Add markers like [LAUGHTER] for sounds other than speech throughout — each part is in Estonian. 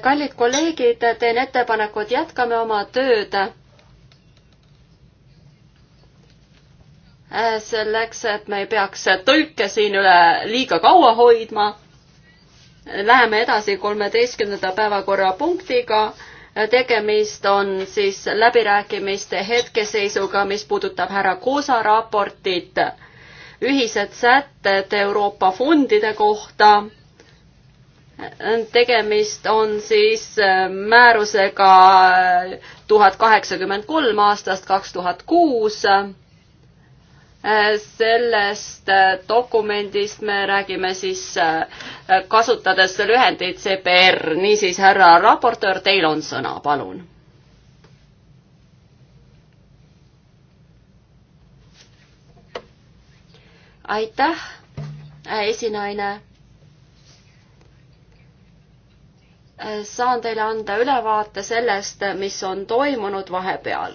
kallid kolleegid, teen ettepaneku, et jätkame oma tööd. selleks, et me ei peaks tõlke siin üle liiga kaua hoidma. Läheme edasi kolmeteistkümnenda päevakorrapunktiga tegemist on siis läbirääkimiste hetkeseisuga, mis puudutab härra Koosa raportit, ühised sätted Euroopa fondide kohta tegemist on siis äh, määrusega äh, tuhat kaheksakümmend kolm aastast kaks tuhat kuus. Äh, sellest dokumendist me räägime siis kasutades lühendit CPR, niisiis härra raportöör, teil on sõna, palun. aitäh, esinaine Äh, saan teile anda ülevaate sellest, äh, mis on toimunud vahepeal.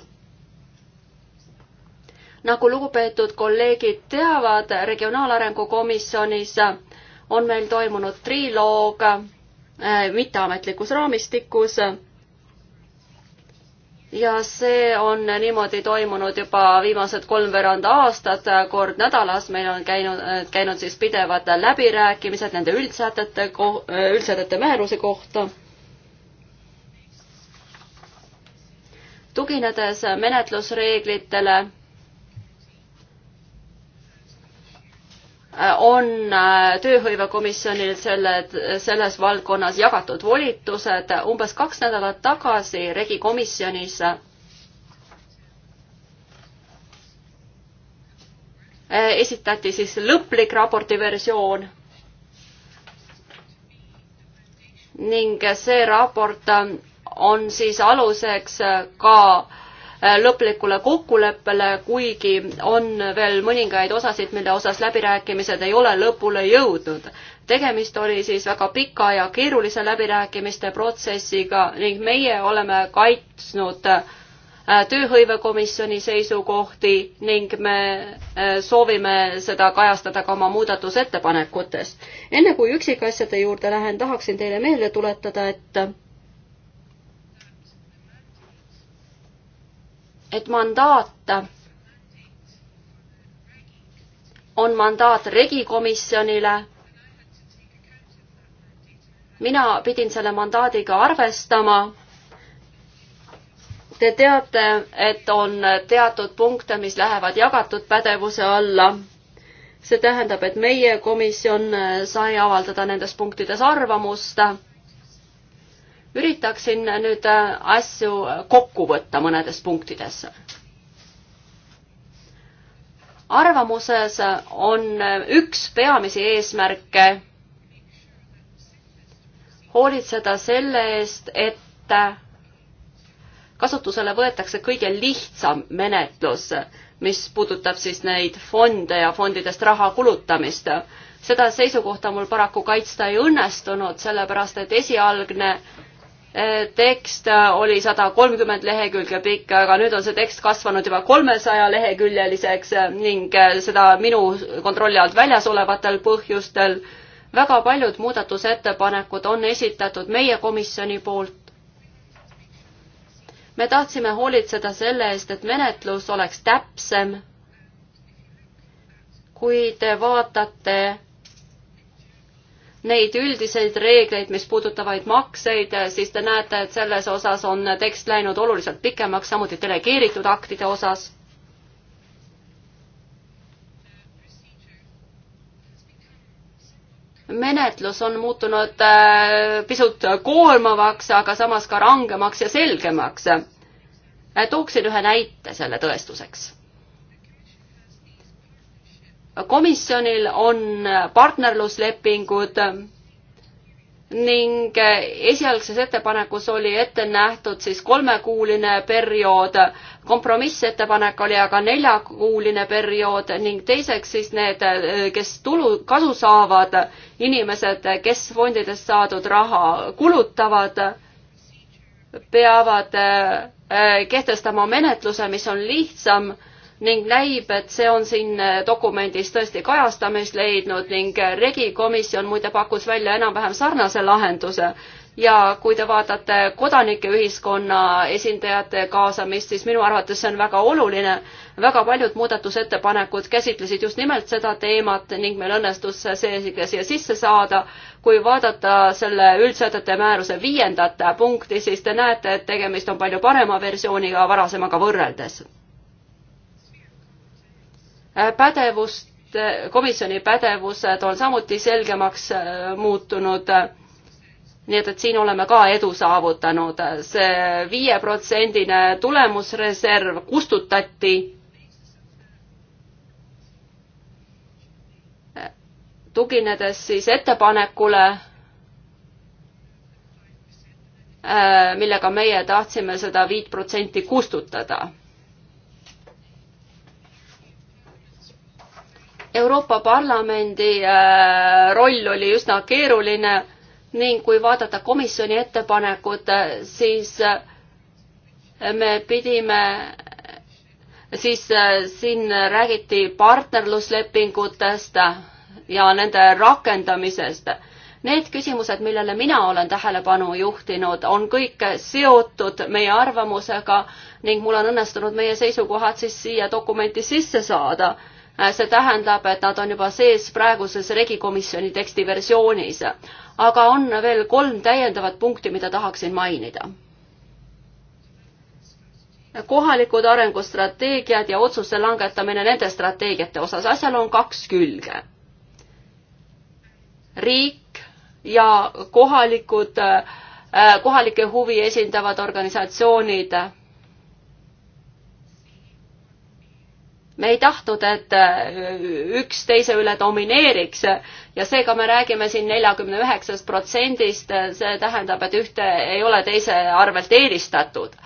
nagu lugupeetud kolleegid teavad, Regionaalarengu Komisjonis äh, on meil toimunud triloog mitteametlikus raamistikus ja see on niimoodi toimunud juba viimased kolmveerand aastat, kord nädalas meil on käinud, käinud siis pidevad läbirääkimised nende üldsätete, üldsätete määruse kohta. tuginedes menetlusreeglitele on äh, tööhõivekomisjonil selle, selles valdkonnas jagatud volitused. umbes kaks nädalat tagasi Regi komisjonis äh, esitati siis lõplik raporti versioon ning see raport on siis aluseks ka Äh, lõplikule kokkuleppele, kuigi on veel mõningaid osasid, mille osas läbirääkimised ei ole lõpule jõudnud. tegemist oli siis väga pika ja keerulise läbirääkimiste protsessiga ning meie oleme kaitsnud äh, tööhõivekomisjoni seisukohti ning me äh, soovime seda kajastada ka oma muudatusettepanekutes. enne kui üksikasjade juurde lähen, tahaksin teile meelde tuletada, et et mandaat on mandaat regikomisjonile. mina pidin selle mandaadiga arvestama. Te teate, et on teatud punkte, mis lähevad jagatud pädevuse alla. see tähendab, et meie komisjon sai avaldada nendes punktides arvamust üritaksin nüüd äh, asju kokku võtta mõnedes punktides. arvamuses on üks peamisi eesmärke hoolitseda selle eest, et kasutusele võetakse kõige lihtsam menetlus, mis puudutab siis neid fonde ja fondidest raha kulutamist seda seisukohta mul paraku kaitsta ei õnnestunud, sellepärast et esialgne Eh, tekst äh, oli sada kolmkümmend lehekülge pikk, aga nüüd on see tekst kasvanud juba kolmesaja leheküljeliseks äh, ning äh, seda minu kontrolli alt väljas olevatel põhjustel. väga paljud muudatusettepanekud on esitatud meie komisjoni poolt. me tahtsime hoolitseda selle eest, et menetlus oleks täpsem. kui te vaatate neid üldiseid reegleid, mis puudutavaid makseid, siis te näete, et selles osas on tekst läinud oluliselt pikemaks, samuti delegeeritud aktide osas. menetlus on muutunud äh, pisut koormavaks, aga samas ka rangemaks ja selgemaks. Äh, tooksin ühe näite selle tõestuseks komisjonil on partnerluslepingud ning esialgses ettepanekus oli ette nähtud siis kolmekuuline periood, kompromissettepanek oli aga neljakuuline periood ning teiseks siis need, kes tulu, kasu saavad, inimesed, kes fondidest saadud raha kulutavad, peavad eh, kehtestama menetluse, mis on lihtsam ning näib, et see on siin äh, dokumendis tõesti kajastamist leidnud ning äh, regikomisjon muide pakkus välja enam-vähem sarnase lahenduse ja kui te vaatate kodanikeühiskonna esindajate kaasamist, siis minu arvates see on väga oluline. väga paljud muudatusettepanekud käsitlesid just nimelt seda teemat ning meil õnnestus see siia sisse saada. kui vaadata selle üldsätete määruse viiendat punkti, siis te näete, et tegemist on palju parema versiooniga varasemaga võrreldes Äh, pädevust, äh, komisjoni pädevused on samuti selgemaks äh, muutunud. nii et, et siin oleme ka edu saavutanud see. see viieprotsendine tulemusreserv kustutati. tuginedes siis ettepanekule, millega meie tahtsime seda viit protsenti kustutada Euroopa Parlamendi äh, roll oli üsna keeruline ning kui vaadata komisjoni ettepanekut, siis äh, me pidime, siis äh, siin räägiti partnerluslepingutest ja nende rakendamisest. Need küsimused, millele mina olen tähelepanu juhtinud, on kõik seotud meie arvamusega ning mul on õnnestunud meie seisukohad siis siia dokumenti sisse saada Äh, see tähendab, et nad on juba sees praeguses regikomisjoni teksti versioonis. aga on veel kolm täiendavat punkti, mida tahaksin mainida. kohalikud arengustrateegiad ja otsuste langetamine nende strateegiate osas, asjal on kaks külge. riik ja kohalikud, äh, kohalikke huvi esindavad organisatsioonid me ei tahtnud, et äh, üks teise üle domineeriks ja seega me räägime siin neljakümne üheksast protsendist, see tähendab, et ühte ei ole teise arvelt eelistatud.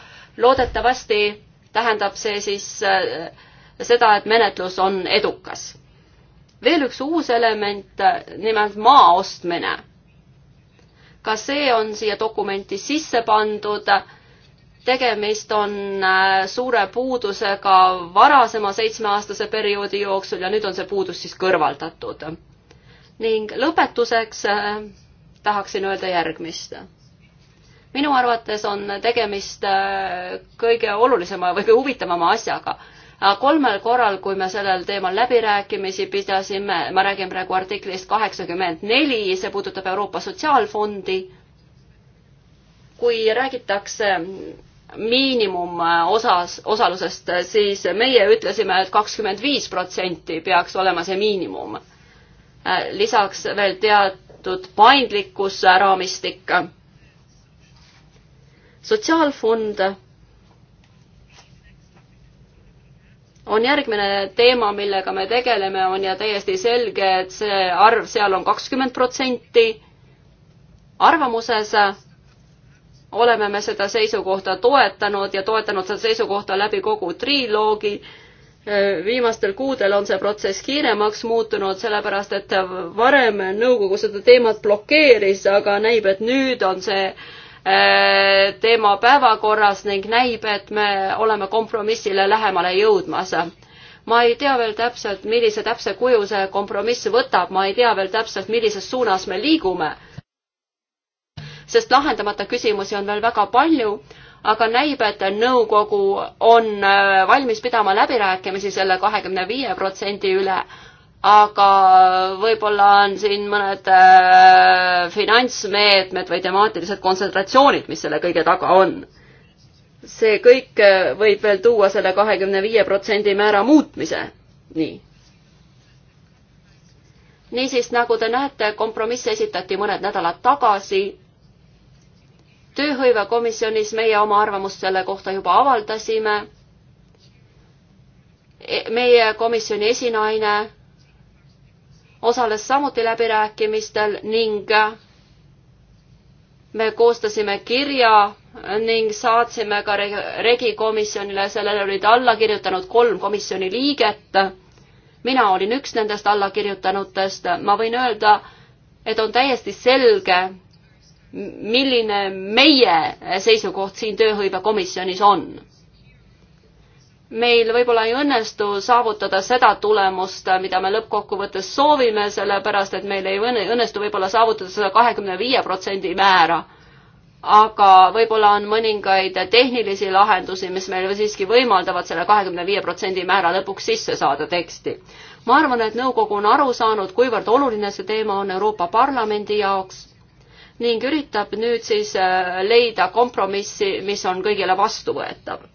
loodetavasti tähendab see siis äh, seda, et menetlus on edukas. veel üks uus element, äh, nimelt maa ostmine. ka see on siia dokumenti sisse pandud tegemist on äh, suure puudusega varasema seitsmeaastase perioodi jooksul ja nüüd on see puudus siis kõrvaldatud. ning lõpetuseks äh, tahaksin öelda järgmist. minu arvates on tegemist äh, kõige olulisema või kõige huvitavama asjaga. kolmel korral, kui me sellel teemal läbirääkimisi pidasime, ma räägin praegu artiklist kaheksakümmend neli, see puudutab Euroopa Sotsiaalfondi, kui räägitakse miinimumosas, osalusest, siis meie ütlesime et, et kakskümmend viis protsenti peaks olema see miinimum. lisaks veel teatud paindlikkusraamistik. sotsiaalfond on järgmine teema, millega me tegeleme, on ja täiesti selge, et see arv seal on kakskümmend protsenti. arvamuses oleme me seda seisukohta toetanud ja toetanud seda seisukohta läbi kogu triloogi. viimastel kuudel on see protsess kiiremaks muutunud, sellepärast et varem nõukogu seda teemat blokeeris, aga näib, et nüüd on see eh, teema päevakorras ning näib, et me oleme kompromissile lähemale jõudmas ma ei tea veel täpselt, millise täpse kuju see kompromiss võtab, ma ei tea veel täpselt, millises suunas me liigume sest lahendamata küsimusi on veel väga palju, aga näib, et nõukogu on äh, valmis pidama läbirääkimisi selle kahekümne viie protsendi üle, aga võib-olla on siin mõned äh, finantsmeetmed või temaatilised kontsentratsioonid, mis selle kõige taga on. see kõik äh, võib veel tuua selle kahekümne viie protsendi määra muutmise, nii niisiis, nagu te näete, kompromiss esitati mõned nädalad tagasi tööhõivekomisjonis meie oma arvamust selle kohta juba avaldasime. E, meie komisjoni esinaine osales samuti läbirääkimistel ning me koostasime kirja ning saatsime ka regi komisjonile, sellele olid alla kirjutanud kolm komisjoni liiget. mina olin üks nendest allakirjutanutest, ma võin öelda, et on täiesti selge, milline meie seisukoht siin tööhõivekomisjonis on. meil võib-olla ei õnnestu saavutada seda tulemust, mida me lõppkokkuvõttes soovime, sellepärast et meil ei õnnestu võib-olla saavutada seda kahekümne viie protsendi määra aga võib-olla on mõningaid tehnilisi lahendusi, mis meil siiski võimaldavad selle kahekümne viie protsendi määra lõpuks sisse saada teksti. ma arvan, et nõukogu on aru saanud, kuivõrd oluline see teema on Euroopa Parlamendi jaoks ning üritab nüüd siis äh, leida kompromissi, mis on kõigile vastuvõetav.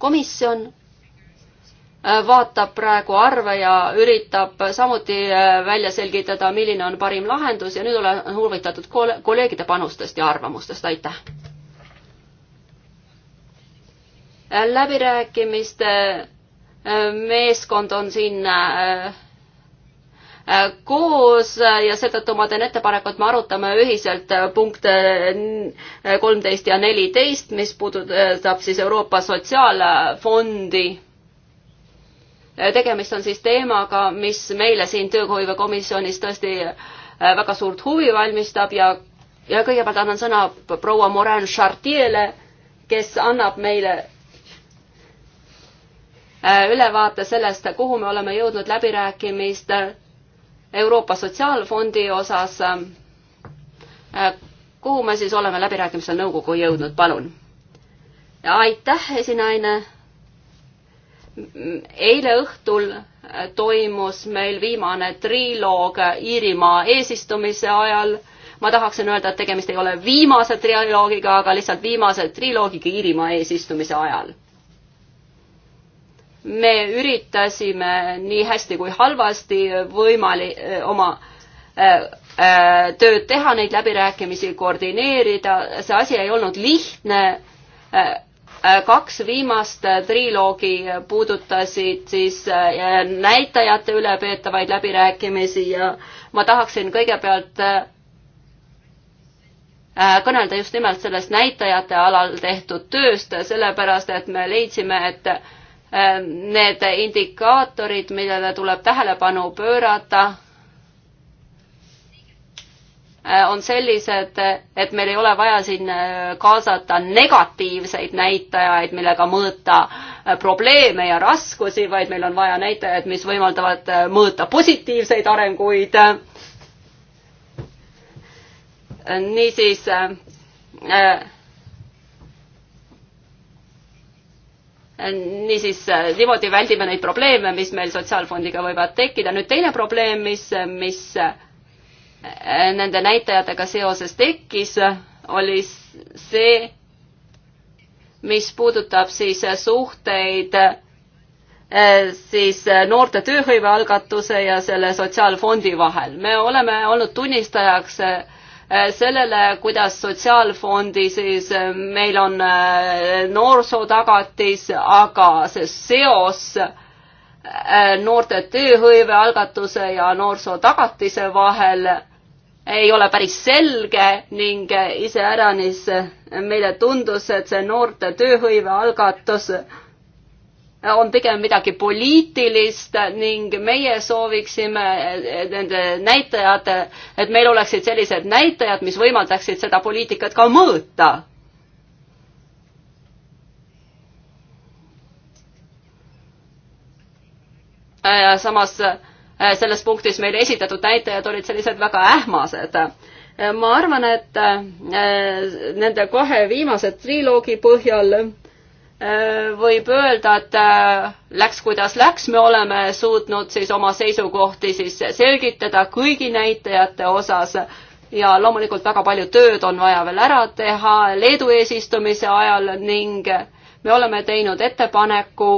komisjon äh, vaatab praegu arve ja üritab samuti äh, välja selgitada, milline on parim lahendus ja nüüd olen huvitatud kolleegide panustest ja arvamustest, aitäh! läbirääkimiste meeskond on siin Äh, koos äh, ja seetõttu ma teen ettepaneku, et me arutame ühiselt äh, punkte kolmteist ja neliteist, mis puudutab siis Euroopa Sotsiaalfondi. tegemist on siis teemaga, mis meile siin tööhõivekomisjonis tõesti väga suurt huvi valmistab ja, ja kõigepealt annan sõna proua Morin Chartier'le, kes annab meile ülevaate sellest, kuhu me oleme jõudnud läbirääkimistel Euroopa Sotsiaalfondi osas. Äh, kuhu me siis oleme läbirääkimistel nõukogu jõudnud, palun? aitäh, esinaine. eile õhtul äh, toimus meil viimane triloog äh, Iirimaa eesistumise ajal. ma tahaksin öelda, et tegemist ei ole viimase triloogiga, aga lihtsalt viimase triloogiga Iirimaa eesistumise ajal me üritasime nii hästi kui halvasti võimali-, oma tööd teha, neid läbirääkimisi koordineerida, see asi ei olnud lihtne. kaks viimast triloogi puudutasid siis näitajate üle peetavaid läbirääkimisi ja ma tahaksin kõigepealt kõnelda just nimelt sellest näitajate alal tehtud tööst, sellepärast et me leidsime, et Ähm, need indikaatorid, millele tuleb tähelepanu pöörata, äh, on sellised, et meil ei ole vaja siin äh, kaasata negatiivseid näitajaid, millega mõõta äh, probleeme ja raskusi, vaid meil on vaja näitajaid, mis võimaldavad mõõta positiivseid arenguid. niisiis äh, niisiis äh, niimoodi väldime neid probleeme, mis meil sotsiaalfondiga võivad tekkida. nüüd teine probleem, mis, mis äh, nende näitajatega seoses tekkis, oli see, mis puudutab siis suhteid äh, siis noorte tööhõivealgatuse ja selle sotsiaalfondi vahel. me oleme olnud tunnistajaks Äh, sellele, kuidas sotsiaalfondi siis äh, meil on äh, noorsootagatis, aga see seos noorte tööhõive algatuse ja noorsootagatise vahel ei ole päris selge ning iseäranis meile tundus, et see noorte tööhõive algatus on pigem midagi poliitilist ning meie sooviksime eh, nende näitajate, et meil oleksid sellised näitajad, mis võimaldaksid seda poliitikat ka mõõta. ja samas eh, selles punktis meile esitatud näitajad olid sellised väga ähmased ma arvan, et eh, nende kahe viimase triloogi põhjal Äh, võib öelda, et äh, läks kuidas läks, me oleme suutnud siis oma seisukohti siis selgitada kõigi näitajate osas ja loomulikult väga palju tööd on vaja veel ära teha Leedu eesistumise ajal ning me oleme teinud ettepaneku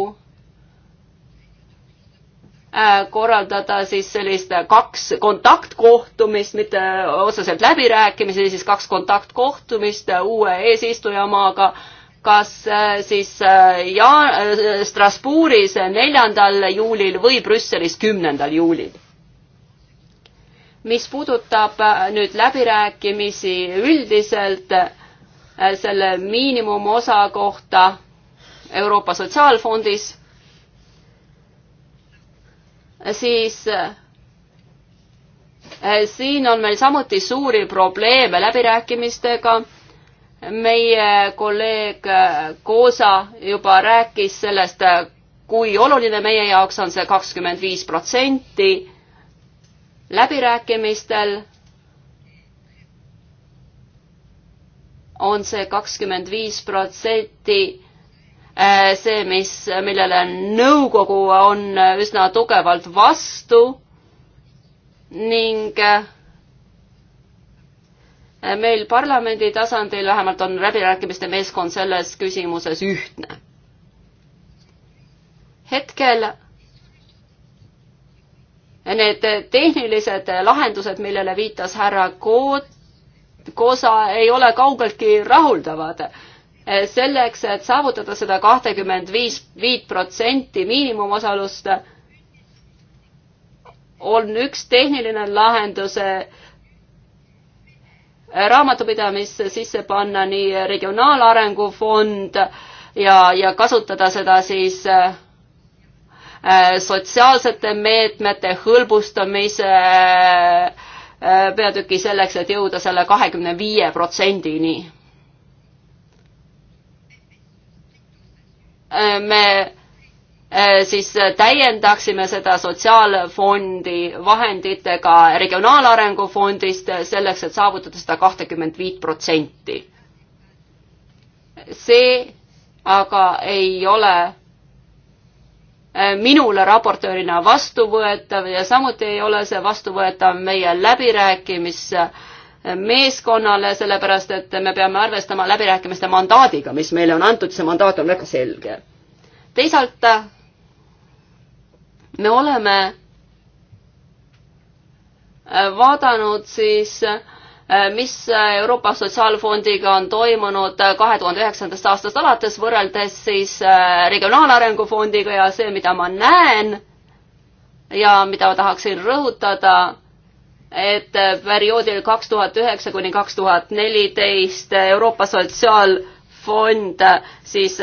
äh, korraldada siis sellist kaks kontaktkohtumist, mitte otseselt läbirääkimisi, siis kaks kontaktkohtumist uue eesistujamaaga kas äh, siis äh, ja-, äh, Strasbourgis neljandal juulil või Brüsselis kümnendal juulil. mis puudutab nüüd läbirääkimisi üldiselt selle miinimumosa kohta Euroopa Sotsiaalfondis, siis siin on meil samuti suuri probleeme läbirääkimistega meie kolleeg Koosa juba rääkis sellest, kui oluline meie jaoks on see kakskümmend viis protsenti läbirääkimistel on see kakskümmend viis protsenti äh, see, mis, millele nõukogu on üsna tugevalt vastu ning äh, meil parlamendi tasandil vähemalt on läbirääkimiste meeskond selles küsimuses ühtne. hetkel need tehnilised lahendused, millele viitas härra Koot, Kosa, ei ole kaugeltki rahuldavad. selleks, et saavutada seda kahtekümmend viis, viit protsenti miinimumosalust, on üks tehniline lahendus raamatupidamisse sisse panna nii regionaalarengu fond ja, ja kasutada seda siis äh, sotsiaalsete meetmete hõlbustamise äh, peatüki selleks, et jõuda selle kahekümne viie protsendini. Äh, me Äh, siis äh, täiendaksime seda sotsiaalfondi vahenditega regionaalarengu fondist äh, selleks, et saavutada seda kahtekümmet viit protsenti. see aga ei ole minule raportöörina vastuvõetav ja samuti ei ole see vastuvõetav meie läbirääkimismeeskonnale, sellepärast et me peame arvestama läbirääkimiste mandaadiga, mis meile on antud, see mandaat on väga selge. teisalt me oleme äh, vaadanud siis, äh, mis Euroopa Sotsiaalfondiga on toimunud äh, kahe tuhande üheksandast aastast alates, võrreldes siis Regionaalarengu Fondiga ja see, mida ma näen ja mida ma tahaksin rõhutada, et perioodil kaks tuhat üheksa kuni kaks tuhat neliteist Euroopa Sotsiaalfond siis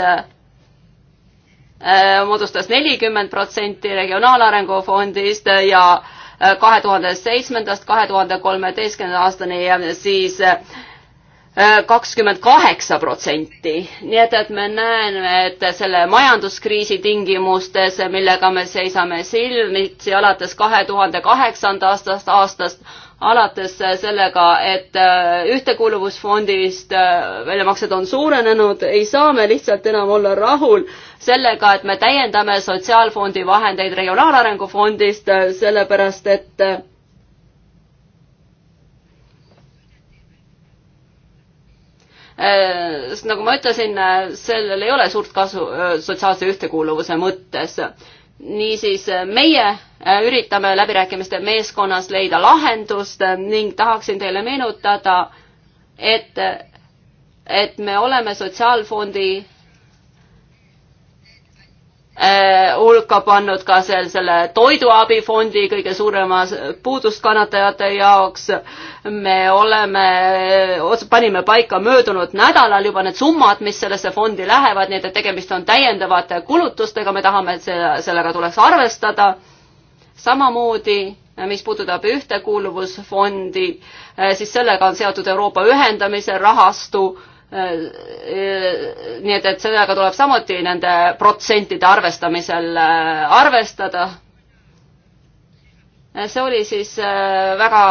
Äh, moodustas nelikümmend protsenti Regionaalarengu fondist ja äh, kahe tuhande seitsmendast kahe tuhande kolmeteistkümnenda aastani siis äh, kakskümmend kaheksa protsenti. nii et, et me näeme, et selle majanduskriisi tingimustes, millega me seisame silmitsi alates kahe tuhande kaheksanda aastast, aastast alates sellega, et äh, ühtekuuluvusfondist äh, väljamaksed on suurenenud, ei saa me lihtsalt enam olla rahul sellega, et me täiendame Sotsiaalfondi vahendeid Regionaalarengu fondist, äh, sellepärast et sest nagu ma ütlesin, sellel ei ole suurt kasu sotsiaalse ühtekuuluvuse mõttes niisiis äh, meie äh, üritame läbirääkimiste meeskonnas leida lahendust äh, ning tahaksin teile meenutada, et, et me oleme Sotsiaalfondi Äh, hulka pannud ka seal selle toiduabifondi kõige suurema puudust kannatajate jaoks. me oleme, panime paika möödunud nädalal juba need summad, mis sellesse fondi lähevad, nii et tegemist on täiendavate kulutustega, me tahame, et see, sellega tuleks arvestada. samamoodi mis puudutab ühtekuuluvusfondi, äh, siis sellega on seotud Euroopa ühendamise rahastu Äh, äh, nii et, et sellega tuleb samuti nende protsentide arvestamisel äh, arvestada. see oli siis väga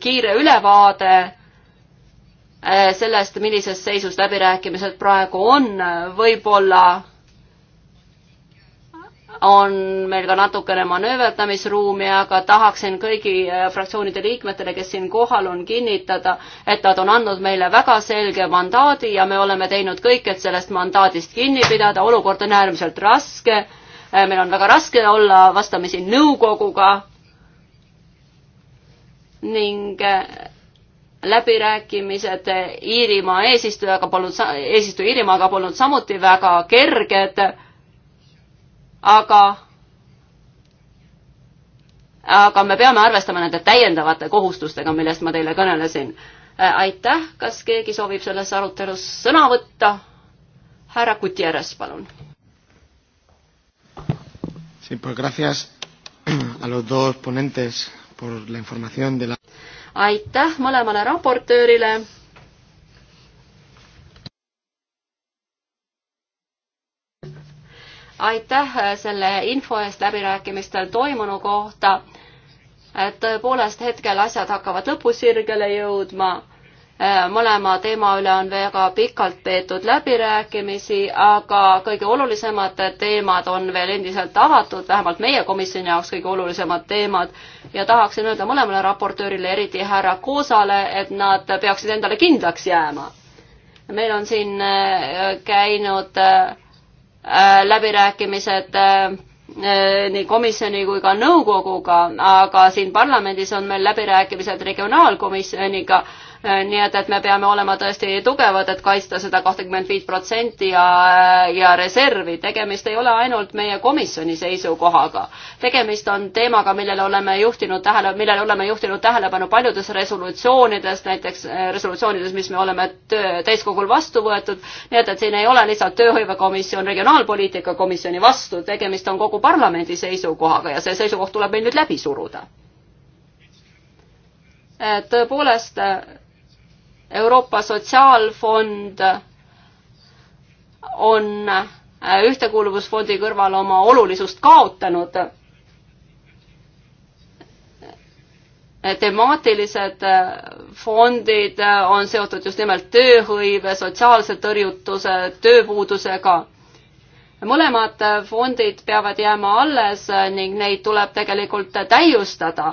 kiire ülevaade sellest, millises seisus läbirääkimised praegu on, võib-olla on meil ka natukene manööverdamisruumi, aga tahaksin kõigi äh, fraktsioonide liikmetele, kes siin kohal on, kinnitada, et nad on andnud meile väga selge mandaadi ja me oleme teinud kõik, et sellest mandaadist kinni pidada, olukord on äärmiselt raske, äh, meil on väga raske olla vastamisi nõukoguga ning äh, läbirääkimised Iirimaa eesistujaga polnud, eesistuja Iirimaaga polnud samuti väga kerged aga aga me peame arvestama nende täiendavate kohustustega, millest ma teile kõnelesin. Äh, aitäh, kas keegi soovib selles arutelus sõna võtta? härra Gutierrez, palun. aitäh mõlemale raportöörile aitäh äh, selle info eest läbirääkimistel toimunu kohta. Äh, tõepoolest hetkel asjad hakkavad lõpusirgele jõudma. Äh, mõlema teema üle on väga pikalt peetud läbirääkimisi, aga kõige olulisemad teemad on veel endiselt avatud, vähemalt meie komisjoni jaoks kõige olulisemad teemad. ja tahaksin öelda mõlemale raportöörile, eriti härra Koosale, et nad peaksid endale kindlaks jääma. meil on siin käinud äh, Äh, läbirääkimised äh, äh, nii komisjoni kui ka nõukoguga, aga siin parlamendis on meil läbirääkimised regionaalkomisjoniga Äh, nii et, et me peame olema tõesti tugevad, et kaitsta seda kahtekümmet viit protsenti ja, ja reservi. tegemist ei ole ainult meie komisjoni seisukohaga. tegemist on teemaga, millele oleme juhtinud tähele, millele oleme juhtinud tähelepanu paljudes resolutsioonides, näiteks äh, resolutsioonides, mis me oleme täiskogul vastu võetud. nii et, et siin ei ole lihtsalt tööhõivekomisjon regionaalpoliitika komisjoni vastu, tegemist on kogu parlamendi seisukohaga ja see seisukoht tuleb meil nüüd läbi suruda. Äh, tõepoolest Euroopa Sotsiaalfond on äh, ühtekuuluvusfondi kõrval oma olulisust kaotanud. temaatilised äh, fondid äh, on seotud just nimelt tööhõive, sotsiaalse tõrjutuse, tööpuudusega mõlemad fondid peavad jääma alles ning neid tuleb tegelikult täiustada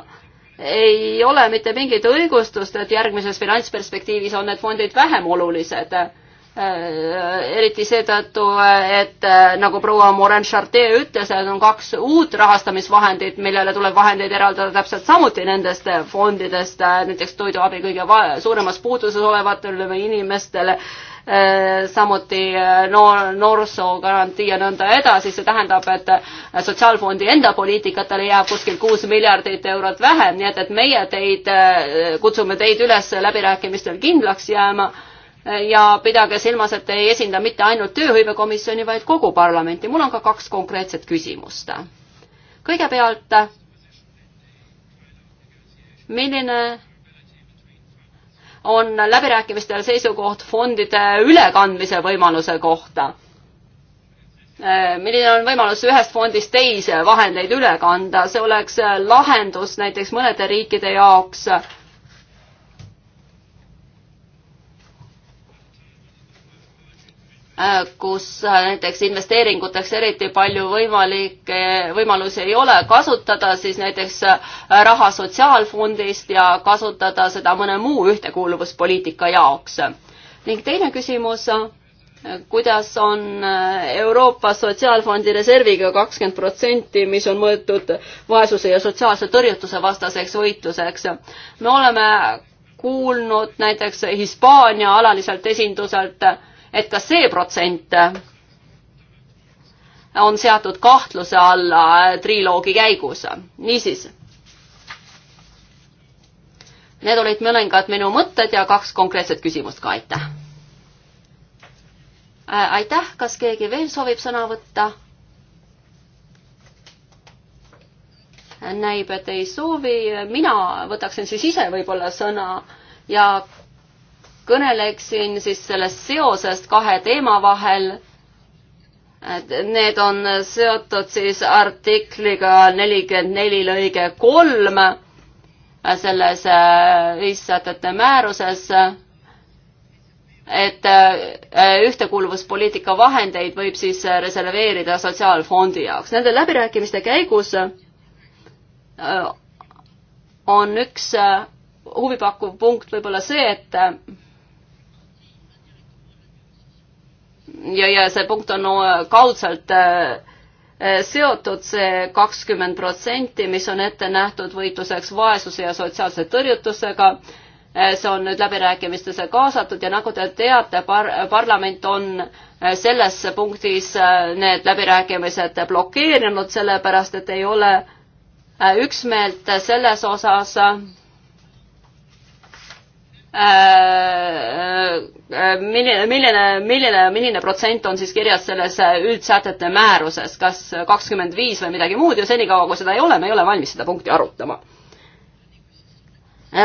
ei ole mitte mingit õigustust, et järgmises finantsperspektiivis on need fondid vähem olulised. Äh, eriti seetõttu, et äh, nagu proua Morin Chartier ütles, et on kaks uut rahastamisvahendit, millele tuleb vahendeid eraldada täpselt samuti nendest fondidest, äh, näiteks toiduabi kõige suuremas puuduses olevatele inimestele Äh, samuti äh, noor, noorsoo garantii ja nõnda edasi, see tähendab, et äh, Sotsiaalfondi enda poliitikatele jääb kuskil kuus miljardit eurot vähem, nii et, et meie teid, kutsume teid üles läbirääkimistel kindlaks jääma ja pidage silmas, et ei esinda mitte ainult tööhõivekomisjoni, vaid kogu parlamenti. mul on ka kaks konkreetset küsimust. kõigepealt, milline on läbirääkimistel seisukoht fondide ülekandmise võimaluse kohta. Äh, milline on võimalus ühest fondist teise vahendeid üle kanda, see oleks lahendus näiteks mõnede riikide jaoks Äh, kus äh, näiteks investeeringuteks eriti palju võimalik, äh, võimalusi ei ole, kasutada siis näiteks raha sotsiaalfondist ja kasutada seda mõne muu ühtekuuluvuspoliitika jaoks. ning teine küsimus, kuidas on Euroopa Sotsiaalfondi reserviga kakskümmend protsenti, mis on mõeldud vaesuse ja sotsiaalse tõrjutuse vastaseks võitluseks. me oleme kuulnud näiteks Hispaania alaliselt esinduselt, et ka see protsent on seatud kahtluse alla triloogi käigus. niisiis. Need olid mõningad minu mõtted ja kaks konkreetset küsimust ka, aitäh. Äh, aitäh, kas keegi veel soovib sõna võtta? näib, et ei soovi, mina võtaksin siis ise võib-olla sõna ja kõneleksin siis sellest seosest kahe teema vahel. Need on seotud siis artikliga nelikümmend neli lõige kolm selles äh, ühissätete määruses, et äh, ühtekuuluvuspoliitika vahendeid võib siis reserveerida sotsiaalfondi jaoks. Nende läbirääkimiste käigus äh, on üks huvipakkuv punkt võib-olla see, et ja, ja see punkt on äh, kaudselt äh, äh, seotud see kakskümmend protsenti, mis on ette nähtud võitluseks vaesuse ja sotsiaalse tõrjutusega. see on nüüd läbirääkimistesse kaasatud ja nagu te teate par, parlament on selles punktis need läbirääkimised blokeerinud, sellepärast et ei ole üksmeelt selles osas Äh, äh, milline, milline, milline, milline protsent on siis kirjas selles äh, üldsätete määruses, kas kakskümmend viis või midagi muud ja senikaua, kui seda ei ole, me ei ole valmis seda punkti arutama.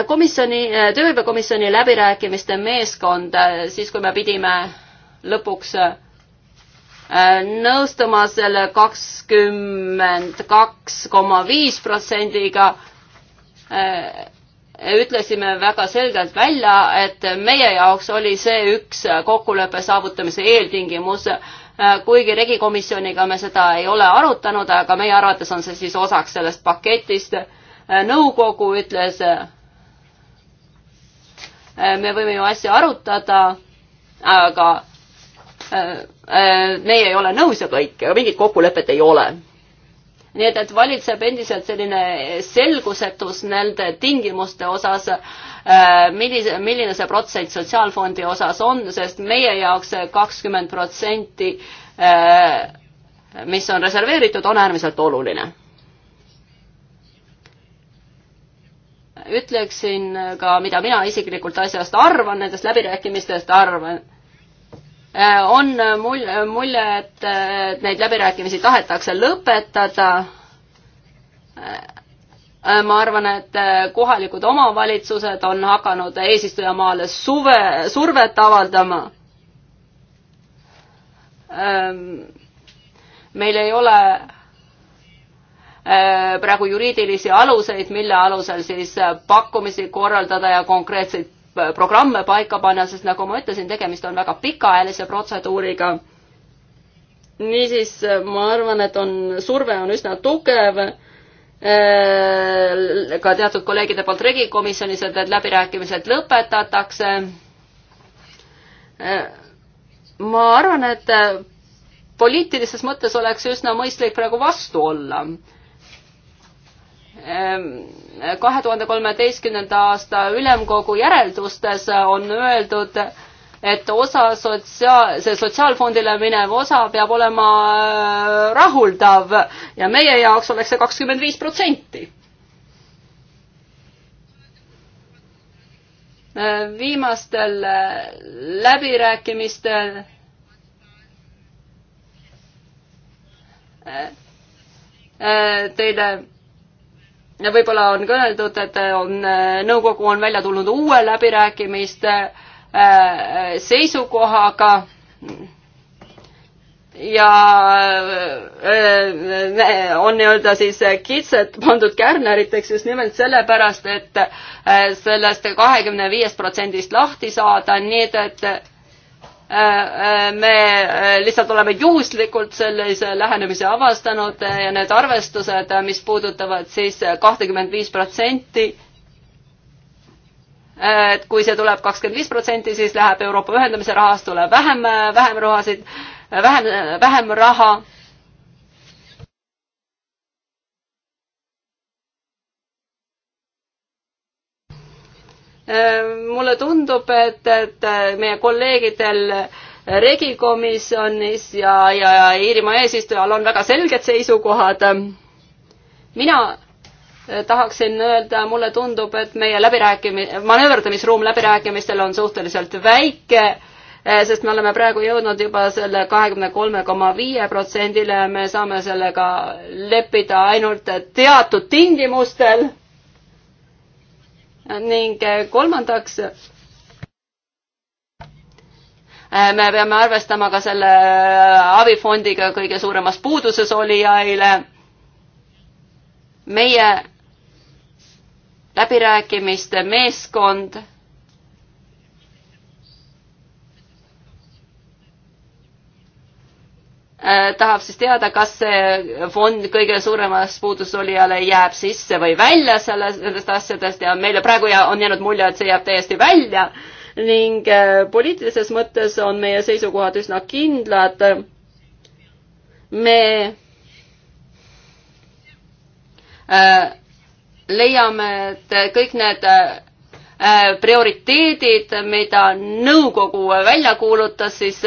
komisjoni, tööhõivekomisjoni läbirääkimiste meeskond, siis kui me pidime lõpuks nõustuma selle kakskümmend kaks koma viis protsendiga, ütlesime väga selgelt välja, et meie jaoks oli see üks kokkuleppe saavutamise eeltingimus, kuigi regikomisjoniga me seda ei ole arutanud, aga meie arvates on see siis osaks sellest paketist. nõukogu ütles, me võime ju asja arutada, aga äh, äh, meie ei ole nõus ja kõik, mingit kokkulepet ei ole nii et, et valitseb endiselt selline selgusetus nende tingimuste osas, äh, millise, milline see protsent sotsiaalfondi osas on, sest meie jaoks see kakskümmend protsenti, äh, mis on reserveeritud, on äärmiselt oluline ütleksin ka, mida mina isiklikult asjast arvan, nendest läbirääkimistest arvan. Äh, on mul-, mulje, et, et neid läbirääkimisi tahetakse lõpetada. Äh, ma arvan, et äh, kohalikud omavalitsused on hakanud eesistujamaale suve, survet avaldama. meil ei ole praegu juriidilisi aluseid, mille alusel siis pakkumisi korraldada ja konkreetseid programme paika panna, sest nagu ma ütlesin, tegemist on väga pikaajalise protseduuriga. niisiis, ma arvan, et on, surve on üsna tugev äh, ka teatud kolleegide poolt regikomisjonis, et need läbirääkimised lõpetatakse. Äh, ma arvan, et äh, poliitilises mõttes oleks üsna mõistlik praegu vastu olla kahe tuhande kolmeteistkümnenda aasta ülemkogu järeldustes on öeldud, et osa sotsiaal, see sotsiaalfondile minev osa peab olema äh, rahuldav ja meie jaoks oleks see kakskümmend viis protsenti. Äh, viimastel äh, läbirääkimistel teile võib-olla on kõneldud, et äh, on, äh, nõukogu on välja tulnud uue läbirääkimiste äh, seisukohaga ja on nii-öelda siis kitsed pandud kärneriteks just nimelt sellepärast, et sellest kahekümne viiest protsendist lahti saada, nii et, et Äh, äh, me äh, lihtsalt oleme juhuslikult sellise lähenemise avastanud ja need arvestused, mis puudutavad siis kahtekümmend viis protsenti, et kui see tuleb kakskümmend viis protsenti, siis läheb Euroopa ühendamise rahastule vähem, vähem rahasid, vähem, vähem raha Äh, mulle tundub, et, et meie kolleegidel regikomisjonis ja, ja, ja Iirimaa eesistujal on väga selged seisukohad. mina äh, tahaksin öelda, mulle tundub, et meie läbirääkimi-, manööverdamisruum läbirääkimistel on suhteliselt väike, äh, sest me oleme praegu jõudnud juba selle kahekümne kolme koma viie protsendile, me saame sellega leppida ainult teatud tingimustel ning eh, kolmandaks, eh, me peame arvestama ka selle eh, abifondiga kõige suuremas puuduses olijaile. meie läbirääkimiste meeskond Äh, tahab siis teada, kas see fond kõige suuremas puudusolijale jääb sisse või välja selles, nendest asjadest ja meile praegu on jäänud mulje, et see jääb täiesti välja ning äh, poliitilises mõttes on meie seisukohad üsna kindlad. me äh, leiame, et kõik need prioriteedid, mida nõukogu välja kuulutas siis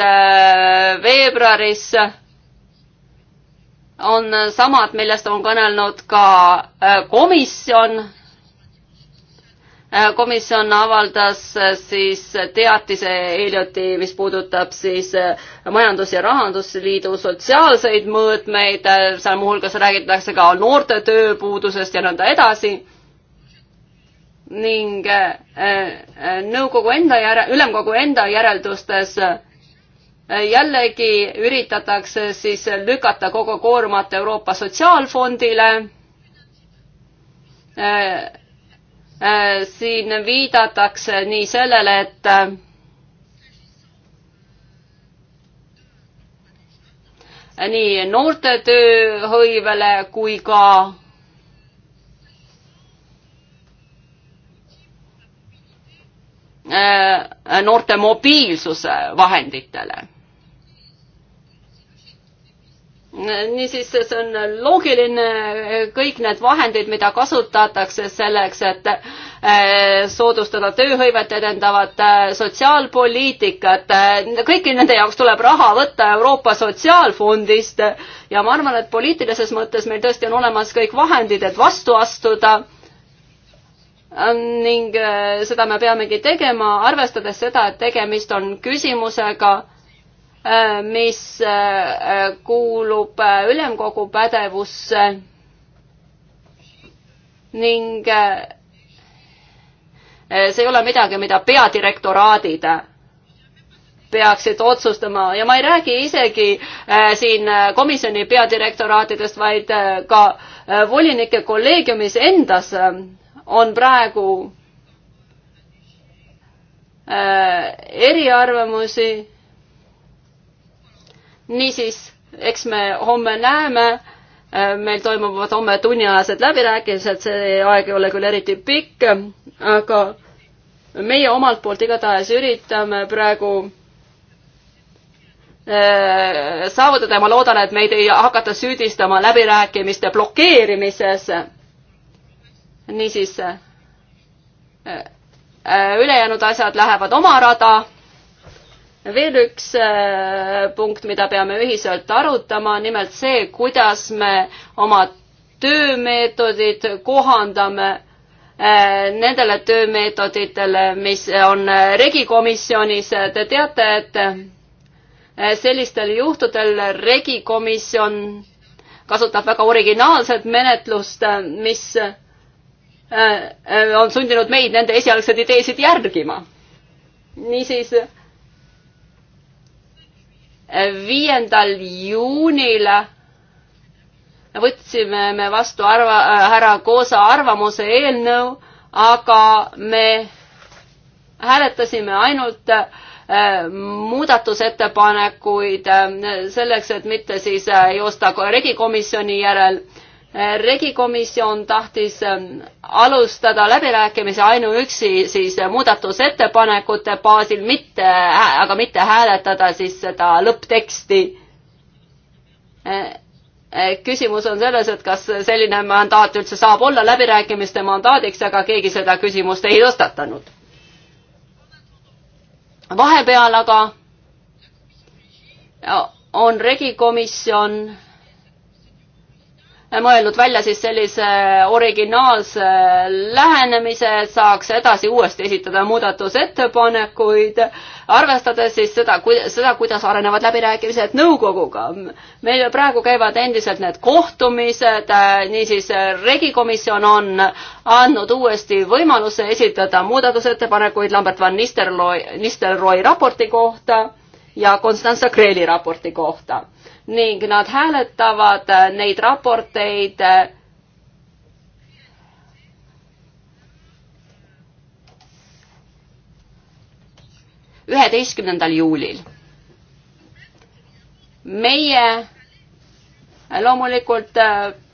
veebruaris on äh, samad, millest on kõnelnud ka äh, komisjon. Äh, komisjon avaldas siis teatise hiljuti, mis puudutab siis Majandus- ja Rahandusliidu sotsiaalseid mõõtmeid, seal muuhulgas räägitakse ka noorte tööpuudusest ja nõnda edasi ning nõukogu enda järe-, ülemkogu enda järeldustes Äh, jällegi üritatakse siis lükata kogu koormat Euroopa Sotsiaalfondile. Äh, äh, siin viidatakse nii sellele, et nii noorte tööhõivele kui ka noorte mobiilsuse vahenditele niisiis, see on loogiline, kõik need vahendid, mida kasutatakse selleks, et eh, soodustada tööhõivet edendavat eh, sotsiaalpoliitikat, eh, kõigi nende jaoks tuleb raha võtta Euroopa Sotsiaalfondist ja ma arvan, et poliitilises mõttes meil tõesti on olemas kõik vahendid, et vastu astuda ning seda me peamegi tegema, arvestades seda, et tegemist on küsimusega, Äh, mis äh, kuulub äh, ülemkogu pädevusse ning see ei ole midagi, mida peadirektoraadid peaksid otsustama ja ma ei räägi isegi siin komisjoni peadirektoraatidest, vaid ka volinike kolleegiumis endas on praegu eriarvamusi niisiis, eks me homme näeme, äh, meil toimuvad homme tunniajased läbirääkimised, see aeg ei ole küll eriti pikk, aga meie omalt poolt igatahes üritame praegu äh, saavutada ja ma loodan, et meid ei hakata süüdistama läbirääkimiste blokeerimises. niisiis, äh, ülejäänud asjad lähevad oma rada veel üks äh, punkt, mida peame ühiselt arutama, nimelt see, kuidas me oma töömeetodid kohandame äh, nendele töömeetoditele, mis on äh, regikomisjonis. Te teate, et sellistel juhtudel regikomisjon kasutab väga originaalset menetlust, mis on sundinud meid nende esialgseid ideesid järgima. niisiis viiendal juunil võtsime me vastu arva, äh, härra Koosa arvamuse eelnõu, aga me hääletasime ainult äh, muudatusettepanekuid äh, selleks, et mitte siis joosta regikomisjoni järel regikomisjon tahtis ähm, alustada läbirääkimisi ainuüksi siis muudatusettepanekute baasil, mitte, aga mitte hääletada siis seda lõppteksti. Äh, äh, küsimus on selles, et kas selline mandaat üldse saab olla läbirääkimiste mandaadiks, aga keegi seda küsimust ei tõstatanud. vahepeal aga on regikomisjon mõelnud välja siis sellise originaalse lähenemise, et saaks edasi uuesti esitada muudatusettepanekuid, arvestades siis seda, seda, kuidas arenevad läbirääkimised nõukoguga. meil praegu käivad endiselt need kohtumised, niisiis regikomisjon on andnud uuesti võimaluse esitada muudatusettepanekuid Lambert van Nistelrooy, Nistelrooy raporti kohta ja Konstantin Kreeli raporti kohta ning nad hääletavad neid raporteid üheteistkümnendal juulil. meie loomulikult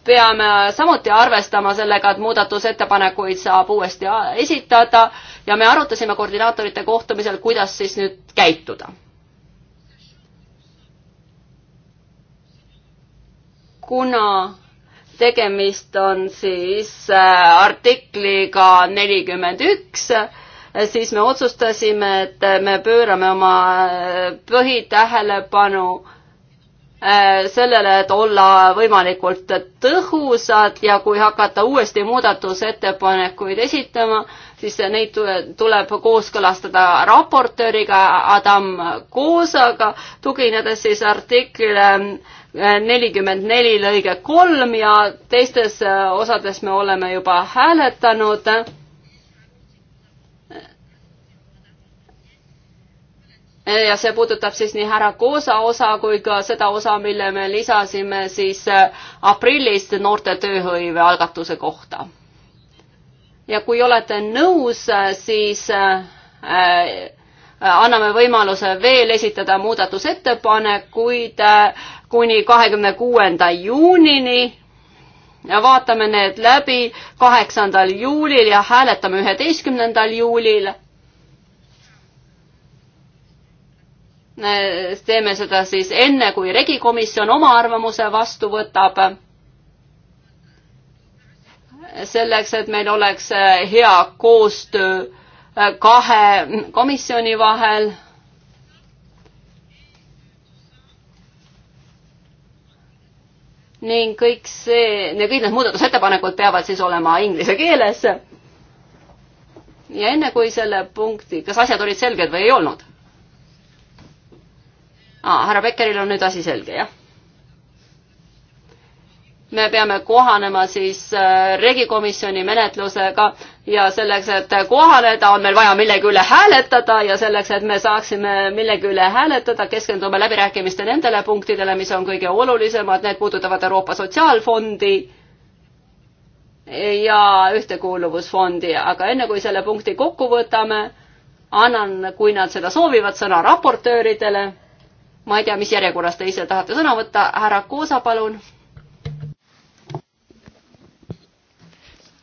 peame samuti arvestama sellega, et muudatusettepanekuid saab uuesti esitada ja me arutasime koordinaatorite kohtumisel, kuidas siis nüüd käituda kuna tegemist on siis äh, artikliga nelikümmend üks, äh, siis me otsustasime, et me pöörame oma äh, põhitähelepanu sellele, et olla võimalikult tõhusad ja kui hakata uuesti muudatusettepanekuid esitama, siis neid tuleb kooskõlastada raportööriga Adam Koosaga, tuginedes siis artiklile nelikümmend neli lõige kolm ja teistes äh, osades me oleme juba hääletanud. ja see puudutab siis nii härra Koosa osa kui ka seda osa, mille me lisasime siis äh, aprillist noorte tööhõive algatuse kohta. ja kui olete nõus, äh, siis anname võimaluse veel esitada muudatusettepanekuid kuni kahekümne kuuenda juunini. vaatame need läbi kaheksandal juulil ja hääletame üheteistkümnendal juulil. teeme seda siis enne, kui regikomisjon oma arvamuse vastu võtab. selleks, et meil oleks hea koostöö kahe komisjoni vahel ning kõik see, kõik need muudatusettepanekud peavad siis olema inglise keeles. ja enne kui selle punkti, kas asjad olid selged või ei olnud? aa, härra Beckeril on nüüd asi selge, jah me peame kohanema siis äh, regikomisjoni menetlusega ja selleks, et kohaneda, on meil vaja millegi üle hääletada ja selleks, et me saaksime millegi üle hääletada, keskendume läbirääkimiste nendele punktidele, mis on kõige olulisemad, need puudutavad Euroopa Sotsiaalfondi ja Ühtekuuluvusfondi, aga enne kui selle punkti kokku võtame, annan, kui nad seda soovivad, sõna raportööridele. ma ei tea, mis järjekorras te ise tahate sõna võtta, härra Koosa, palun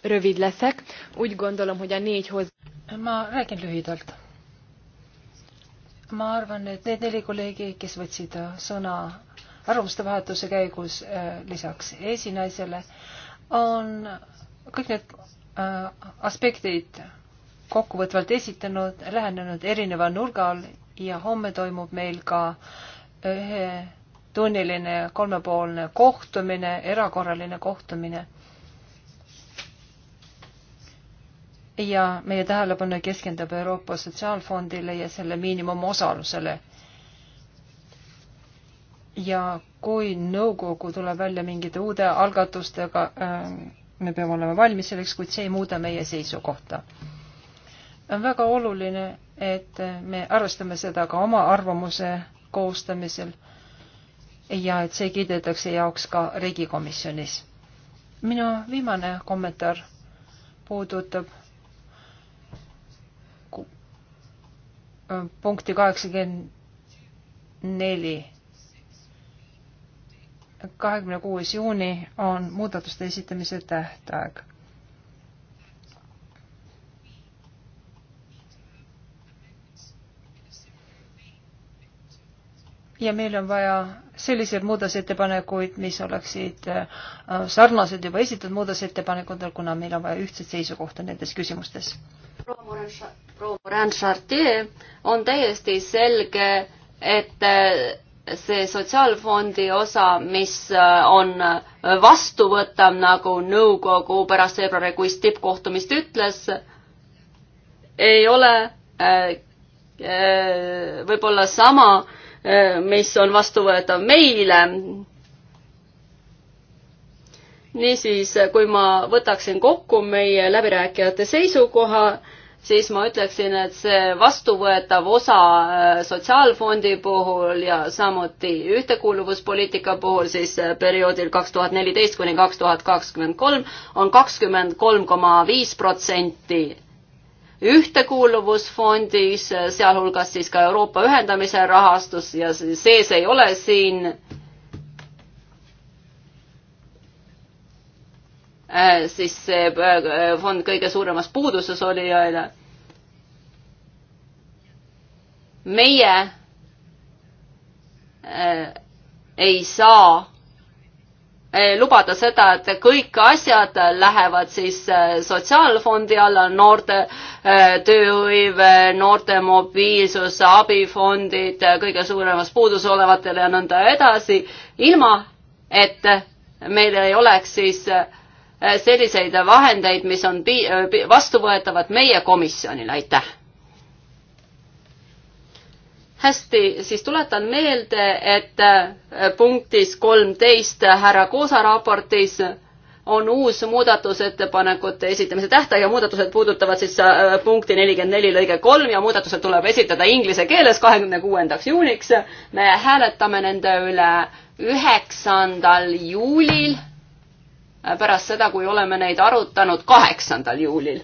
rövid leszek. Úgy gondolom, hogy a négy hoz... Ma räägin lühidalt. Ma arvan, et need neli kolleegi, kes võtsid sõna arvamuste vahetuse käigus äh, lisaks esinaisele, on kõik need äh, aspektid kokkuvõtvalt esitanud, lähenenud erineva nurga all ja homme toimub meil ka ühe tunniline kolmepoolne kohtumine, erakorraline kohtumine ja meie tähelepanu keskendub Euroopa Sotsiaalfondile ja selle miinimumosalusele. ja kui nõukogu tuleb välja mingite uude algatustega, äh, me peame olema valmis selleks, kuid see ei muuda meie seisukohta. on väga oluline, et me arvestame seda ka oma arvamuse koostamisel ja et see kiidetakse jaoks ka Riigikomisjonis. minu viimane kommentaar puudutab punkti kaheksakümmend neli. kahekümne kuues juuni on muudatuste esitamise tähtaeg. ja meil on vaja selliseid muudatusettepanekuid, mis oleksid äh, sarnased juba esitatud muudatusettepanekutele, kuna meil on vaja ühtset seisukohta nendes küsimustes. proua Morenšak proua Morin Chartier, on täiesti selge, et äh, see sotsiaalfondi osa, mis äh, on äh, vastuvõtav, nagu nõukogu pärast veebruarikuist tippkohtumist ütles, ei ole võib-olla sama, mis on vastuvõetav meile. niisiis, kui ma võtaksin kokku meie läbirääkijate seisukoha, siis ma ütleksin, et see vastuvõetav osa äh, sotsiaalfondi puhul ja samuti ühtekuuluvuspoliitika puhul siis äh, perioodil kaks tuhat neliteist kuni kaks tuhat kakskümmend kolm on kakskümmend kolm koma viis protsenti ühtekuuluvusfondis, äh, sealhulgas siis ka Euroopa ühendamise rahastus ja sees ei ole siin äh, Äh, siis see äh, fond kõige suuremas puuduses oli ja meie äh, ei saa lubada seda, et kõik asjad lähevad siis sotsiaalfondi alla, noorte tööhõive, noorte mobiilsus, abifondid kõige suuremas puudus olevatele ja nõnda edasi, ilma et meil ei oleks siis äh, Äh, selliseid vahendeid, mis on äh, pi-, vastuvõetavad meie komisjonile, aitäh! hästi, siis tuletan meelde, et äh, punktis kolmteist härra Koosa raportis on uus muudatusettepanekute esitamise tähtaeg ja muudatused puudutavad siis punkti nelikümmend neli lõige kolm ja muudatused tuleb esitada inglise keeles kahekümne kuuendaks juuniks. me hääletame nende üle üheksandal juulil pärast seda, kui oleme neid arutanud kaheksandal juulil.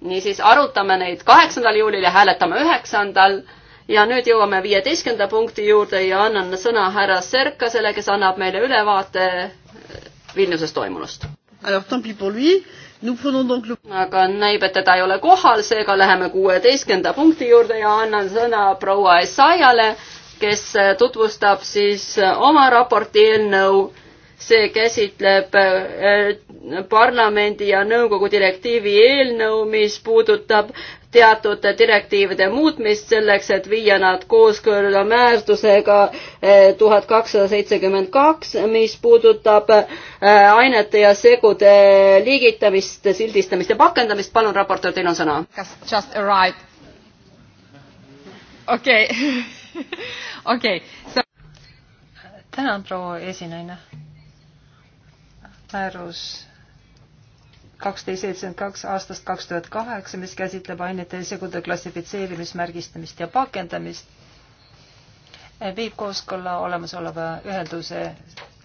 niisiis, arutame neid kaheksandal juulil ja hääletame üheksandal ja nüüd jõuame viieteistkümnenda punkti juurde ja annan sõna härra Serkasele, kes annab meile ülevaate äh, Vilniuses toimunust. aga näib, et teda ei ole kohal, seega läheme kuueteistkümnenda punkti juurde ja annan sõna proua Essayale, kes äh, tutvustab siis äh, oma raporti eelnõu see käsitleb äh, parlamendi ja nõukogu direktiivi eelnõu, mis puudutab teatud direktiivide muutmist selleks, et viia nad kooskõlla määrusega äh, tuhat kakssada seitsekümmend kaks, mis puudutab äh, ainete ja segude liigitamist, sildistamist ja pakendamist. palun, raportöör, teil on sõna. kas just arrived? okei, [LAUGHS] okei. tänan, proua esinaine määrus kaksteist seitsekümmend kaks aastast kaks tuhat kaheksa, mis käsitleb ainete ja segude klassifitseerimismärgistamist ja pakendamist, viib kooskõlla olemasoleva ühenduse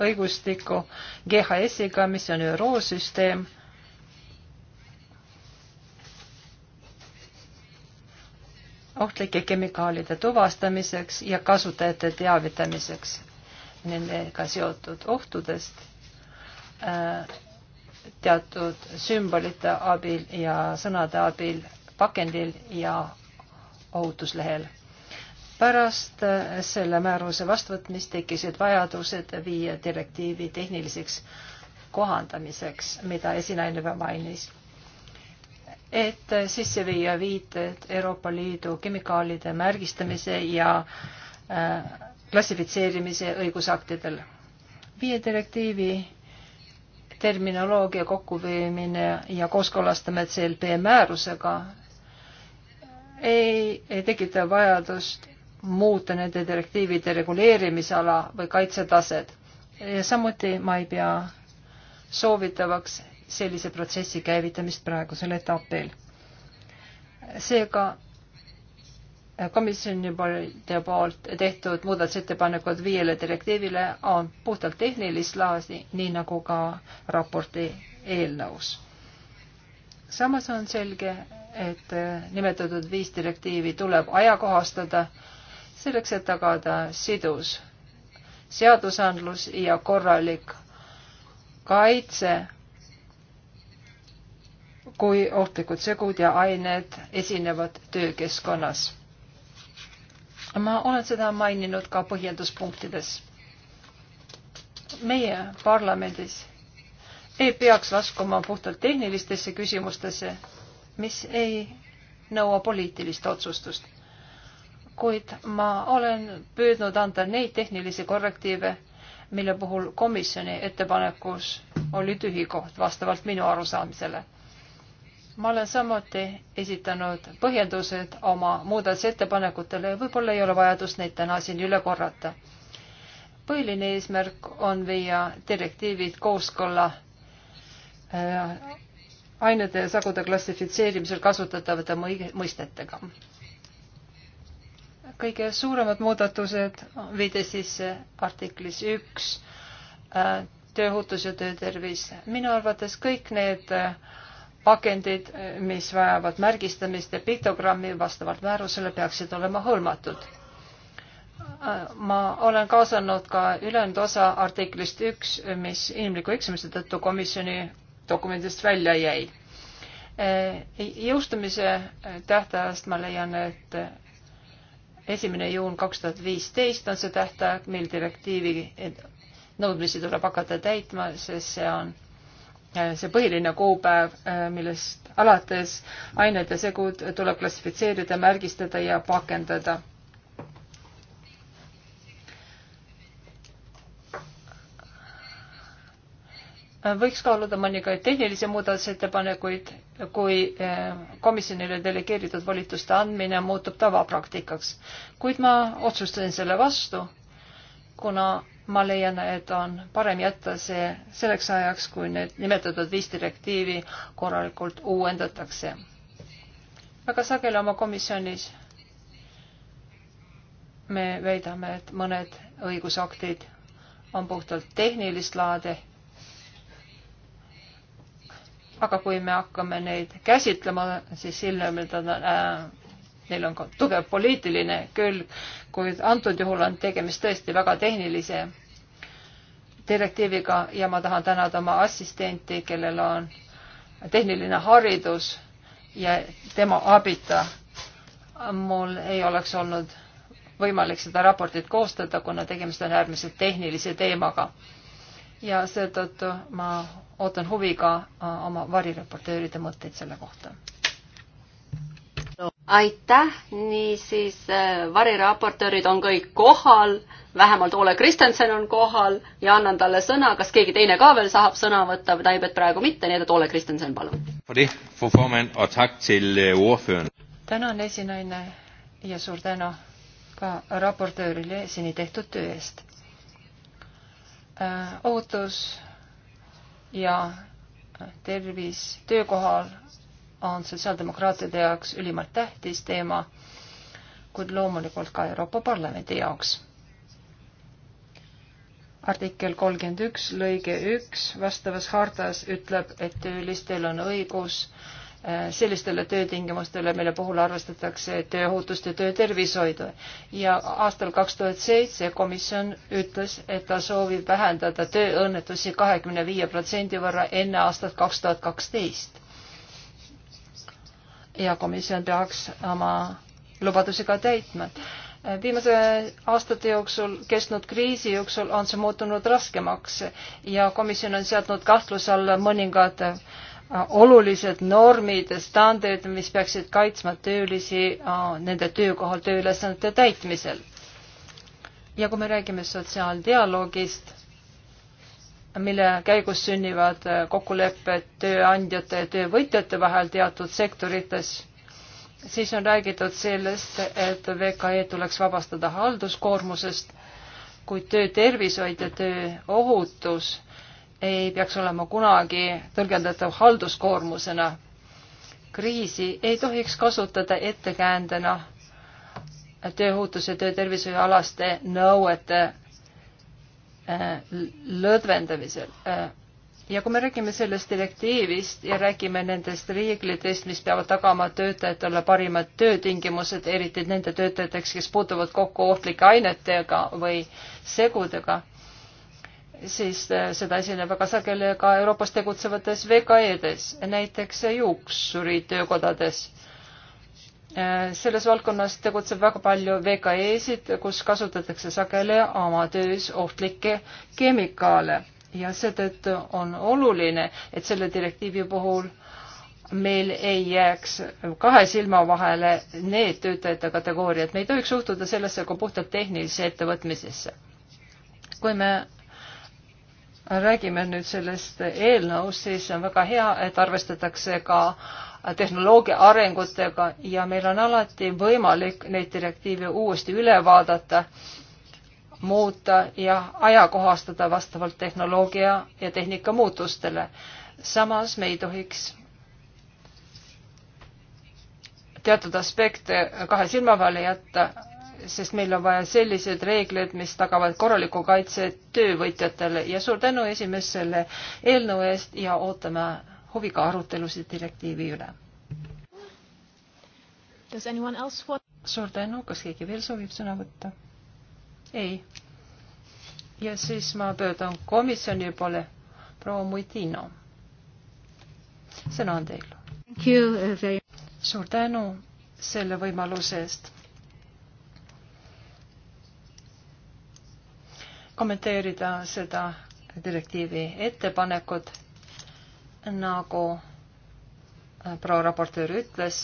õigustiku GHS-iga, mis on ÜRO süsteem. ohtlike kemikaalide tuvastamiseks ja kasutajate teavitamiseks nendega seotud ohtudest Äh, teatud sümbolite abil ja sõnade abil pakendil ja ohutuslehel. pärast äh, selle määruse vastuvõtmist tekkisid vajadused viia direktiivi tehniliseks kohandamiseks, mida esinaine juba mainis et sisse viia viited Euroopa Liidu kemikaalide märgistamise ja äh, klassifitseerimise õigusaktidel. viie direktiivi terminoloogia kokkuviimine ja kooskõlastame CLP määrusega ei, ei tekita vajadust muuta nende direktiivide reguleerimisala või kaitsetaset. ja samuti ma ei pea soovitavaks sellise protsessi käivitamist praegusel etapil. seega komisjoni poolt tehtud muudatusettepanekud viiele direktiivile on puhtalt tehnilist laadi, nii nagu ka raporti eelnõus. samas on selge, et nimetatud viis direktiivi tuleb ajakohastada selleks, et tagada sidus seadusandlus ja korralik kaitse, kui ohtlikud segud ja ained esinevad töökeskkonnas ma olen seda maininud ka põhjenduspunktides. meie parlamendis ei peaks laskuma puhtalt tehnilistesse küsimustesse, mis ei nõua poliitilist otsustust. kuid ma olen püüdnud anda neid tehnilisi korrektiive, mille puhul komisjoni ettepanekus oli tühi koht vastavalt minu arusaamisele ma olen samuti esitanud põhjendused oma muudatusettepanekutele ja võib-olla ei ole vajadust neid täna siin üle korrata. põhiline eesmärk on viia direktiivid kooskõlla äh, ainete ja sagude klassifitseerimisel kasutatavate mõistetega. kõige suuremad muudatused viides sisse artiklis üks äh, tööohutus ja töötervis. minu arvates kõik need äh, pakendid, mis vajavad märgistamist ja piktogrammi vastavalt määrusele peaksid olema hõlmatud. ma olen kaasanud ka ülejäänud osa artiklist üks, mis inimliku eksimise tõttu komisjoni dokumendist välja jäi. jõustumise tähtajast ma leian, et esimene juun kaks tuhat viisteist on see tähtaeg, mil direktiivi nõudmisi tuleb hakata täitma, sest see on Äh, see põhiline kuupäev, äh, millest alates ained ja segud tuleb klassifitseerida, märgistada ja pakendada. Äh, võiks kaaluda mõningaid tehnilisi muudatusettepanekuid, kui komisjonile delegeeritud volituste andmine muutub tavapraktikaks, kuid ma otsustasin selle vastu, kuna ma leian, et on parem jätta see selleks ajaks, kui need nimetatud viis direktiivi korralikult uuendatakse. väga sageli oma komisjonis me väidame, et mõned õigusaktid on puhtalt tehnilist laadi. aga kui me hakkame neid käsitlema, siis ilmnevad äh, neil on ka tugev poliitiline külg, kuid antud juhul on tegemist tõesti väga tehnilise direktiiviga ja ma tahan tänada oma assistenti, kellel on tehniline haridus ja tema abita mul ei oleks olnud võimalik seda raportit koostada, kuna tegemist on äärmiselt tehnilise teemaga. ja seetõttu ma ootan huviga äh, oma variraportööride mõtteid selle kohta aitäh, niisiis äh, variraportöörid on kõik kohal, vähemalt Ole Kristjanson on kohal ja annan talle sõna, kas keegi teine ka veel saab sõna võtta, näib, et praegu mitte, nii et Ole Kristjanson, palun. Øh, tänan, esinaine ja suur tänu ka raportöörile seni tehtud töö eest. Äh, ootus ja äh, tervis töökohal on sotsiaaldemokraatide jaoks ülimalt tähtis teema, kuid loomulikult ka Euroopa Parlamendi jaoks. artikkel kolmkümmend üks lõige üks vastavas hartas ütleb, et töölistel on õigus eh, sellistele töötingimustele, mille puhul arvestatakse tööohutust ja töötervishoidu. ja aastal kaks tuhat seitse komisjon ütles, et ta soovib vähendada tööõnnetusi kahekümne viie protsendi võrra enne aastat kaks tuhat kaksteist ja komisjon peaks oma lubadusi ka täitma. viimase aastate jooksul kestnud kriisi jooksul on see muutunud raskemaks ja komisjon on seadnud kahtluse alla mõningad äh, olulised normid ja standardid, mis peaksid kaitsma töölisi äh, nende töökohal tööülesannete täitmisel. ja kui me räägime sotsiaaldialoogist mille käigus sünnivad äh, kokkulepped tööandjate ja töövõtjate vahel teatud sektorites, siis on räägitud sellest, et VKE tuleks vabastada halduskoormusest, kuid töötervishoid ja tööohutus ei peaks olema kunagi tõlgendatav halduskoormusena. kriisi ei tohiks kasutada ettekäändena tööohutuse, töötervishoiualaste nõuete Äh, lõdvendamisel. Äh, ja kui me räägime sellest direktiivist ja räägime nendest reeglitest, mis peavad tagama töötajatele parimad töötingimused, eriti nende töötajateks, kes puutuvad kokku ohtlike ainetega või segudega, siis äh, seda esineb väga sageli ka Euroopas tegutsevates VKE-des, näiteks juuksuritöökodades Äh, selles valdkonnas tegutseb väga palju VKE-sid, kus kasutatakse sageli oma töös ohtlikke kemikaale ja seetõttu on oluline, et selle direktiivi puhul meil ei jääks kahe silma vahele need töötajate kategooriad, me ei tohiks suhtuda sellesse kui puhtalt tehnilisse ettevõtmisesse. kui me räägime nüüd sellest eelnõust, siis on väga hea, et arvestatakse ka äh, tehnoloogia arengutega ja meil on alati võimalik neid direktiive uuesti üle vaadata, muuta ja ajakohastada vastavalt tehnoloogia ja tehnika muutustele. samas me ei tohiks teatud aspekte kahe silma vahele jätta, sest meil on vaja sellised reeglid, mis tagavad korraliku kaitse töövõtjatele ja suur tänu esimees selle eelnõu eest ja ootame huviga arutelusid direktiivi üle. suur tänu, kas keegi veel soovib sõna võtta? ei. ja siis ma pöördun komisjoni poole, proua Muitino. sõna on teil. Uh, suur tänu selle võimaluse eest kommenteerida seda direktiivi ettepanekut nagu äh, proua raportöör ütles,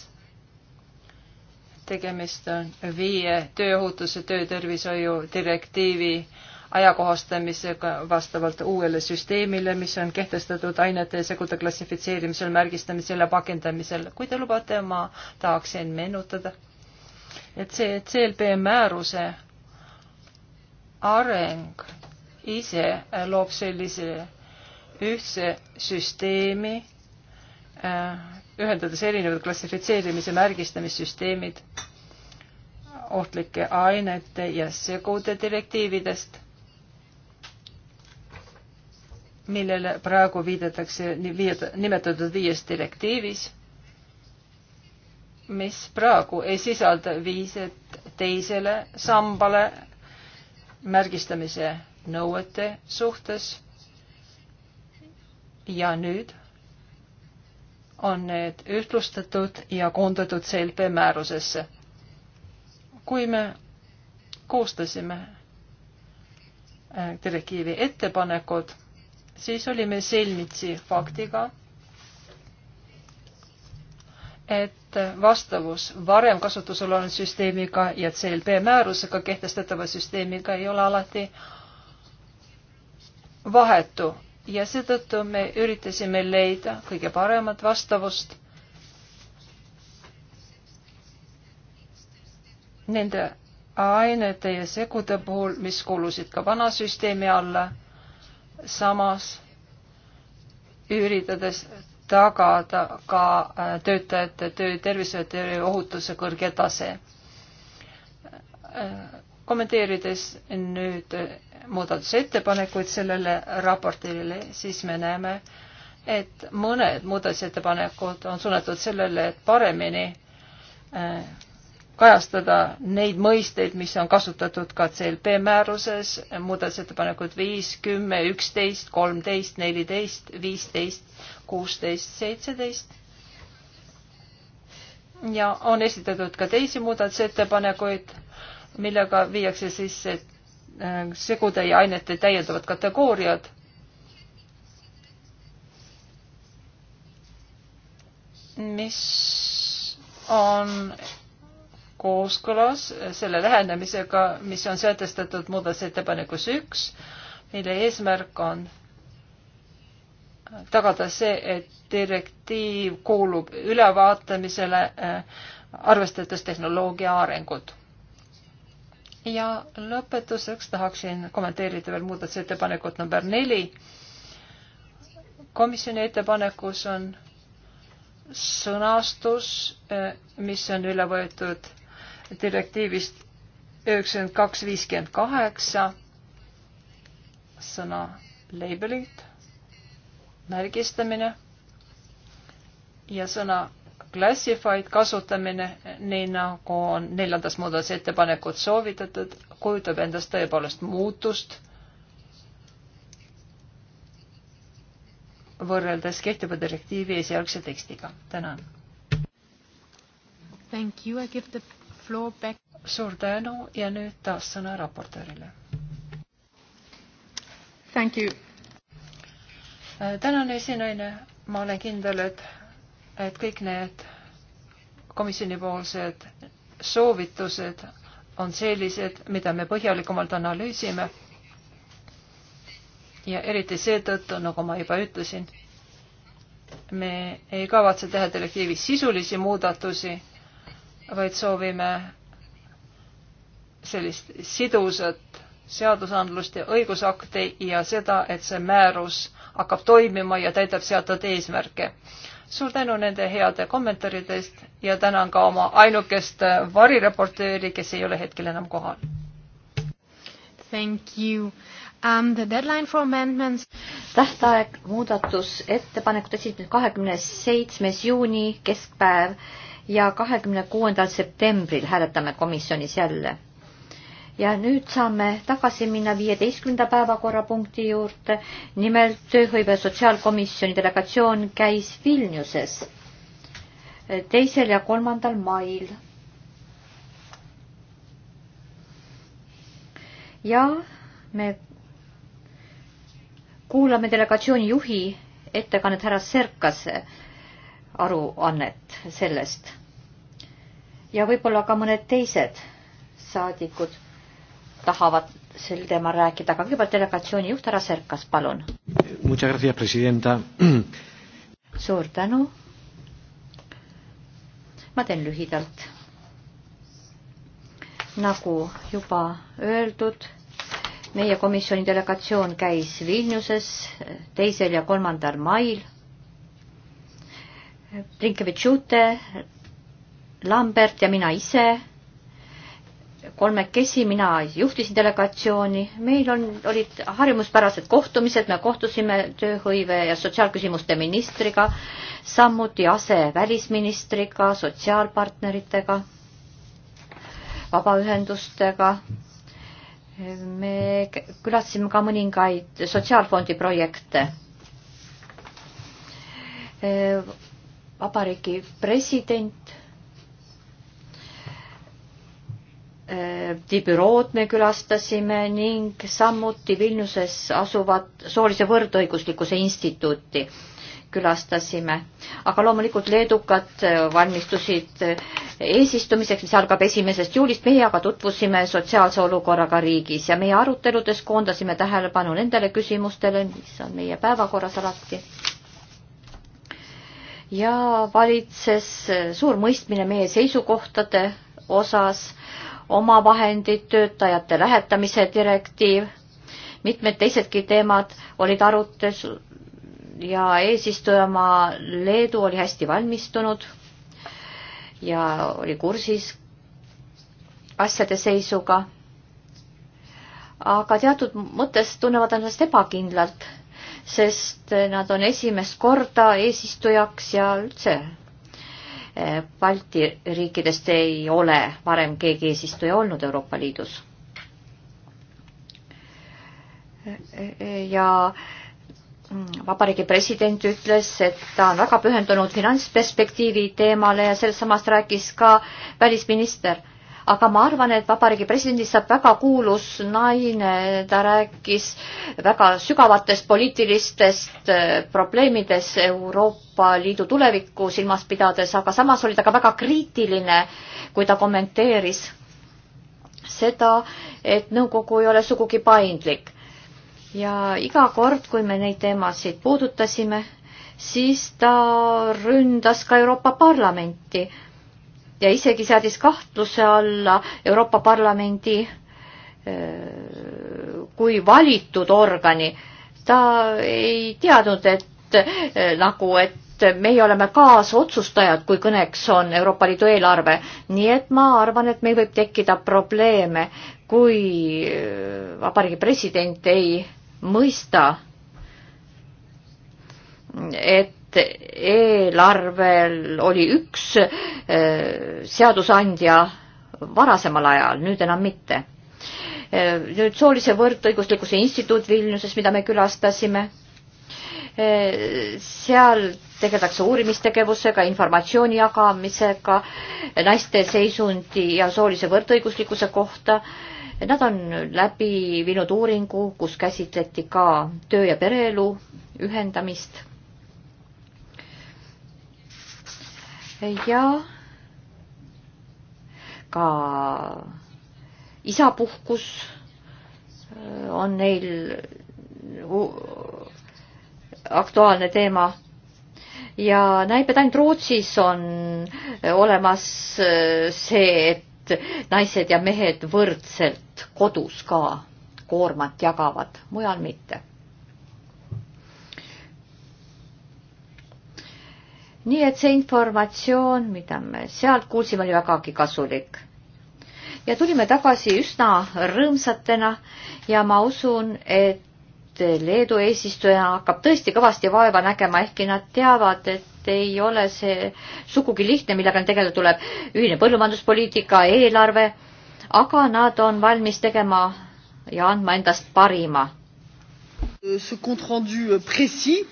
tegemist on viie tööohutuse töötervishoiu direktiivi ajakohastamisega vastavalt uuele süsteemile, mis on kehtestatud ainete ja segude klassifitseerimisel, märgistamisel ja pakendamisel. kui te lubate, ma tahaksin meenutada, et see CLP määruse areng ise loob sellise ühtse süsteemi, äh, ühendades erinevad klassifitseerimise märgistamissüsteemid ohtlike ainete ja segude direktiividest, millele praegu viidatakse nimetatud viies direktiivis, mis praegu ei sisalda viiset teisele sambale märgistamise nõuete suhtes ja nüüd on need ühtlustatud ja koondatud CLP määrusesse. kui me koostasime äh, direktiivi ettepanekud, siis olime silmitsi faktiga, et vastavus varem kasutusel olnud süsteemiga ja CLP määrusega kehtestatava süsteemiga ei ole alati vahetu ja seetõttu me üritasime leida kõige paremat vastavust nende ainete ja segude puhul, mis kuulusid ka vana süsteemi alla, samas üritades tagada ka äh, töötajate töö tervishoiu ja tööohutuse kõrge tase äh, kommenteerides nüüd muudatusettepanekuid sellele raportile, siis me näeme, et mõned muudatusettepanekud on suunatud sellele, et paremini äh, kajastada neid mõisteid, mis on kasutatud ka CLP määruses, muudatusettepanekud viis, kümme, üksteist, kolmteist, neliteist, viisteist, kuusteist, seitseteist. ja on esitatud ka teisi muudatusettepanekuid millega viiakse sisse äh, segude ja ainete täiendavad kategooriad. mis on kooskõlas selle lähenemisega, mis on sätestatud muudatusettepanekus üks, mille eesmärk on tagada see, et direktiiv kuulub ülevaatamisele, äh, arvestades tehnoloogia arengut ja lõpetuseks tahaksin kommenteerida veel muudatusettepanekut number neli. komisjoni ettepanekus on sõnastus, eh, mis on üle võetud direktiivist üheksakümmend kaks viiskümmend kaheksa, sõna label'id, märgistamine ja sõna classified kasutamine, nii nagu on neljandas muudatusettepanekud soovitatud, kujutab endast tõepoolest muutust võrreldes kehtiva direktiivi esialgse tekstiga. tänan. suur tänu ja nüüd taas sõna raportöörile. tänan, esinaine. ma olen kindel, et et kõik need komisjonipoolsed soovitused on sellised, mida me põhjalikumalt analüüsime. ja eriti seetõttu, nagu ma juba ütlesin, me ei kavatse teha direktiivis sisulisi muudatusi, vaid soovime sellist sidusat seadusandlust ja õigusakte ja seda, et see määrus hakkab toimima ja täidab seatud eesmärke suur tänu nende heade kommentaaride eest ja tänan ka oma ainukest varireportööri, kes ei ole hetkel enam kohal. Thank you. Um, the deadline for amendments. tähtaeg muudatusettepanekute esitamine kahekümne seitsmes juuni keskpäev ja kahekümne kuuendal septembril hääletame komisjonis jälle ja nüüd saame tagasi minna viieteistkümnenda päevakorrapunkti juurde. nimelt tööhõive sotsiaalkomisjoni delegatsioon käis Vilniuses teisel ja kolmandal mail. ja me kuulame delegatsiooni juhi ettekannet härra Serkase aruannet sellest ja võib-olla ka mõned teised saadikud tahavad sel teemal rääkida, aga kõigepealt delegatsiooni juht härra Serkas, palun. [CLEARS THROAT] suur tänu. ma teen lühidalt. nagu juba öeldud, meie komisjoni delegatsioon käis Vilniuses teisel ja kolmandal mail. Blinkevitšute, Lambert ja mina ise kolmekesi, mina juhtisin delegatsiooni, meil on, olid harjumuspärased kohtumised, me kohtusime tööhõive ja sotsiaalküsimuste ministriga, samuti asevälisministriga, sotsiaalpartneritega, vabaühendustega. me külastasime ka mõningaid sotsiaalfondi projekte. vabariigi president bürood me külastasime ning samuti Vilniuses asuvat soolise võrdõiguslikkuse instituuti külastasime. aga loomulikult leedukad äh, valmistusid äh, eesistumiseks, mis algab esimesest juulist, meie aga tutvusime sotsiaalse olukorraga riigis ja meie aruteludes koondasime tähelepanu nendele küsimustele, mis on meie päevakorras alati. ja valitses äh, suur mõistmine meie seisukohtade osas omavahendid, töötajate lähetamise direktiiv, mitmed teisedki teemad olid arutelul ja eesistujamaa Leedu oli hästi valmistunud ja oli kursis asjade seisuga. aga teatud mõttes tunnevad ennast ebakindlalt, sest nad on esimest korda eesistujaks ja üldse Eh, Balti riikidest ei ole varem keegi eesistuja olnud Euroopa Liidus. Eh, ja mm, vabariigi president ütles, et ta on väga pühendunud finantsperspektiivi teemale ja sellest samast rääkis ka välisminister aga ma arvan, et vabariigi presidendist saab väga kuulus naine, ta rääkis väga sügavatest poliitilistest äh, probleemidest Euroopa Liidu tulevikku silmas pidades, aga samas oli ta ka väga kriitiline, kui ta kommenteeris seda, et nõukogu ei ole sugugi paindlik. ja iga kord, kui me neid teemasid puudutasime, siis ta ründas ka Euroopa Parlamenti ja isegi seadis kahtluse alla Euroopa Parlamendi eh, kui valitud organi. ta ei teadnud, et eh, nagu, et meie oleme kaasotsustajad, kui kõneks on Euroopa Liidu eelarve. nii et ma arvan, et meil võib tekkida probleeme, kui eh, Vabariigi President ei mõista, et eelarvel oli üks eh, seadusandja varasemal ajal, nüüd enam mitte. Eh, nüüd soolise võrdõiguslikkuse instituut Vilniuses, mida me külastasime, eh, seal tegeldakse uurimistegevusega, informatsiooni jagamisega, naiste seisundi ja soolise võrdõiguslikkuse kohta. Nad on läbi viinud uuringu, kus käsitleti ka töö ja pereelu ühendamist ja ka isapuhkus äh, on neil äh, aktuaalne teema ja näib, et ainult Rootsis on äh, olemas see, et naised ja mehed võrdselt kodus ka koormat jagavad, mujal mitte nii et see informatsioon, mida me sealt kuulsime, oli vägagi kasulik. ja tulime tagasi üsna rõõmsatena ja ma usun, et Leedu eesistuja hakkab tõesti kõvasti vaeva nägema, ehkki nad teavad, et ei ole see sugugi lihtne, millega neil tegeleda tuleb, ühine põllumajanduspoliitika, eelarve, aga nad on valmis tegema ja andma endast parima. see euh, compte rendu euh, précis,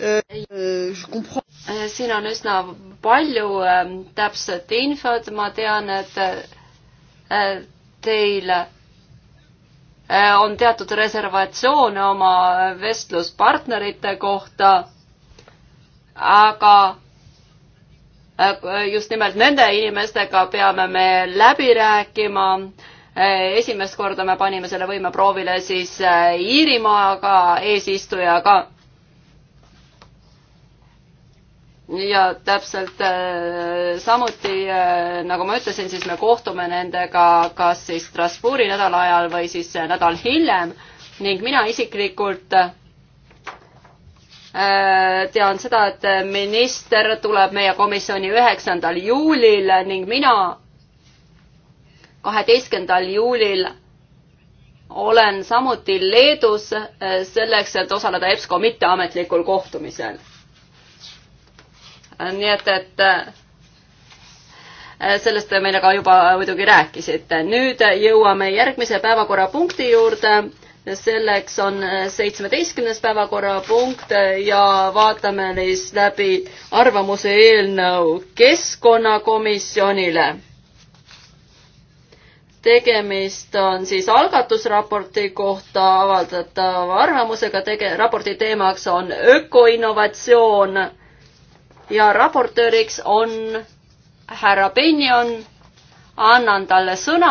euh, je comprends Äh, siin on üsna palju ähm, täpset infot, ma tean, et äh, teil äh, on teatud reservatsioone oma vestluspartnerite kohta, aga just nimelt nende inimestega peame me läbi rääkima. esimest korda me panime selle võime proovile siis Iirimaaga, eesistujaga ja täpselt äh, samuti, äh, nagu ma ütlesin, siis me kohtume nendega kas siis Strasbourgi nädala ajal või siis äh, nädal hiljem ning mina isiklikult tean seda, et minister tuleb meie komisjoni üheksandal juulil ning mina kaheteistkümnendal juulil olen samuti Leedus selleks, et osaleda EBSCO mitteametlikul kohtumisel nii et, et äh, sellest te meile ka juba muidugi rääkisite. nüüd jõuame järgmise päevakorrapunkti juurde. selleks on äh, seitsmeteistkümnes päevakorrapunkt ja vaatame siis läbi arvamuse eelnõu keskkonnakomisjonile tegemist on siis algatusraporti kohta avaldatava arvamusega, tege-, raporti teemaks on ökoinnovatsioon ja raportööriks on härra Benjon. annan talle sõna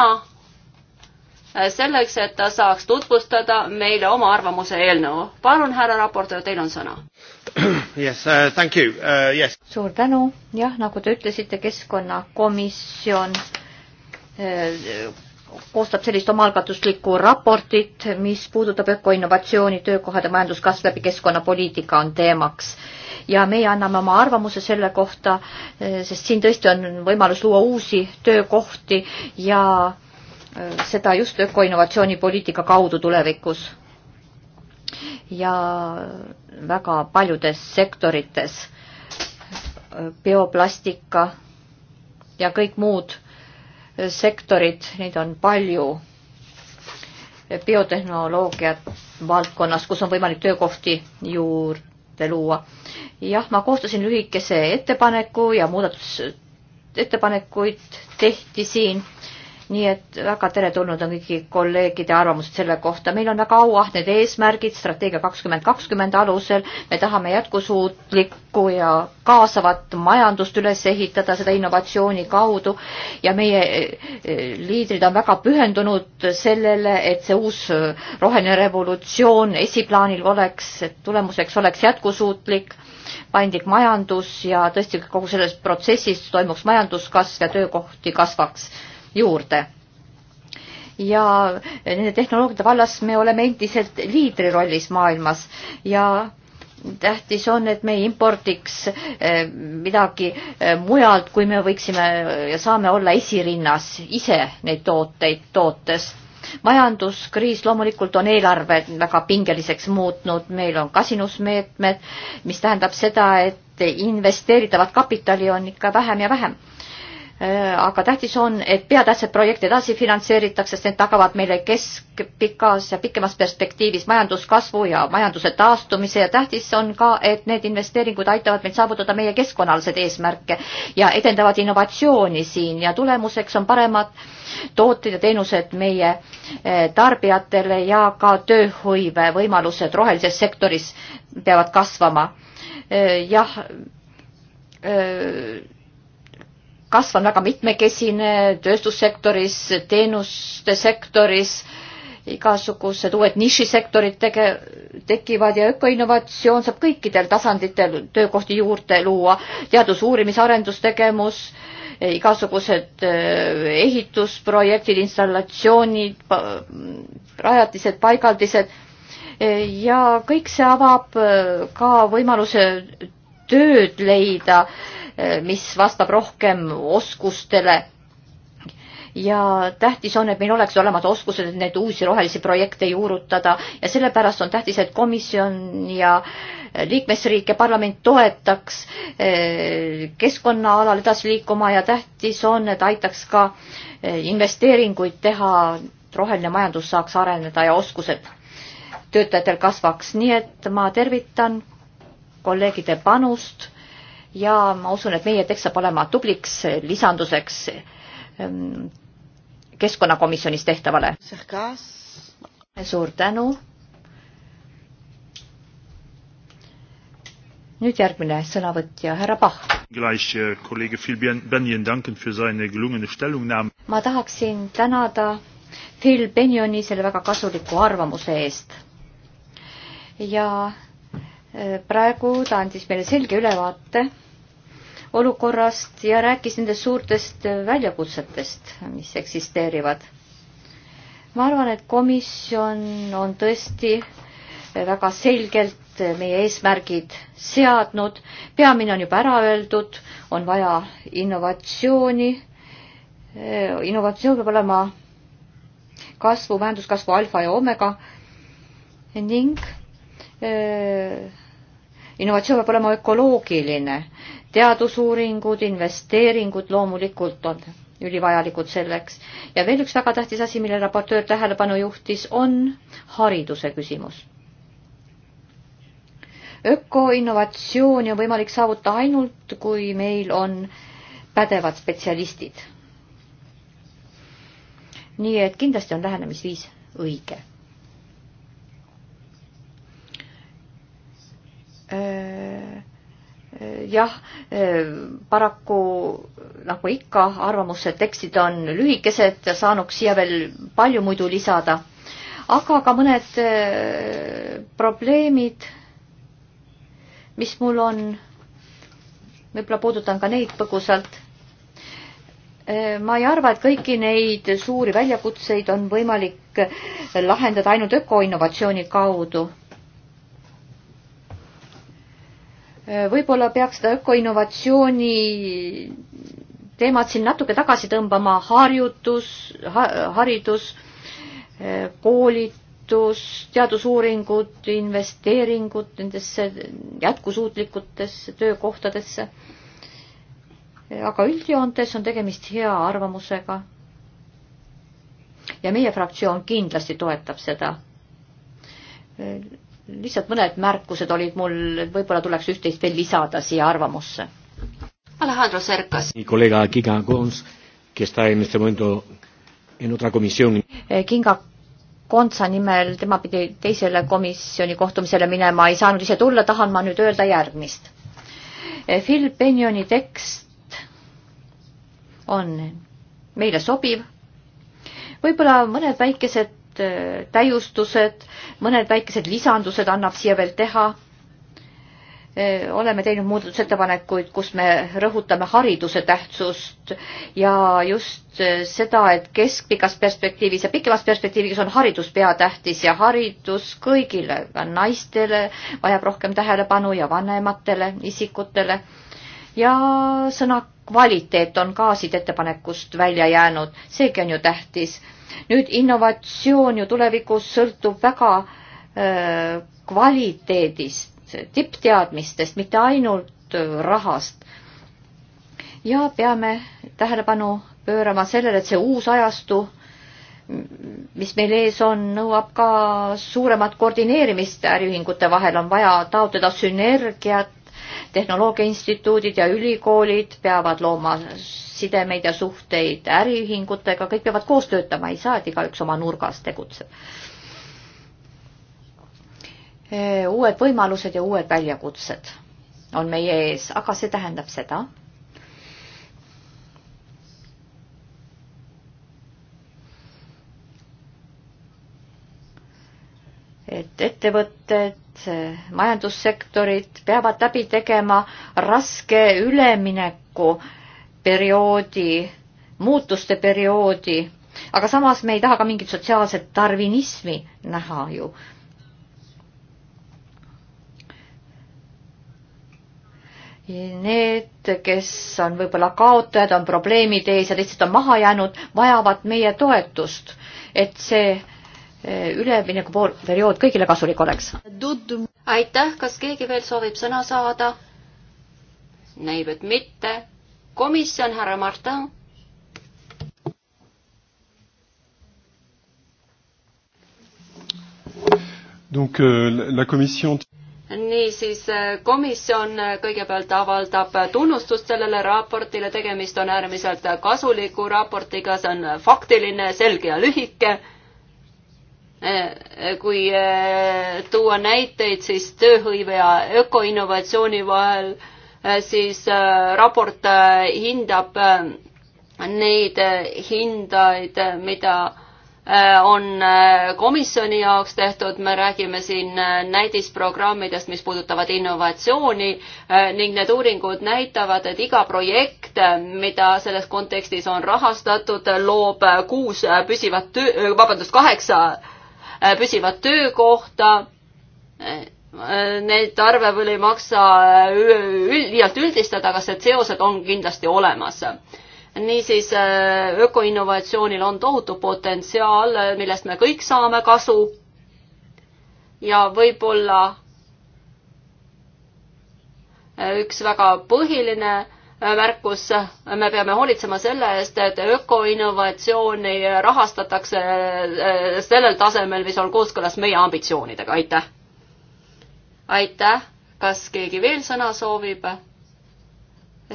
äh, selleks, et ta saaks tutvustada meile oma arvamuse eelnõu. palun, härra raportöör, teil on sõna. [CLEARS THROAT] Yes, uh, thank you uh,, yes. suur tänu, jah, nagu te ütlesite, keskkonnakomisjon eh, koostab sellist omaalgatuslikku raportit, mis puudutab ökoinnovatsiooni, töökohad ja majanduskasv läbi keskkonnapoliitika on teemaks ja meie anname oma arvamuse selle kohta, sest siin tõesti on võimalus luua uusi töökohti ja äh, seda just ökoinnovatsioonipoliitika kaudu tulevikus. ja väga paljudes sektorites äh, bioplastika ja kõik muud äh, sektorid, neid on palju. biotehnoloogiat valdkonnas, kus on võimalik töökohti juurde juurde luua. jah, ma koostasin lühikese ettepaneku ja muudatusettepanekuid tehti siin nii et väga teretulnud on kõigi kolleegide arvamused selle kohta. meil on väga auahned eesmärgid strateegia kakskümmend kakskümmend alusel. me tahame jätkusuutlikku ja kaasavat majandust üles ehitada, seda innovatsiooni kaudu ja meie eh, liidrid on väga pühendunud sellele, et see uus eh, roheline revolutsioon esiplaanil oleks, et tulemuseks oleks jätkusuutlik paindlik majandus ja tõesti kogu selles protsessis toimuks majanduskasv ja töökohti kasvaks juurde. ja nende tehnoloogiate vallas me oleme endiselt liidri rollis maailmas ja tähtis on, et me ei impordiks eh, midagi eh, mujalt, kui me võiksime ja saame olla esirinnas ise neid tooteid tootes. majanduskriis loomulikult on eelarve väga pingeliseks muutnud, meil on kasinusmeetmed, mis tähendab seda, et investeeritavat kapitali on ikka vähem ja vähem Äh, aga tähtis on, et peatähtsad projekti edasi finantseeritakse, sest need tagavad meile keskpikas ja pikemas perspektiivis majanduskasvu ja majanduse taastumise ja tähtis on ka, et need investeeringud aitavad meil saavutada meie keskkonnalised eesmärke ja edendavad innovatsiooni siin ja tulemuseks on paremad tooted ja teenused meie äh, tarbijatele ja ka tööhõive võimalused rohelises sektoris peavad kasvama. Äh, jah kasv on väga mitmekesine tööstussektoris, teenuste sektoris, igasugused uued nišisektorid tege-, tekivad ja ökoinnovatsioon saab kõikidel tasanditel töökohti juurde luua, teadus, uurimis, arendustegevus, igasugused äh, ehitusprojektid, installatsioonid, rajatised, paigaldised äh, ja kõik see avab äh, ka võimaluse tööd leida Eh, mis vastab rohkem oskustele. ja tähtis on, et meil oleks olemas oskused, et neid uusi rohelisi projekte juurutada ja sellepärast on tähtis, et komisjon ja liikmesriik ja parlament toetaks eh, keskkonnaalal edasi liikuma ja tähtis on, et aitaks ka eh, investeeringuid teha, et roheline majandus saaks areneda ja oskused töötajatel kasvaks, nii et ma tervitan kolleegide panust ja ma usun, et meie tekst saab olema tubliks lisanduseks ehm, keskkonnakomisjonis tehtavale. suur tänu. nüüd järgmine sõnavõtja, härra Pahh. Äh, ma tahaksin tänada Phil Benjoni selle väga kasuliku arvamuse eest ja praegu ta andis meile selge ülevaate olukorrast ja rääkis nendest suurtest väljakutsetest, mis eksisteerivad. ma arvan, et komisjon on tõesti väga selgelt meie eesmärgid seadnud, peamine on juba ära öeldud, on vaja innovatsiooni, innovatsioon peab olema kasvu, majanduskasvu alfa ja omega ning öö, innovatsioon peab olema ökoloogiline. teadusuuringud, investeeringud loomulikult on ülivajalikud selleks. ja veel üks väga tähtis asi, millele raportöör tähelepanu juhtis, on hariduse küsimus. ökoinnovatsiooni on võimalik saavutada ainult, kui meil on pädevad spetsialistid. nii et kindlasti on lähenemisviis õige Äh, äh, jah, äh, paraku nagu ikka, arvamuste tekstid on lühikesed ja saanuks siia veel palju muidu lisada, aga ka mõned probleemid, mis mul on, võib-olla puudutan ka neid põgusalt. ma ei arva, et kõiki neid suuri väljakutseid on võimalik lahendada ainult ökoinnovatsiooni kaudu võib-olla peaks seda ökoinnovatsiooni teemat siin natuke tagasi tõmbama, harjutus ha,, haridus, koolitus, teadusuuringud, investeeringud nendesse jätkusuutlikutesse töökohtadesse. aga üldjoontes on tegemist hea arvamusega. ja meie fraktsioon kindlasti toetab seda lihtsalt mõned märkused olid mul, et võib-olla tuleks üht-teist veel lisada siia arvamusse. Alejandro Cercas. Eh, Kinga Kontsa nimel, tema pidi teisele komisjoni kohtumisele minema, ei saanud ise tulla, tahan ma nüüd öelda järgmist. Eh, Phil Benjoni tekst on meile sobiv. võib-olla mõned väikesed mõned äh, täiustused, mõned väikesed lisandused annab siia veel teha. Äh, oleme teinud muudatusettepanekuid, kus me rõhutame hariduse tähtsust ja just äh, seda, et keskpikas perspektiivis ja pikemas perspektiivis on haridus peatähtis ja haridus kõigile, ka naistele vajab rohkem tähelepanu ja vanematele isikutele ja sõna kvaliteet on ka siit ettepanekust välja jäänud, seegi on ju tähtis. nüüd innovatsioon ju tulevikus sõltub väga öö, kvaliteedist, tippteadmistest, mitte ainult rahast. ja peame tähelepanu pöörama sellele, et see uus ajastu, mis meil ees on, nõuab ka suuremat koordineerimist äriühingute vahel, on vaja taotleda sünergiat tehnoloogia instituudid ja ülikoolid peavad looma sidemeid ja suhteid äriühingutega, kõik peavad koos töötama, ei saa, et igaüks oma nurgas tegutseb. uued võimalused ja uued väljakutsed on meie ees, aga see tähendab seda, et ettevõtted majandussektorid peavad läbi tegema raske ülemineku perioodi, muutuste perioodi, aga samas me ei taha ka mingit sotsiaalset tarvinismi näha ju. Need, kes on võib-olla kaotajad, on probleemide ees ja lihtsalt on maha jäänud, vajavad meie toetust, et see Eh, üleminekuperiood kõigile kasulik oleks. aitäh, kas keegi veel soovib sõna saada? näib, et mitte. komisjon, härra Martin. Donc euh, la commission niisiis äh, komisjon äh, kõigepealt avaldab äh, tunnustust sellele raportile, tegemist on äärmiselt kasuliku raportiga, see on faktiline, selge ja lühike Äh, kui äh, tuua näiteid siis tööhõive ja ökoinnovatsiooni vahel, äh, siis raport hindab neid hindaid, mida on komisjoni jaoks tehtud, me räägime siin näidisprogrammidest, mis puudutavad innovatsiooni ning need uuringud näitavad, et iga projekt, mida selles kontekstis on rahastatud, loob kuus püsivat töö, vabandust, kaheksa Äh, püsivat töökohta. Äh, Neid arve veel ei maksa äh, liialt üldistada, aga need seosed on kindlasti olemas niisiis ökoinnovatsioonil on tohutu potentsiaal, millest me kõik saame kasu. ja võib-olla üks väga põhiline märkus, me peame hoolitsema selle eest, et ökoinnovatsiooni rahastatakse eh, sellel tasemel, mis on kooskõlas meie ambitsioonidega, aitäh. aitäh, kas keegi veel sõna soovib?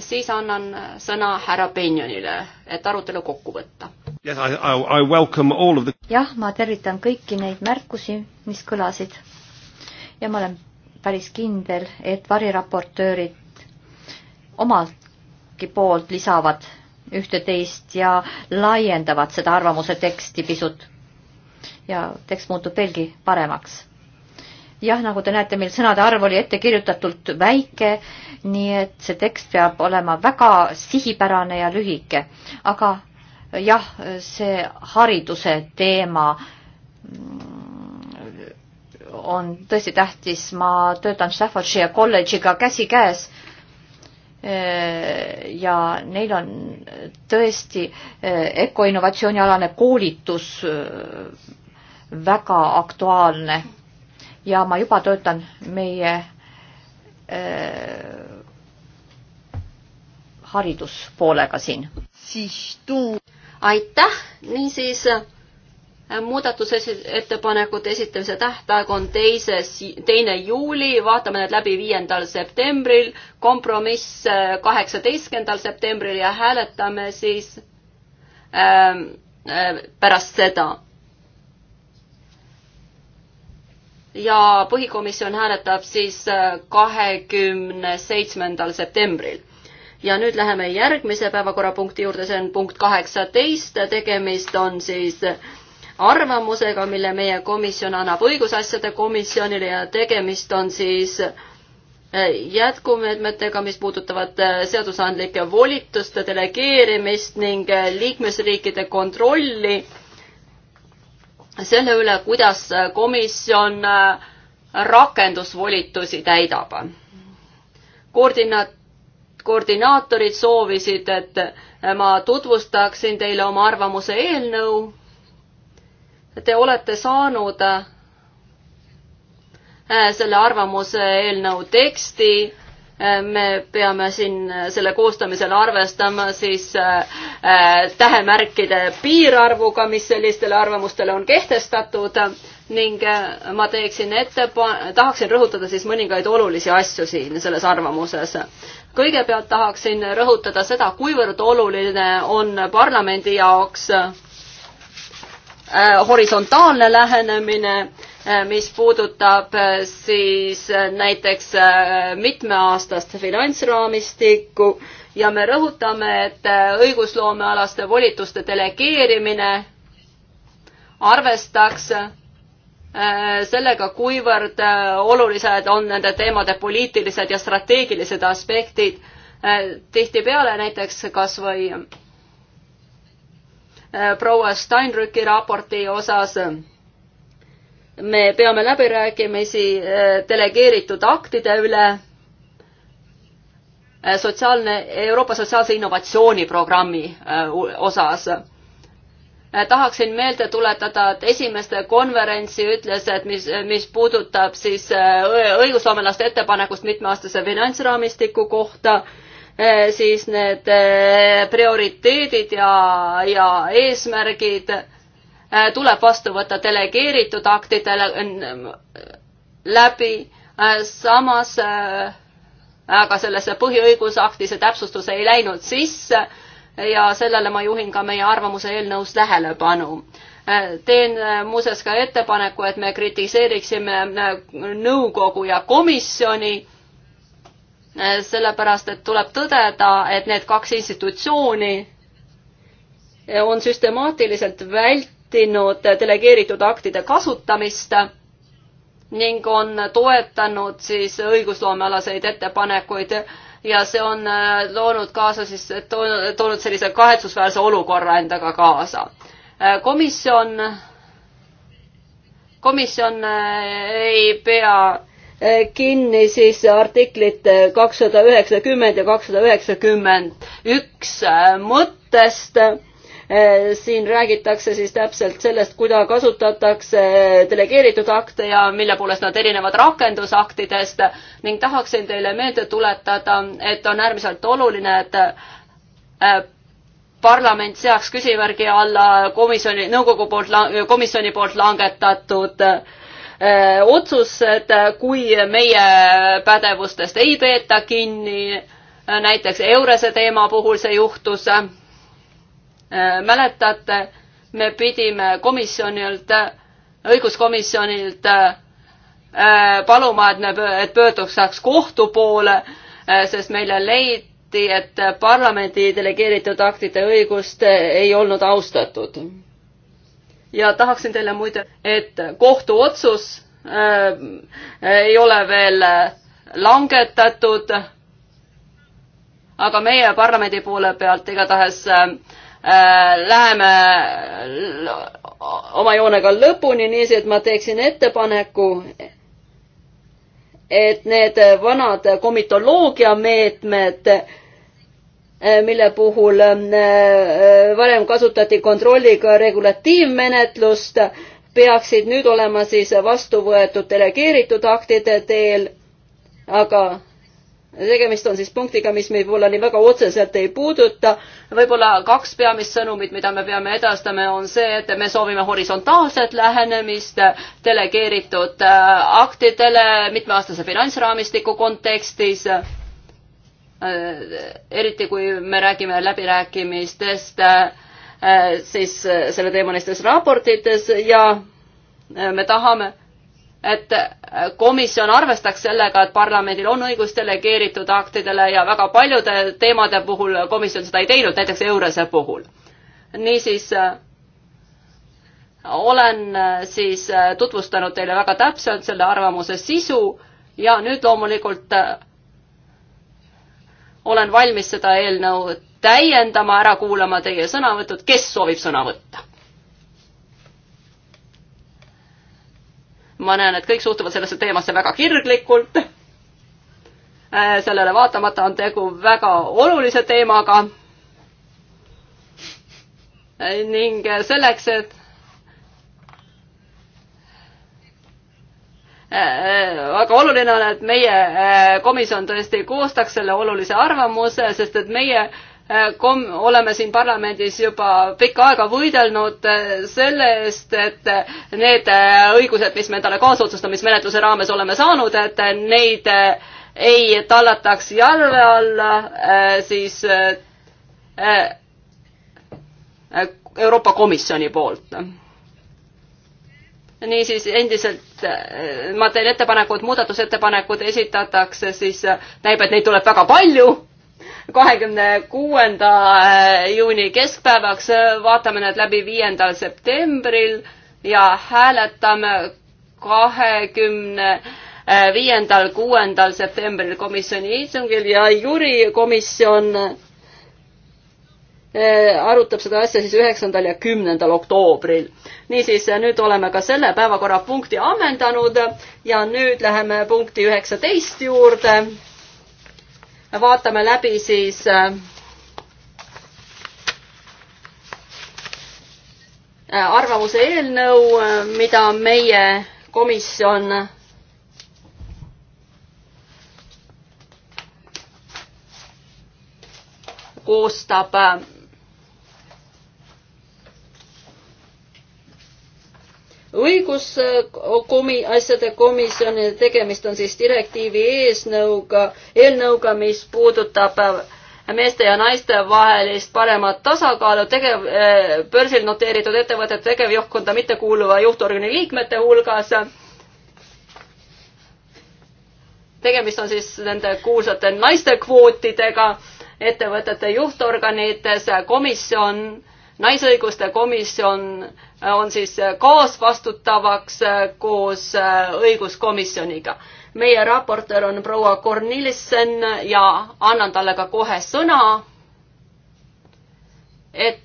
siis annan sõna härra Benjonile, et arutelu kokku võtta. jah, ma tervitan kõiki neid märkusi, mis kõlasid. ja ma olen päris kindel, et variraportöörid omalt Paki poolt lisavad ühte-teist ja laiendavad seda arvamuse teksti pisut. ja tekst muutub veelgi paremaks. jah, nagu te näete, meil sõnade arv oli ettekirjutatult väike, nii et see tekst peab olema väga sihipärane ja lühike. aga jah, see hariduse teema mm, on tõesti tähtis, ma töötan Staffordshire kolledžiga käsikäes Äh, ja neil on tõesti ökoinnovatsioonialane äh, koolitus äh, väga aktuaalne ja ma juba töötan meie hariduspoolega siin. aitäh, niisiis Äh, muudatusettepanekute esitamise tähtaeg on teises, teine juuli, vaatame need läbi viiendal septembril, kompromiss äh, kaheksateistkümnendal septembril ja hääletame siis ähm, äh, pärast seda. ja põhikomisjon hääletab siis äh, kahekümne seitsmendal septembril ja nüüd läheme järgmise päevakorrapunkti juurde, see on punkt kaheksateist, tegemist on siis äh, arvamusega, mille meie komisjon annab õigusasjade komisjonile ja tegemist on siis äh, jätkumeetmetega, mis puudutavad äh, seadusandlike volituste delegeerimist ning äh, liikmesriikide kontrolli selle üle, kuidas komisjon rakendusvolitusi täidab. koordina-, koordinaatorid soovisid, et ma tutvustaksin teile oma arvamuse eelnõu te olete saanud äh, selle arvamuse eelnõu teksti äh, me peame siin selle koostamisel arvestama siis äh, tähemärkide piirarvuga, mis sellistele arvamustele on kehtestatud ning ma teeksin ettepa-, tahaksin rõhutada siis mõningaid olulisi asju siin selles arvamuses. kõigepealt tahaksin rõhutada seda, kuivõrd oluline on parlamendi jaoks Äh, horisontaalne lähenemine, äh, mis puudutab äh, siis näiteks mitmeaastast finantsraamistikku ja me rõhutame, et õigusloomealaste volituste delegeerimine arvestaks sellega, kuivõrd olulised on nende teemade poliitilised ja strateegilised aspektid. tihtipeale näiteks kas või Äh, proua Steinrücki raporti osas. Äh, me peame läbirääkimisi äh, delegeeritud aktide üle sotsiaalne, Euroopa sotsiaalse innovatsiooniprogrammi osas. tahaksin meelde tuletada, et esimeste konverentsi ütles, et mis, mis puudutab siis õigusloomelaste ettepanekust mitmeaastase finantsraamistiku kohta Eh, siis need eh, prioriteedid ja, ja eesmärgid eh, tuleb vastu võtta delegeeritud aktidele läbi, samas aga sellesse põhiõigusakti see täpsustus ei läinud sisse ja sellele ma juhin ka meie arvamuse eelnõus tähelepanu. teen muuseas ka ettepaneku, et me kritiseeriksime nõukogu ja komisjoni Eh, sellepärast et tuleb tõdeda, et need kaks institutsiooni eh, on süstemaatiliselt vältinud delegeeritud aktide kasutamist ning on toetanud siis õigusloomealaseid ettepanekuid ja see on eh, loonud kaasa siis, toonud sellise kahetsusväärse olukorra endaga kaasa. komisjon, komisjon ei pea Eh, kinni siis artiklit eh, kakssada üheksakümmend ja kakssada üheksakümmend üks eh, mõttest. siin räägitakse siis täpselt sellest, kuida kasutatakse delegeeritud akte ja mille poolest nad erinevad rakendusaktidest ning tahaksin teile meelde tuletada, et on äärmiselt oluline, et parlament seaks küsimärgi alla komisjoni, nõukogu poolt, komisjoni poolt langetatud äh, Äh, otsused, äh, kui meie pädevustest ei peeta kinni. Äh, näiteks Eurese teema puhul see juhtus. mäletate, me pidime komisjonilt, õiguskomisjonilt paluma, et me, et pöörduks kohtu poole, sest meile leiti, et parlamendi delegeeritud aktide õigust ei olnud austatud ja tahaksin teile muide, et kohtuotsus äh, äh ei ole veel äh, langetatud. aga meie parlamendi poole pealt igatahes äh, äh läheme oma joonega lõpuni, niiviisi, et ma teeksin ettepaneku, et need vanad komitoloogia meetmed äh, Äh, mille puhul äh, äh, varem kasutati kontrolliga regulatiivmenetlust, peaksid nüüd olema siis vastu võetud delegeeritud aktide teel, aga tegemist on siis punktiga, mis meid võib-olla nii väga otseselt ei puuduta. võib-olla kaks peamist sõnumit, mida me peame edastama, on see, et me soovime horisontaalset lähenemist delegeeritud aktidele mitmeaastase finantsraamistiku kontekstis Äh, eriti kui me räägime läbirääkimistest, äh, siis äh, selleteemalistes raportites ja me tahame, et komisjon arvestaks sellega, et parlamendil on õigus delegeeritud aktidele ja väga paljude teemade puhul komisjon seda ei teinud, näiteks Eurese puhul. niisiis olen siis tutvustanud teile väga täpselt selle arvamuse sisu ja nüüd loomulikult olen valmis seda eelnõu täiendama, ära kuulama teie sõnavõtud, kes soovib sõna võtta? ma näen, et kõik suhtuvad sellesse teemasse väga kirglikult. Äh, sellele vaatamata on tegu väga olulise teemaga. Äh, ning selleks, et Äh, väga oluline on, et meie äh, komisjon tõesti koostaks selle olulise arvamuse, sest et meie äh, kom-, oleme siin parlamendis juba pikka aega võidelnud selle eest, et need õigused, mis me endale kaasotsustamismenetluse raames oleme saanud, et neid ei tallataks jalve alla, siis Euroopa Komisjoni poolt niisiis endiselt äh, ma teen ettepaneku, et muudatusettepanekud esitatakse siis, äh, näib, et neid tuleb väga palju, kahekümne kuuenda äh, juuni keskpäevaks, vaatame need läbi viiendal septembril ja hääletame kahekümne viiendal, kuuendal septembril komisjoni istungil ja jurikomisjon Eh, arutab seda asja siis üheksandal ja kümnendal oktoobril. niisiis, eh, nüüd oleme ka selle päevakorrapunkti ammendanud ja nüüd läheme punkti üheksateist juurde. vaatame läbi siis eh, arvamuse eelnõu, mida meie komisjon koostab õiguskomi-, asjade komisjoni, tegemist on siis direktiivi eesnõuga, eelnõuga, mis puudutab äh, meeste ja naiste vahelist paremat tasakaalu tegev, äh, börsil noteeritud ettevõtete tegevjuhtkonda mittekuuluva juhtorgani liikmete hulgas tegemist on siis nende kuulsate naistekvootidega ettevõtete juhtorganites. komisjon naisõiguste komisjon äh, on siis äh, kaasvastutavaks äh, koos õiguskomisjoniga. meie raportöör on proua Kornilissen ja annan talle ka kohe sõna, et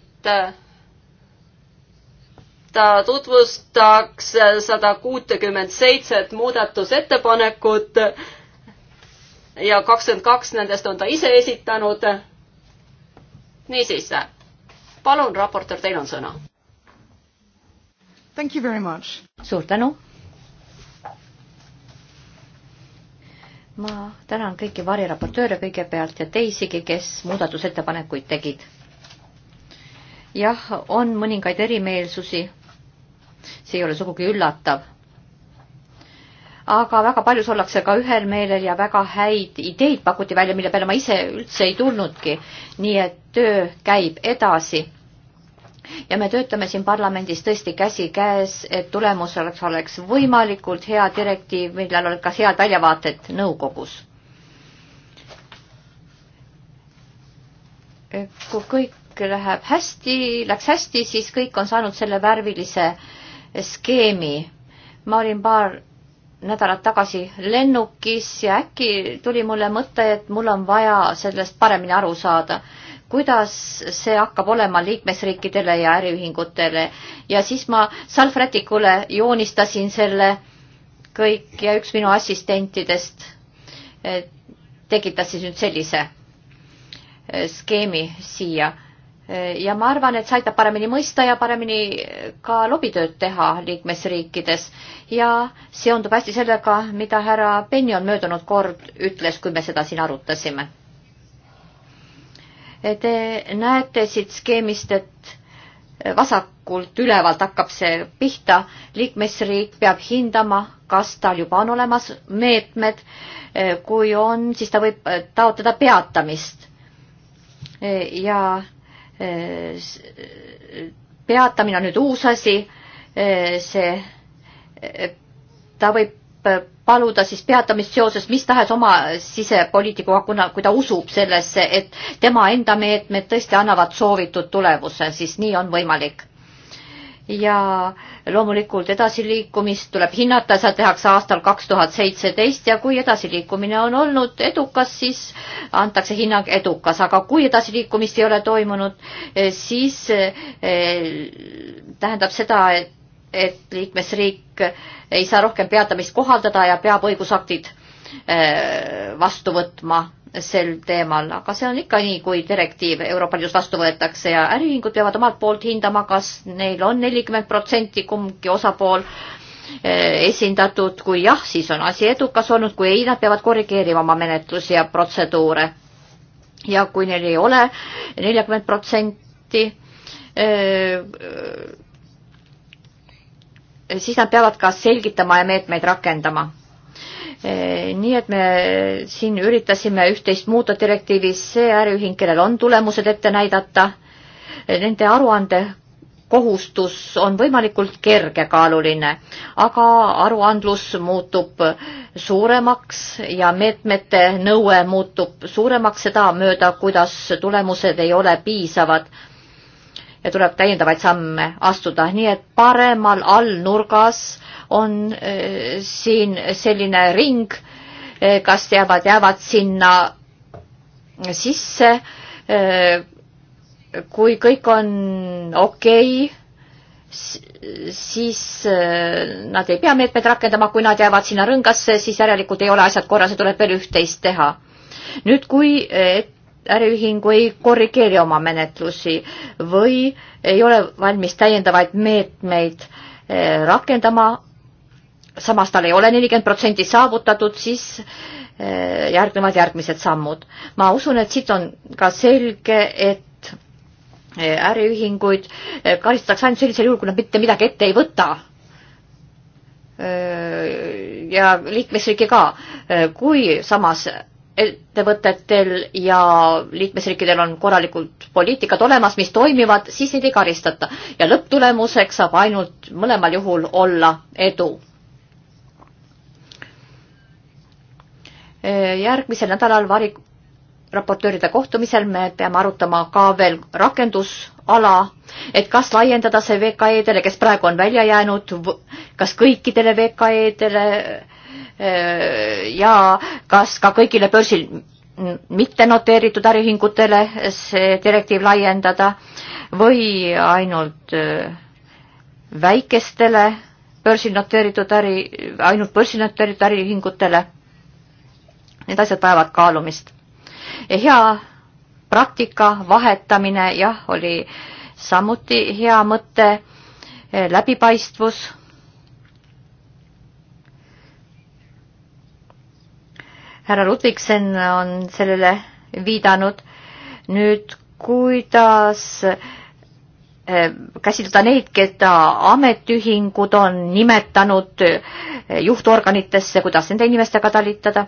ta tutvustaks sada kuutekümmet seitset muudatusettepanekut ja kakskümmend kaks nendest on ta ise esitanud. niisiis palun, raportöör, teil on sõna. suur tänu. ma tänan kõiki variraportööre kõigepealt ja teisigi, kes muudatusettepanekuid tegid. jah, on mõningaid erimeelsusi. see ei ole sugugi üllatav aga väga paljus ollakse ka ühel meelel ja väga häid ideid pakuti välja, mille peale ma ise üldse ei tulnudki. nii et töö käib edasi. ja me töötame siin parlamendis tõesti käsikäes, et tulemus oleks, oleks võimalikult hea direktiiv, millel oleks ka head väljavaated nõukogus. kui kõik läheb hästi, läks hästi, siis kõik on saanud selle värvilise skeemi. ma olin paar nädalat tagasi lennukis ja äkki tuli mulle mõte, et mul on vaja sellest paremini aru saada, kuidas see hakkab olema liikmesriikidele ja äriühingutele ja siis ma salvrätikule joonistasin selle kõik ja üks minu assistentidest eh, tekitas siis nüüd sellise eh, skeemi siia ja ma arvan, et see aitab paremini mõista ja paremini ka lobitööd teha liikmesriikides ja seondub hästi sellega, mida härra Penjon möödunud kord ütles, kui me seda siin arutasime. Te näete siit skeemist, et vasakult ülevalt hakkab see pihta, liikmesriik peab hindama, kas tal juba on olemas meetmed, kui on, siis ta võib taotleda peatamist ja Äh, äh, peatamine on nüüd uus asi, äh, see, ta võib paluda siis peatamist seoses mis tahes oma sisepoliitikuga, kuna, kui ta usub sellesse, et tema enda meetmed tõesti annavad soovitud tulemuse, siis nii on võimalik ja loomulikult edasiliikumist tuleb hinnata, seda tehakse aastal kaks tuhat seitseteist ja kui edasiliikumine on olnud edukas, siis antakse hinnang edukas, aga kui edasiliikumist ei ole toimunud, eh, siis eh, tähendab seda, et et liikmesriik ei saa rohkem peatamist kohaldada ja peab õigusaktid Äh, vastu võtma sel teemal, aga see on ikka nii, kui direktiiv Euroopa Liidus vastu võetakse ja äriühingud peavad omalt poolt hindama, kas neil on nelikümmend protsenti kumbki osapool äh, esindatud, kui jah, siis on asi edukas olnud, kui ei, nad peavad korrigeerima oma menetlusi ja protseduure. ja kui neil ei ole neljakümmend protsenti, äh, siis nad peavad ka selgitama ja meetmeid rakendama Eh, nii et me siin üritasime üht-teist muuta direktiivis, see äriühing, kellel on tulemused ette näidata, eh, nende aruande kohustus on võimalikult kergekaaluline, aga aruandlus muutub suuremaks ja meetmete nõue muutub suuremaks sedamööda, kuidas tulemused ei ole piisavad ja tuleb täiendavaid samme astuda, nii et paremal allnurgas on eh, siin selline ring, eh, kas jäävad, jäävad sinna sisse, eh, kui kõik on okei okay,, siis nad ei pea meetmeid rakendama, kui nad jäävad sinna rõngasse, siis järelikult ei ole asjad korras ja tuleb veel üht-teist teha. nüüd, kui äriühing ei korrigeeri oma menetlusi või ei ole valmis täiendavaid meetmeid rakendama, samas tal ei ole nelikümmend protsenti saavutatud, siis eh, järgnevad järgmised sammud. ma usun, et siit on ka selge, et eh, äriühinguid eh, karistatakse ainult sellisel juhul, kui nad mitte midagi ette ei võta. ja liikmesriiki ka, kui samas ettevõtetel ja liikmesriikidel on korralikult poliitikad olemas, mis toimivad, siis neid ei karistata ja lõpptulemuseks saab ainult mõlemal juhul olla edu järgmisel nädalal vari-, raportööride kohtumisel me peame arutama ka veel rakendusala, et kas laiendada see VKE-dele, kes praegu on välja jäänud, kas kõikidele VKE-dele eh, ja kas ka kõigile börsil mitte noteeritud äriühingutele see direktiiv laiendada või ainult eh, väikestele börsil noteeritud äri, ainult börsil noteeritud äriühingutele need asjad vajavad kaalumist. hea praktika vahetamine, jah, oli samuti hea mõte, eh, läbipaistvus. härra Ludvigsen on sellele viidanud. nüüd, kuidas eh, käsitleda neid, keda ametiühingud on nimetanud eh, juhtorganitesse, kuidas nende inimestega talitada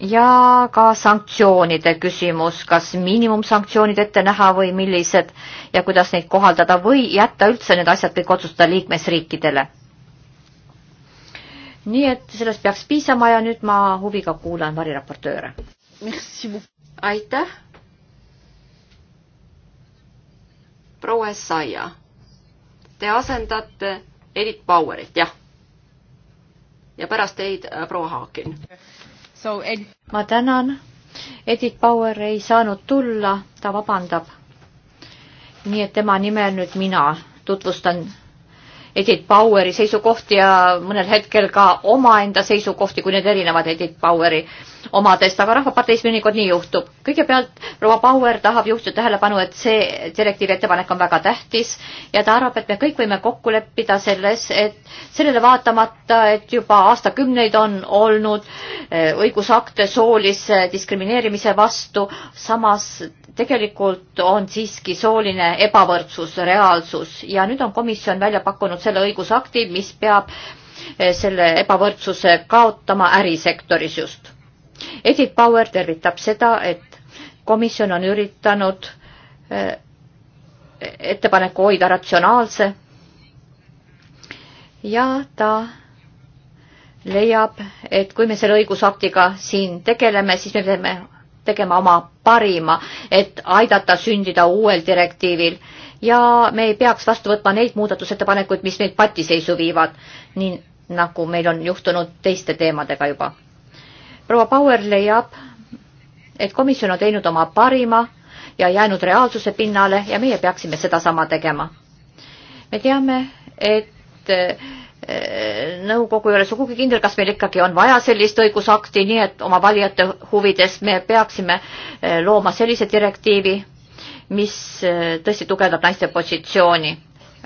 ja ka sanktsioonide küsimus, kas miinimumsanktsioonid ette näha või millised ja kuidas neid kohaldada või jätta üldse need asjad kõik otsustada liikmesriikidele. nii et sellest peaks piisama ja nüüd ma huviga kuulan variraportööre. aitäh. proua Essaia, te asendate Edith Bauerit, jah? ja pärast teid äh, proua Haakin ma tänan. Edith Bauer ei saanud tulla, ta vabandab. nii et tema nimel nüüd mina tutvustan Edith Baueri seisukohti ja mõnel hetkel ka omaenda seisukohti, kui need erinevad Edith Baueri omadest, aga Rahvaparteis mõnikord nii juhtub. kõigepealt proua Bauer tahab juhtida tähelepanu, et see direktiivi ettepanek on väga tähtis ja ta arvab, et me kõik võime kokku leppida selles, et sellele vaatamata, et juba aastakümneid on olnud eh, õigusakte soolise diskrimineerimise vastu, samas tegelikult on siiski sooline ebavõrdsus reaalsus ja nüüd on komisjon välja pakkunud selle õigusakti, mis peab eh, selle ebavõrdsuse kaotama ärisektoris just. Edith Bauer tervitab seda, et komisjon on üritanud eh, ettepaneku hoida ratsionaalse ja ta leiab, et kui me selle õigusaktiga siin tegeleme, siis me peame tegema oma parima, et aidata sündida uuel direktiivil ja me ei peaks vastu võtma neid muudatusettepanekuid, mis meid patiseisu viivad, nii nagu meil on juhtunud teiste teemadega juba. proua Bauer leiab, et komisjon on teinud oma parima ja jäänud reaalsuse pinnale ja meie peaksime sedasama tegema. me teame, et Äh, nõukogu ei ole sugugi kindel, kas meil ikkagi on vaja sellist õigusakti, nii et oma valijate huvides me peaksime äh, looma sellise direktiivi, mis äh, tõesti tugevdab naiste positsiooni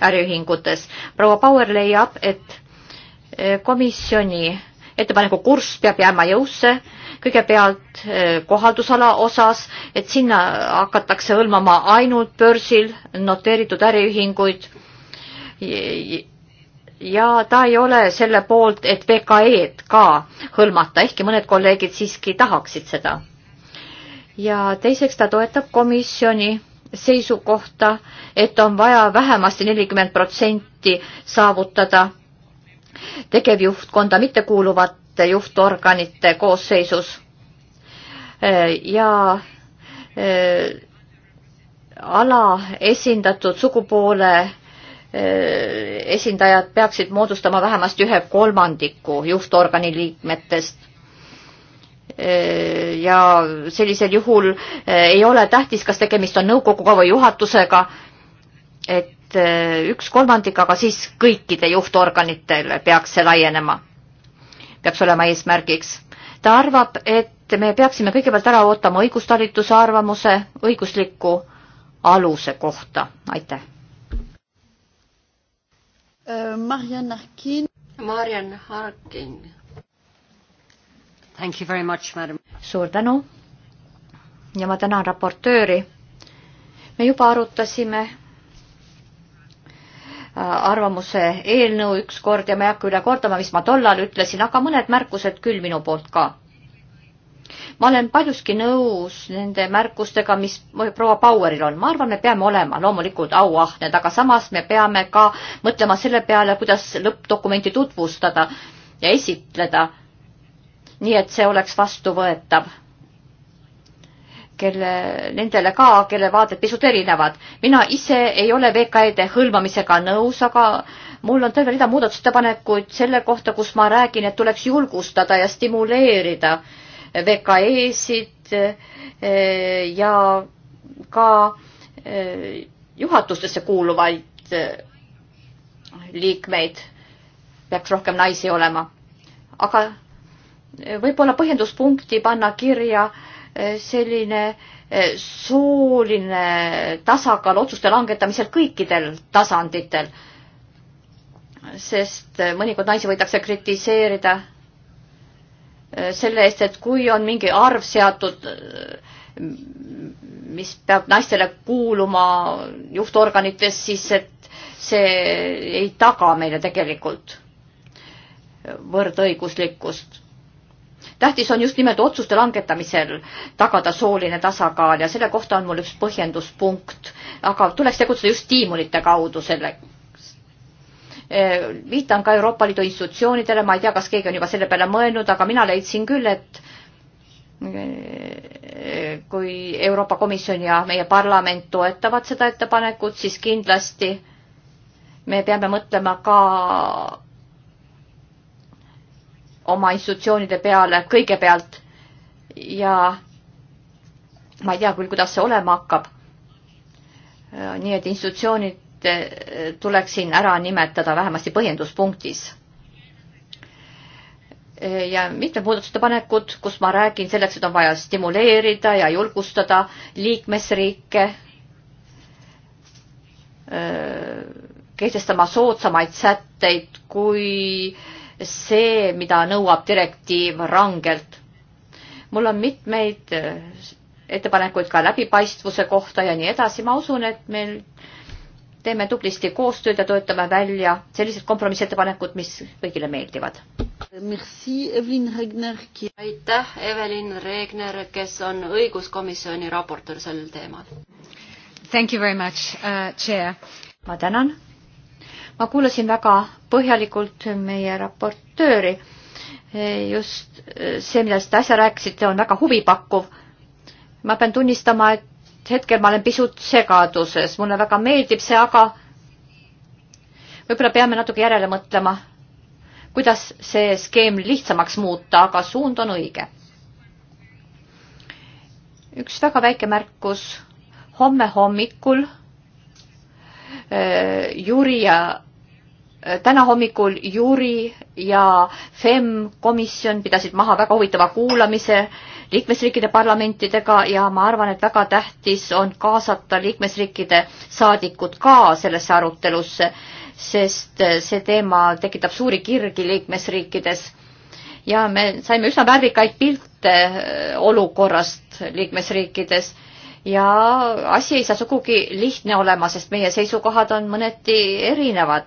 äriühingutes. proua Bauer leiab, et komisjoni ettepaneku kurss peab jääma jõusse, kõigepealt kohaldusala osas, et sinna hakatakse hõlmama ainult börsil noteeritud äriühinguid ja ta ei ole selle poolt, et VKE-d ka hõlmata, ehkki mõned kolleegid siiski tahaksid seda. ja teiseks ta toetab komisjoni seisukohta, et on vaja vähemasti nelikümmend protsenti saavutada tegevjuhtkonda mittekuuluvate juhtorganite koosseisus. ja e, alaesindatud sugupoole Äh, esindajad peaksid moodustama vähemasti ühe kolmandiku juhtorgani liikmetest äh, ja sellisel juhul äh, ei ole tähtis, kas tegemist on nõukoguga või juhatusega, et üks kolmandik, aga siis kõikide juhtorganitel peaks see laienema, peaks olema eesmärgiks. ta arvab, et me peaksime kõigepealt ära ootama õigustalituse arvamuse õigusliku aluse kohta, aitäh Euh, Mariann Harkin. Mariann Harkin. Thank you very much, madam. suur tänu ja ma tänan raportööri. me juba arutasime äh, arvamuse eelnõu ükskord ja ma ei hakka üle kordama, mis ma tollal ütlesin, aga mõned märkused küll minu poolt ka ma olen paljuski nõus nende märkustega, mis proua Baueril on. ma arvan, me peame olema loomulikult auahned, aga samas me peame ka mõtlema selle peale, kuidas lõppdokumenti tutvustada ja esitleda. nii et see oleks vastuvõetav kelle, nendele ka, kelle vaated pisut erinevad. mina ise ei ole VKE-de hõlmamisega nõus, aga mul on terve rida muudatusettepanekuid selle kohta, kus ma räägin, et tuleks julgustada ja stimuleerida äh, VKE-sid eh, ja ka eh, juhatustesse kuuluvaid eh, liikmeid peaks rohkem naisi olema. aga võib-olla põhjenduspunkti panna kirja selline sooline tasakaal otsuste langetamisel kõikidel tasanditel. sest mõnikord naisi võidakse kritiseerida Äh, selle eest, et kui on mingi arv seatud, äh, mis peab naistele kuuluma juhtorganites, siis et see ei taga meile tegelikult võrdõiguslikkust. tähtis on just nimelt otsuste langetamisel tagada sooline tasakaal ja selle kohta on mul üks põhjenduspunkt, aga tuleks tegutseda just stiimulite kaudu selle Eh, viitan ka Euroopa Liidu institutsioonidele, ma ei tea, kas keegi on juba selle peale mõelnud, aga mina leidsin küll, et eh, kui Euroopa Komisjon ja meie parlament toetavad seda ettepanekut, siis kindlasti me peame mõtlema ka oma institutsioonide peale kõigepealt ja ma ei tea küll, kuidas see olema hakkab. Eh, nii et institutsioonid Eh, tuleks siin ära nimetada vähemasti põhjenduspunktis. Eh, ja mitmed muudatusettepanekud, kus ma räägin selleks, et on vaja stimuleerida ja julgustada liikmesriike eh, kehtestama soodsamaid sätteid kui see, mida nõuab direktiiv rangelt. mul on mitmeid ettepanekuid ka läbipaistvuse kohta ja nii edasi, ma usun, et meil äh, teeme tublisti koostööd ja töötame välja sellised kompromissettepanekud, mis kõigile meeldivad. aitäh, Evelin Regner, kes on õiguskomisjoni raportöör sel teemal. Thank you very much uh,, chair. ma tänan. ma kuulasin väga põhjalikult meie raportööri. E, just e, see, millest äsja rääkisite, on väga huvipakkuv. ma pean tunnistama, et et hetkel ma olen pisut segaduses, mulle väga meeldib see, aga võib-olla peame natuke järele mõtlema, kuidas see skeem lihtsamaks muuta, aga suund on õige. üks väga väike märkus, homme hommikul äh, Jüri ja äh, täna hommikul Jüri ja FEM komisjon pidasid maha väga huvitava kuulamise äh, liikmesriikide parlamentidega ja ma arvan, et väga tähtis on kaasata liikmesriikide saadikud ka sellesse arutelusse, sest see teema tekitab suuri kirgi liikmesriikides. ja me saime üsna värvikaid pilte äh, olukorrast liikmesriikides ja asi ei saa sugugi lihtne olema, sest meie seisukohad on mõneti erinevad.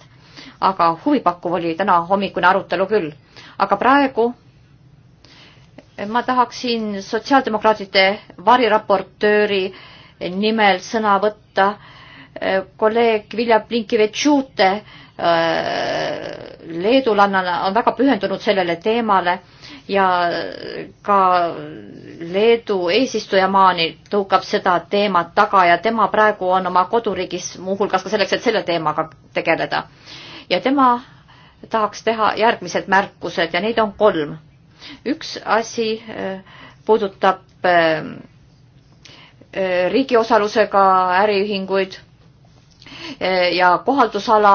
aga huvipakkuv oli täna hommikune arutelu küll. aga praegu ma tahaksin sotsiaaldemokraatide variraportööri nimel sõna võtta. kolleeg Vilja Plinkivitšute äh, leedulannana on väga pühendunud sellele teemale ja ka Leedu eesistujamaani tõukab seda teemat taga ja tema praegu on oma koduriigis muuhulgas ka selleks, et selle teemaga tegeleda. ja tema tahaks teha järgmised märkused ja neid on kolm üks asi äh, puudutab äh, äh, riigi osalusega äriühinguid ja kohaldusala,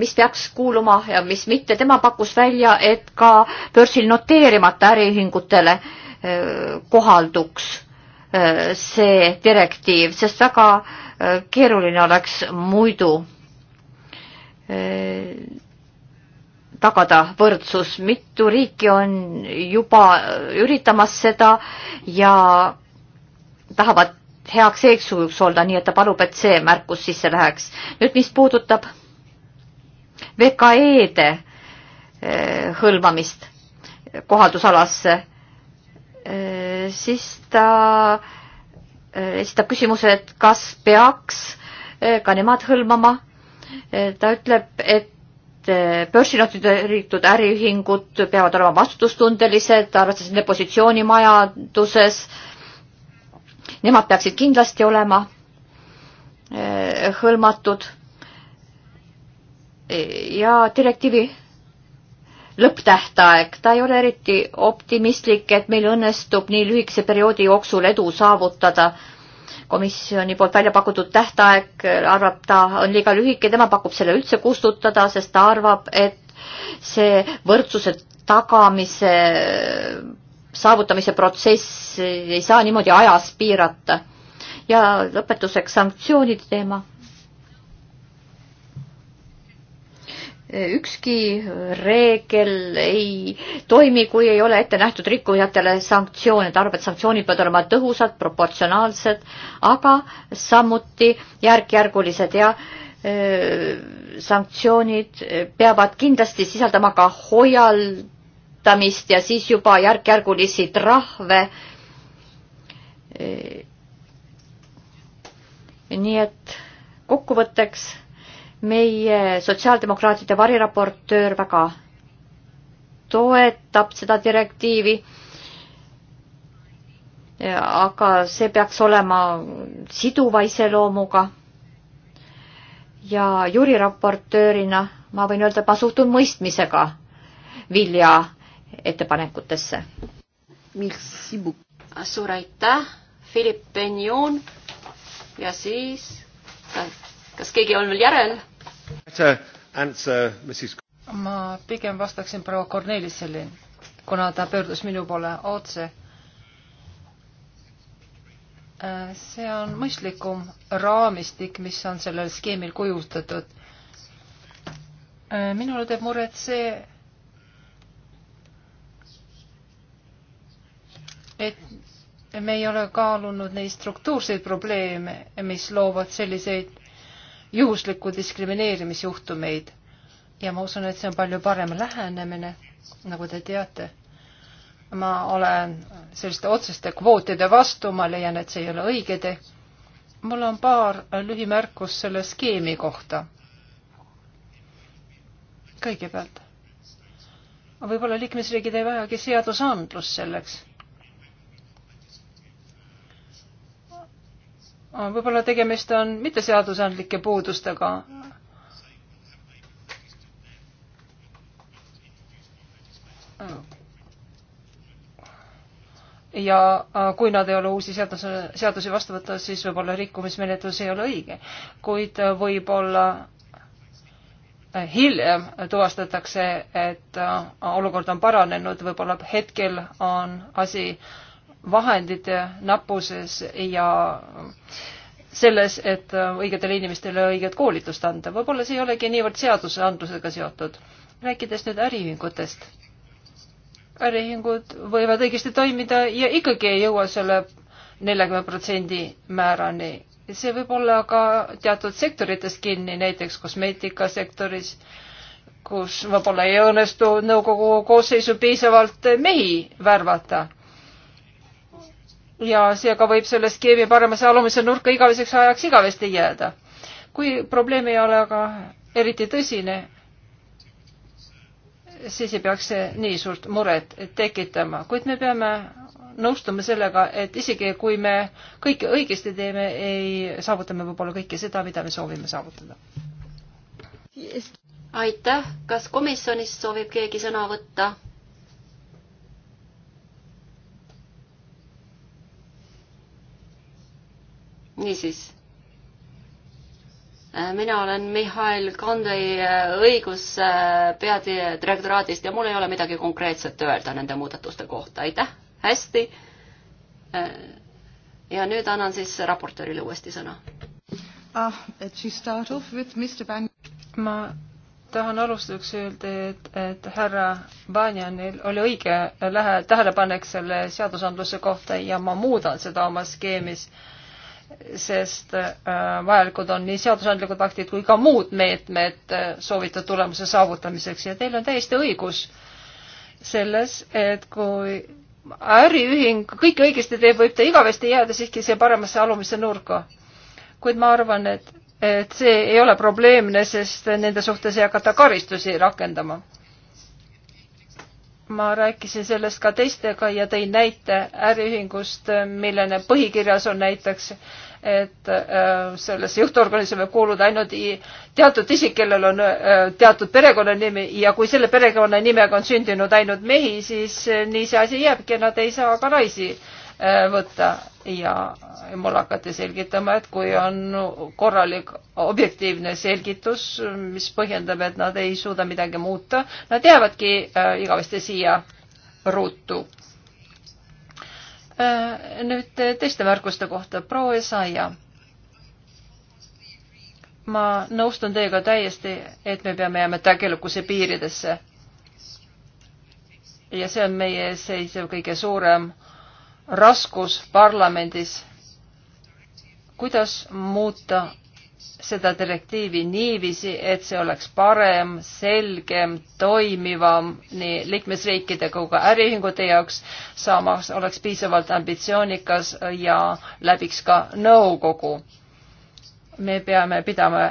mis peaks kuuluma ja mis mitte, tema pakkus välja, et ka börsil noteerimata äriühingutele kohalduks see direktiiv, sest väga keeruline oleks muidu tagada võrdsus. mitu riiki on juba üritamas seda ja tahavad heaks eeskujuks olla, nii et ta palub, et see märkus sisse läheks. nüüd, mis puudutab VKE-de eh, hõlmamist kohaldusalasse, eh, siis ta eh, esitab küsimuse, et kas peaks ka nemad hõlmama. ta ütleb, et Eh, börsilotitud äriühingud peavad olema vastutustundelised, arvestades nende positsiooni majanduses. Nemad peaksid kindlasti olema eh, hõlmatud. ja direktiivi lõpptähtaeg, ta ei ole eriti optimistlik, et meil õnnestub nii lühikese perioodi jooksul edu saavutada komisjoni poolt välja pakutud tähtaeg, arvab ta, on liiga lühike, tema pakub selle üldse kustutada, sest ta arvab, et see võrdsuse tagamise, saavutamise protsess ei saa niimoodi ajas piirata. ja lõpetuseks sanktsioonide teema ükski reegel ei toimi, kui ei ole ette nähtud rikkujatele sanktsioone, ta arvab, et sanktsioonid peavad olema tõhusad, proportsionaalsed, aga samuti järk-järgulised ja öö, sanktsioonid peavad kindlasti sisaldama ka hoialdamist ja siis juba järk-järgulisi trahve. nii et kokkuvõtteks meie sotsiaaldemokraatide variraportöör väga toetab seda direktiivi. aga see peaks olema siduva iseloomuga. ja Jüri raportöörina ma võin öelda, et ma suhtun mõistmisega Vilja ettepanekutesse. suur aitäh, Philipp Benjon ja siis kas keegi on veel järel? ma pigem vastaksin proua Kornelisele, kuna ta pöördus minu poole otse. Äh, see on mõistlikum raamistik, mis on sellel skeemil kujutatud. Äh, minule teeb muret see, et me ei ole kaalunud neid struktuurseid probleeme, mis loovad selliseid juhuslikku diskrimineerimisjuhtumeid ja ma usun, et see on palju parem lähenemine, nagu te teate. ma olen selliste otseste kvootide vastu, ma leian, et see ei ole õige tee. mul on paar lühimärkust selle skeemi kohta. kõigepealt, võib-olla liikmesriigid ei vajagi seadusandlust selleks võib-olla tegemist on mitteseadusandlike puudustega. ja äh, kui nad ei ole uusi seaduse, seadusi vastu võtnud, siis võib-olla rikkumismenetlus ei ole õige, kuid äh, võib-olla äh, hiljem tuvastatakse, et olukord on paranenud, võib-olla hetkel on asi äh, vahendite nappuses ja selles, et õigetele inimestele õiget koolitust anda. võib-olla see ei olegi niivõrd seadusandlusega seotud. rääkides nüüd äriühingutest. äriühingud võivad õigesti toimida ja ikkagi ei jõua selle neljakümne protsendi määrani. see võib olla ka teatud sektorites kinni, näiteks kosmeetikasektoris, kus võib-olla ei õnnestu nõukogu koosseisu piisavalt mehi värvata ja seega võib selle skeemi paremasse alumisse nurka igaveseks ajaks igavesti jääda. kui probleem ei ole aga eriti tõsine, siis ei peaks see nii suurt muret tekitama, kuid me peame nõustuma sellega, et isegi kui me kõike õigesti teeme, ei saavuta me võib-olla kõike seda, mida me soovime saavutada. aitäh, kas komisjonist soovib keegi sõna võtta? niisiis äh, mina olen Mihhail Kandõi äh, õiguspeadirektoraadist äh, ja mul ei ole midagi konkreetset öelda nende muudatuste kohta, aitäh, hästi. ja nüüd annan siis raportöörile uuesti sõna ah,. ma tahan alustuseks öelda, et, et härra Vanjanil oli õige lähe, tähelepanek selle seadusandluse kohta ja ma muudan seda oma skeemis äh, sest äh, vajalikud on nii seadusandlikud aktid kui ka muud meetmed äh, soovitud tulemuse saavutamiseks ja teil on täiesti õigus selles, et kui äriühing kõike õigesti teeb, võib ta igavesti jääda siiski siia paremasse alumisse nurka. kuid ma arvan, et, et see ei ole probleemne, sest nende suhtes ei hakata karistusi rakendama ma rääkisin sellest ka teistega ja tõin näite äriühingust, millele põhikirjas on näiteks, et äh, sellesse juhtorganismi võib kuuluda ainult teatud isik, kellel on äh, teatud perekonnanimi ja kui selle perekonnanimega on sündinud ainult mehi, siis äh, nii see asi jääbki ja nad ei saa ka naisi Äh, võtta ja mul hakati selgitama, et kui on korralik objektiivne selgitus, mis põhjendab, et nad ei suuda midagi muuta, nad jäävadki äh, igavesti siia ruutu. Äh, nüüd teiste märkuste kohta, proua Esaia ma nõustun teiega täiesti, et me peame jääma tegelikuse piiridesse. ja see on meie seisev kõige suurem raskus parlamendis, kuidas muuta seda direktiivi niiviisi, et see oleks parem, selgem, toimivam nii liikmesriikide kui ka äriühingute jaoks, samas oleks piisavalt ambitsioonikas ja läbiks ka nõukogu. me peame pidama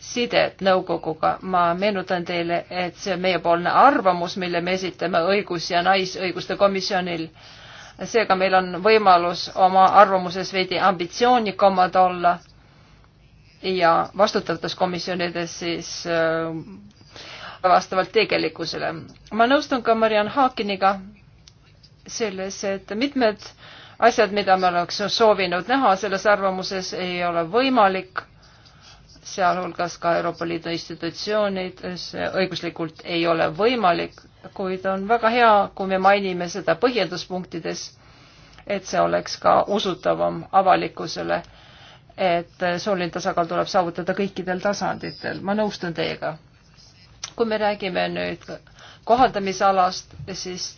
sidet nõukoguga. ma meenutan teile, et see on meiepoolne arvamus, mille me esitame õigus- ja naisõiguste komisjonil äh, seega meil on võimalus oma arvamuses veidi ambitsioonikamad olla ja vastutavates komisjonides siis äh, vastavalt tegelikkusele. ma nõustun ka Mariann Haakiniga selles, et mitmed asjad, mida me oleks soovinud näha selles arvamuses, ei ole võimalik, sealhulgas ka Euroopa Liidu institutsioonid, see õiguslikult ei ole võimalik kuid on väga hea, kui me mainime seda põhjenduspunktides, et see oleks ka usutavam avalikkusele, et sooline tasakaal tuleb saavutada kõikidel tasanditel. ma nõustun teiega. kui me räägime nüüd kohaldamisalast, siis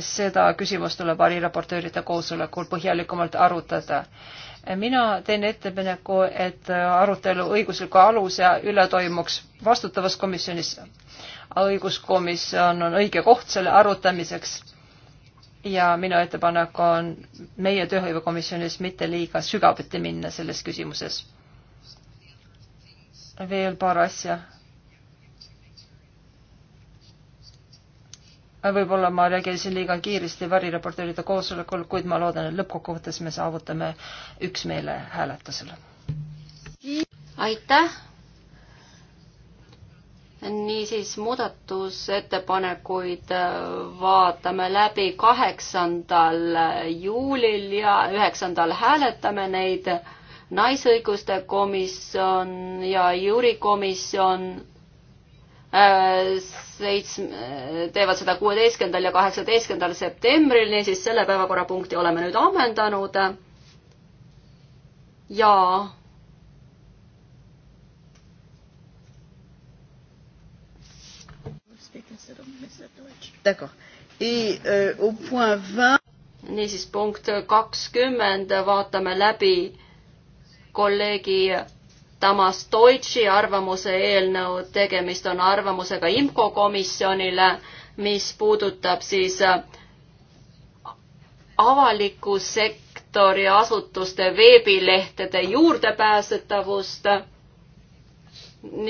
seda küsimust tuleb variraportööride koosolekul põhjalikumalt arutada. mina teen ettepaneku, et arutelu õigusliku aluse üle toimuks vastutavas komisjonis õiguskomisjon on õige koht selle arutamiseks ja minu ettepanek on meie tööhõivekomisjonis mitte liiga sügavuti minna selles küsimuses. veel paar asja. võib-olla ma reageerisin liiga kiiresti varireportööride koosolekul, kuid ma loodan, et lõppkokkuvõttes me saavutame üksmeele hääletusel. aitäh niisiis muudatusettepanekuid äh, vaatame läbi kaheksandal äh, juulil ja üheksandal hääletame neid. naisõiguste komisjon ja juurikomisjon äh, seitsme, teevad seda kuueteistkümnendal ja kaheksateistkümnendal septembril, niisiis selle päevakorrapunkti oleme nüüd ammendanud. ja D'accord. Et euh, au point 20. niisiis punkt kakskümmend, vaatame läbi kolleegi Tamas Deutschi arvamuse eelnõu, tegemist on arvamusega IMCO komisjonile, mis puudutab siis avaliku sektori asutuste veebilehtede juurdepääsetavust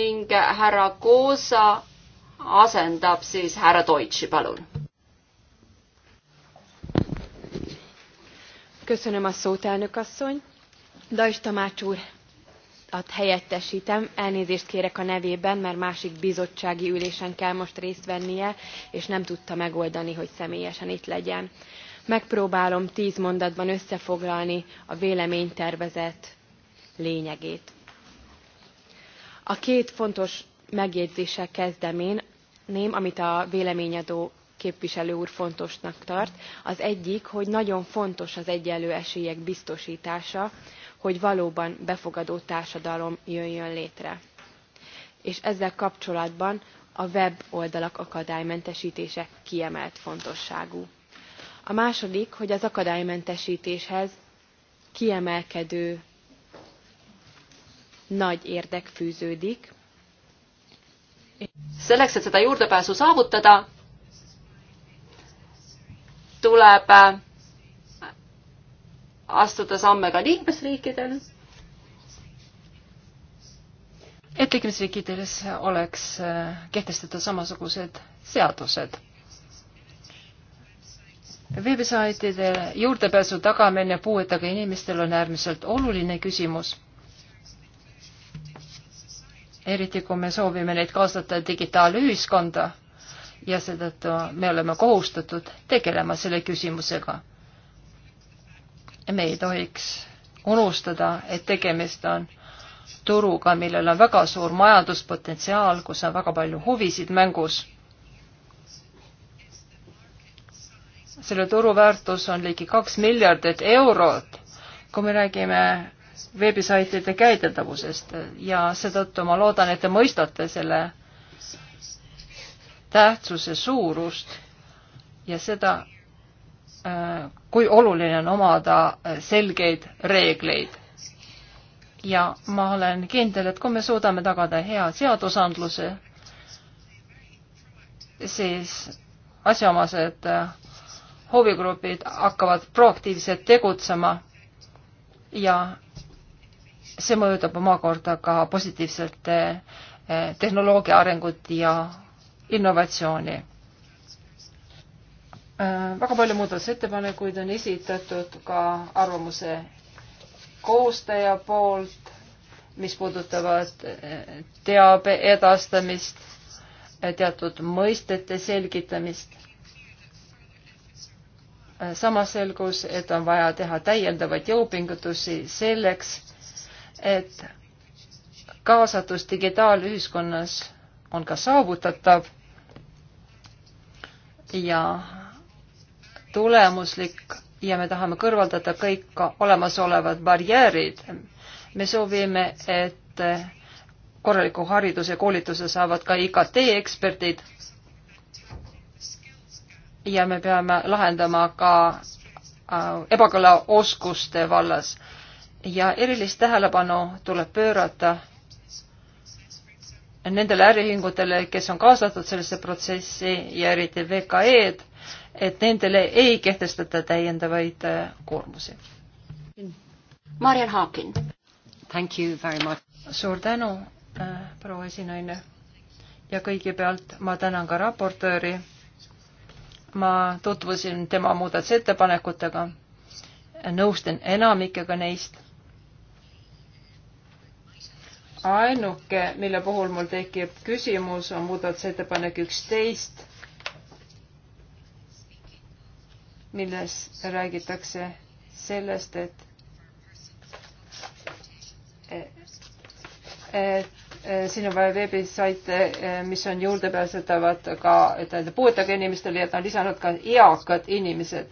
ning härra Koosa asendab siis härra Deutschi, palun. köszönöm a szót, elnök asszony. Dajs Tamács úr, at helyettesítem, elnézést kérek a nevében, mert másik bizottsági ülésen kell most részt vennie, és nem tudta megoldani, hogy személyesen itt legyen. Megpróbálom tíz mondatban összefoglalni a véleménytervezet lényegét. A két fontos megjegyzéssel kezdeném, amit a véleményedő képviselő úr fontosnak tart. Az egyik, hogy nagyon fontos az egyenlő esélyek biztosítása, hogy valóban befogadó társadalom jöjjön létre. És ezzel kapcsolatban a weboldalak akadálymentesítése kiemelt fontosságú. A második, hogy az akadálymentesítéshez kiemelkedő nagy érdek fűződik, selleks, et seda juurdepääsu saavutada, tuleb äh, astuda samme ka liikmesriikidel. et liikmesriikides oleks äh, kehtestatud samasugused seadused veebisaitide juurdepääsu tagamine puuetega inimestel on äärmiselt oluline küsimus eriti kui me soovime neid kaasata digitaalühiskonda ja seetõttu me oleme kohustatud tegelema selle küsimusega. me ei tohiks unustada, et tegemist on turuga, millel on väga suur majanduspotentsiaal, kus on väga palju huvisid mängus. selle turu väärtus on ligi kaks miljardit eurot. kui me räägime veebisaitide käideldavusest ja seetõttu ma loodan, et te mõistate selle tähtsuse suurust ja seda, äh, kui oluline on omada äh, selgeid reegleid. ja ma olen kindel, et kui me suudame tagada hea seadusandluse, siis asjaomased huvigrupid äh, hakkavad proaktiivselt tegutsema ja see mõjutab omakorda ka positiivselt eh, tehnoloogia arengut ja innovatsiooni. Eh, väga palju muudatusettepanekuid on esitatud ka arvamuse koostaja poolt, mis puudutavad eh, teabe edastamist, teatud mõistete selgitamist. samas selgus, et on vaja teha täiendavaid jõupingutusi selleks, et kaasatus digitaalühiskonnas on ka saavutatav ja tulemuslik ja me tahame kõrvaldada kõik olemasolevad barjäärid. me soovime, et korraliku hariduse ja koolituse saavad ka IKT eksperdid. ja me peame lahendama ka äh, ebakõla oskuste vallas ja erilist tähelepanu tuleb pöörata nendele äriühingutele, kes on kaasatud sellesse protsessi ja eriti VKE-d, et nendele ei kehtestata täiendavaid äh, koormusi. Mariann Haakin. suur tänu, äh, proua esinaine. ja kõigepealt ma tänan ka raportööri. ma tutvusin tema muudatusettepanekutega, nõustun enamikega neist ainuke, mille puhul mul tekib küsimus, on muudatusettepanek üksteist, milles räägitakse sellest, et et siin on vaja veebisaite, mis on juurdepääsetavad ka ütelda puuetega inimestele ja ta on lisanud ka eakad inimesed.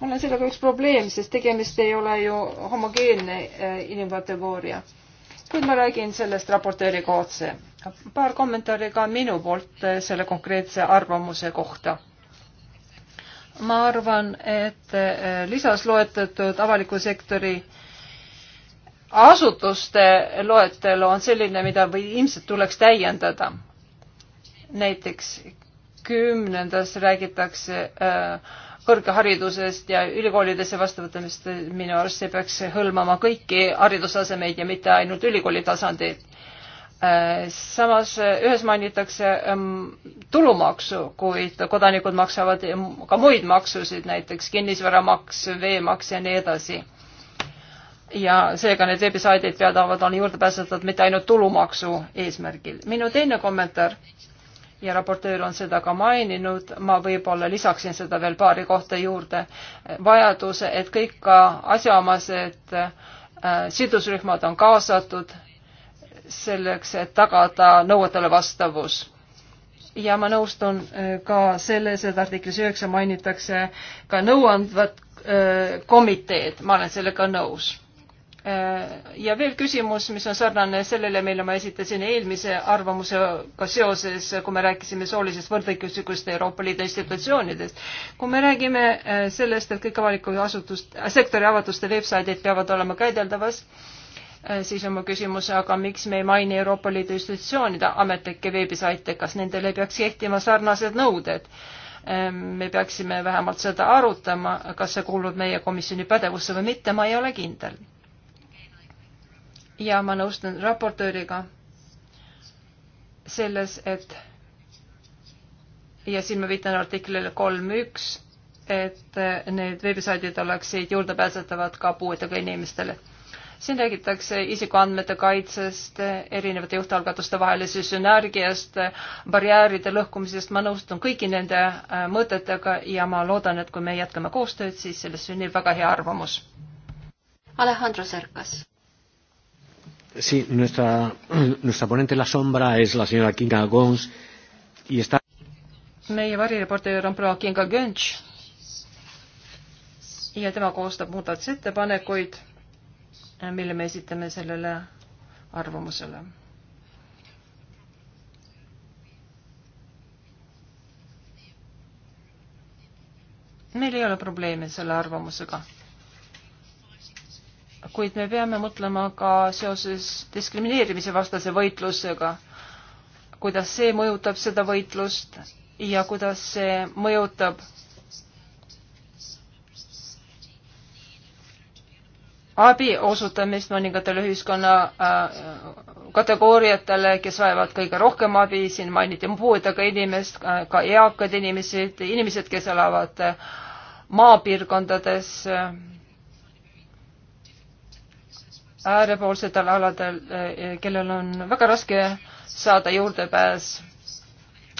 mul on sellega üks probleem, sest tegemist ei ole ju homogeenne äh, inimkategooria kuid ma räägin sellest raportööriga otse. paar kommentaari ka minu poolt selle konkreetse arvamuse kohta. ma arvan, et eh, lisas loetletud avaliku sektori asutuste loetelu on selline, mida või ilmselt tuleks täiendada. näiteks kümnendas räägitakse äh, kõrgharidusest ja ülikoolidesse vastuvõtmist, minu arust see peaks hõlmama kõiki haridustasemeid ja mitte ainult ülikooli tasandit. samas ühes mainitakse ähm, tulumaksu, kuid kodanikud maksavad ka muid maksusid, näiteks kinnisvaramaks, veemaks ja nii edasi ja seega need veebisaidid peavad olema juurdepääsetavad mitte ainult tulumaksu eesmärgil. minu teine kommentaar ja raportöör on seda ka maininud, ma võib-olla lisaksin seda veel paari kohta juurde, vajaduse, et kõik ka asjaomased äh, sidusrühmad on kaasatud selleks, et tagada nõuetele vastavus. ja ma nõustun äh, ka selles, et artiklis üheksa mainitakse ka nõuandvat äh, komiteed, ma olen sellega nõus Äh, ja veel küsimus, mis on sarnane sellele, mille ma esitasin eelmise arvamusega seoses, kui me rääkisime soolisest võrdõiguslikust Euroopa Liidu institutsioonidest. kui me räägime äh, sellest, et kõik avaliku asutust, sektori avatuste veebsaidid peavad olema käideldavas, äh, siis on mu küsimus, aga miks me ei maini Euroopa Liidu institutsioonide ametlikke veebisaite, kas nendele peaks kehtima sarnased nõuded? Ähm, me peaksime vähemalt seda arutama, kas see kuulub meie komisjoni pädevusse või mitte, ma ei ole kindel ja ma nõustun raportööriga selles, et ja siin ma viitan artiklile kolm üks, et need veebisaidid oleksid juurdepääsetavad ka puuetega inimestele. siin räägitakse isikuandmete kaitsest, erinevate juhtalgatuste vahelisest sünergiast, barjääride lõhkumisest, ma nõustun kõigi nende äh, mõtetega ja ma loodan, et kui me jätkame koostööd, siis sellest sünnib väga hea arvamus. Alejandro Serkas Sí, nuestra, nuestra ponente en la sombra es la señora Kinga Gons y está... meie varireporter on proua Kinga Gönš ja tema koostab muudatusettepanekuid, mille me esitame sellele arvamusele. meil ei ole probleeme selle arvamusega kuid me peame mõtlema ka seoses diskrimineerimise vastase võitlusega, kuidas see mõjutab seda võitlust ja kuidas see mõjutab abi osutamist mõningatele ühiskonna äh, kategooriatele, kes vajavad kõige rohkem abi, siin mainiti puuetega inimest, ka eakad inimesed, inimesed, kes elavad äh, maapiirkondades äh, äärepoolsetel aladel, eh, kellel on väga raske saada juurdepääs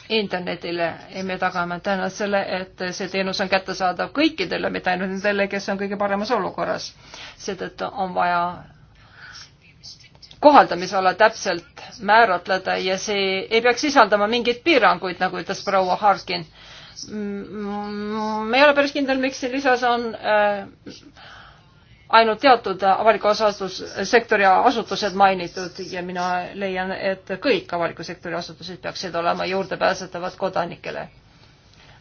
internetile ja me tagame täna selle, et see teenus on kättesaadav kõikidele, mitte ainult nendele, kes on kõige paremas olukorras. seetõttu on vaja kohaldamisala täpselt määratleda ja see ei peaks sisaldama mingeid piiranguid, nagu ütles proua Harkin. Mm, mm, mm, ma ei ole päris kindel, miks siin lisas on äh, ainult teatud avaliku asutussektori asutused mainitud ja mina leian, et kõik avaliku sektori asutused peaksid olema juurdepääsetavad kodanikele.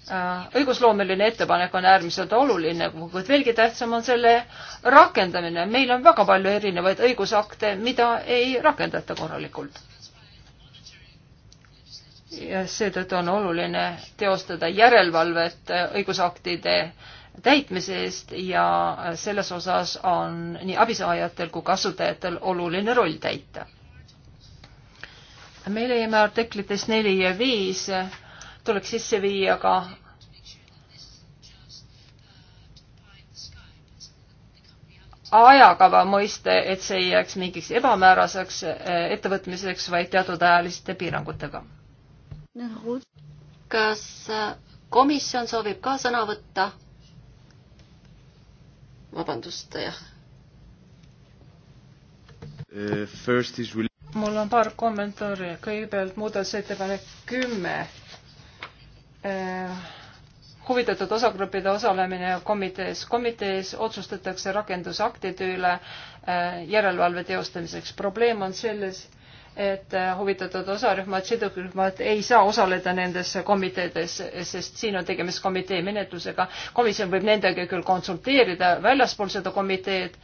Äh, õigusloomeline ettepanek on äärmiselt oluline, kuid veelgi tähtsam on selle rakendamine. meil on väga palju erinevaid õigusakte, mida ei rakendata korralikult. ja seetõttu on oluline teostada järelevalvet õigusaktide äh, täitmise eest ja selles osas on nii abisaajatel kui kasutajatel oluline roll täita. me leiame artiklites neli ja viis tuleks sisse viia ka ajakava mõiste, et see ei jääks mingiks ebamääraseks eh, ettevõtmiseks, vaid teatud ajaliste piirangutega. kas eh, komisjon soovib ka sõna võtta? vabandust, jah. Uh, mul on paar kommentaari, kõigepealt muudatusettepanek kümme. Uh, huvitatud osagruppide osalemine komitees. komitees otsustatakse rakendusaktide üle uh, järelevalve teostamiseks. probleem on selles, et äh, huvitatud osarühmad, sidurühmad ei saa osaleda nendes komiteedes, sest siin on tegemist komitee menetlusega. komisjon võib nendega küll konsulteerida väljaspool seda komiteed,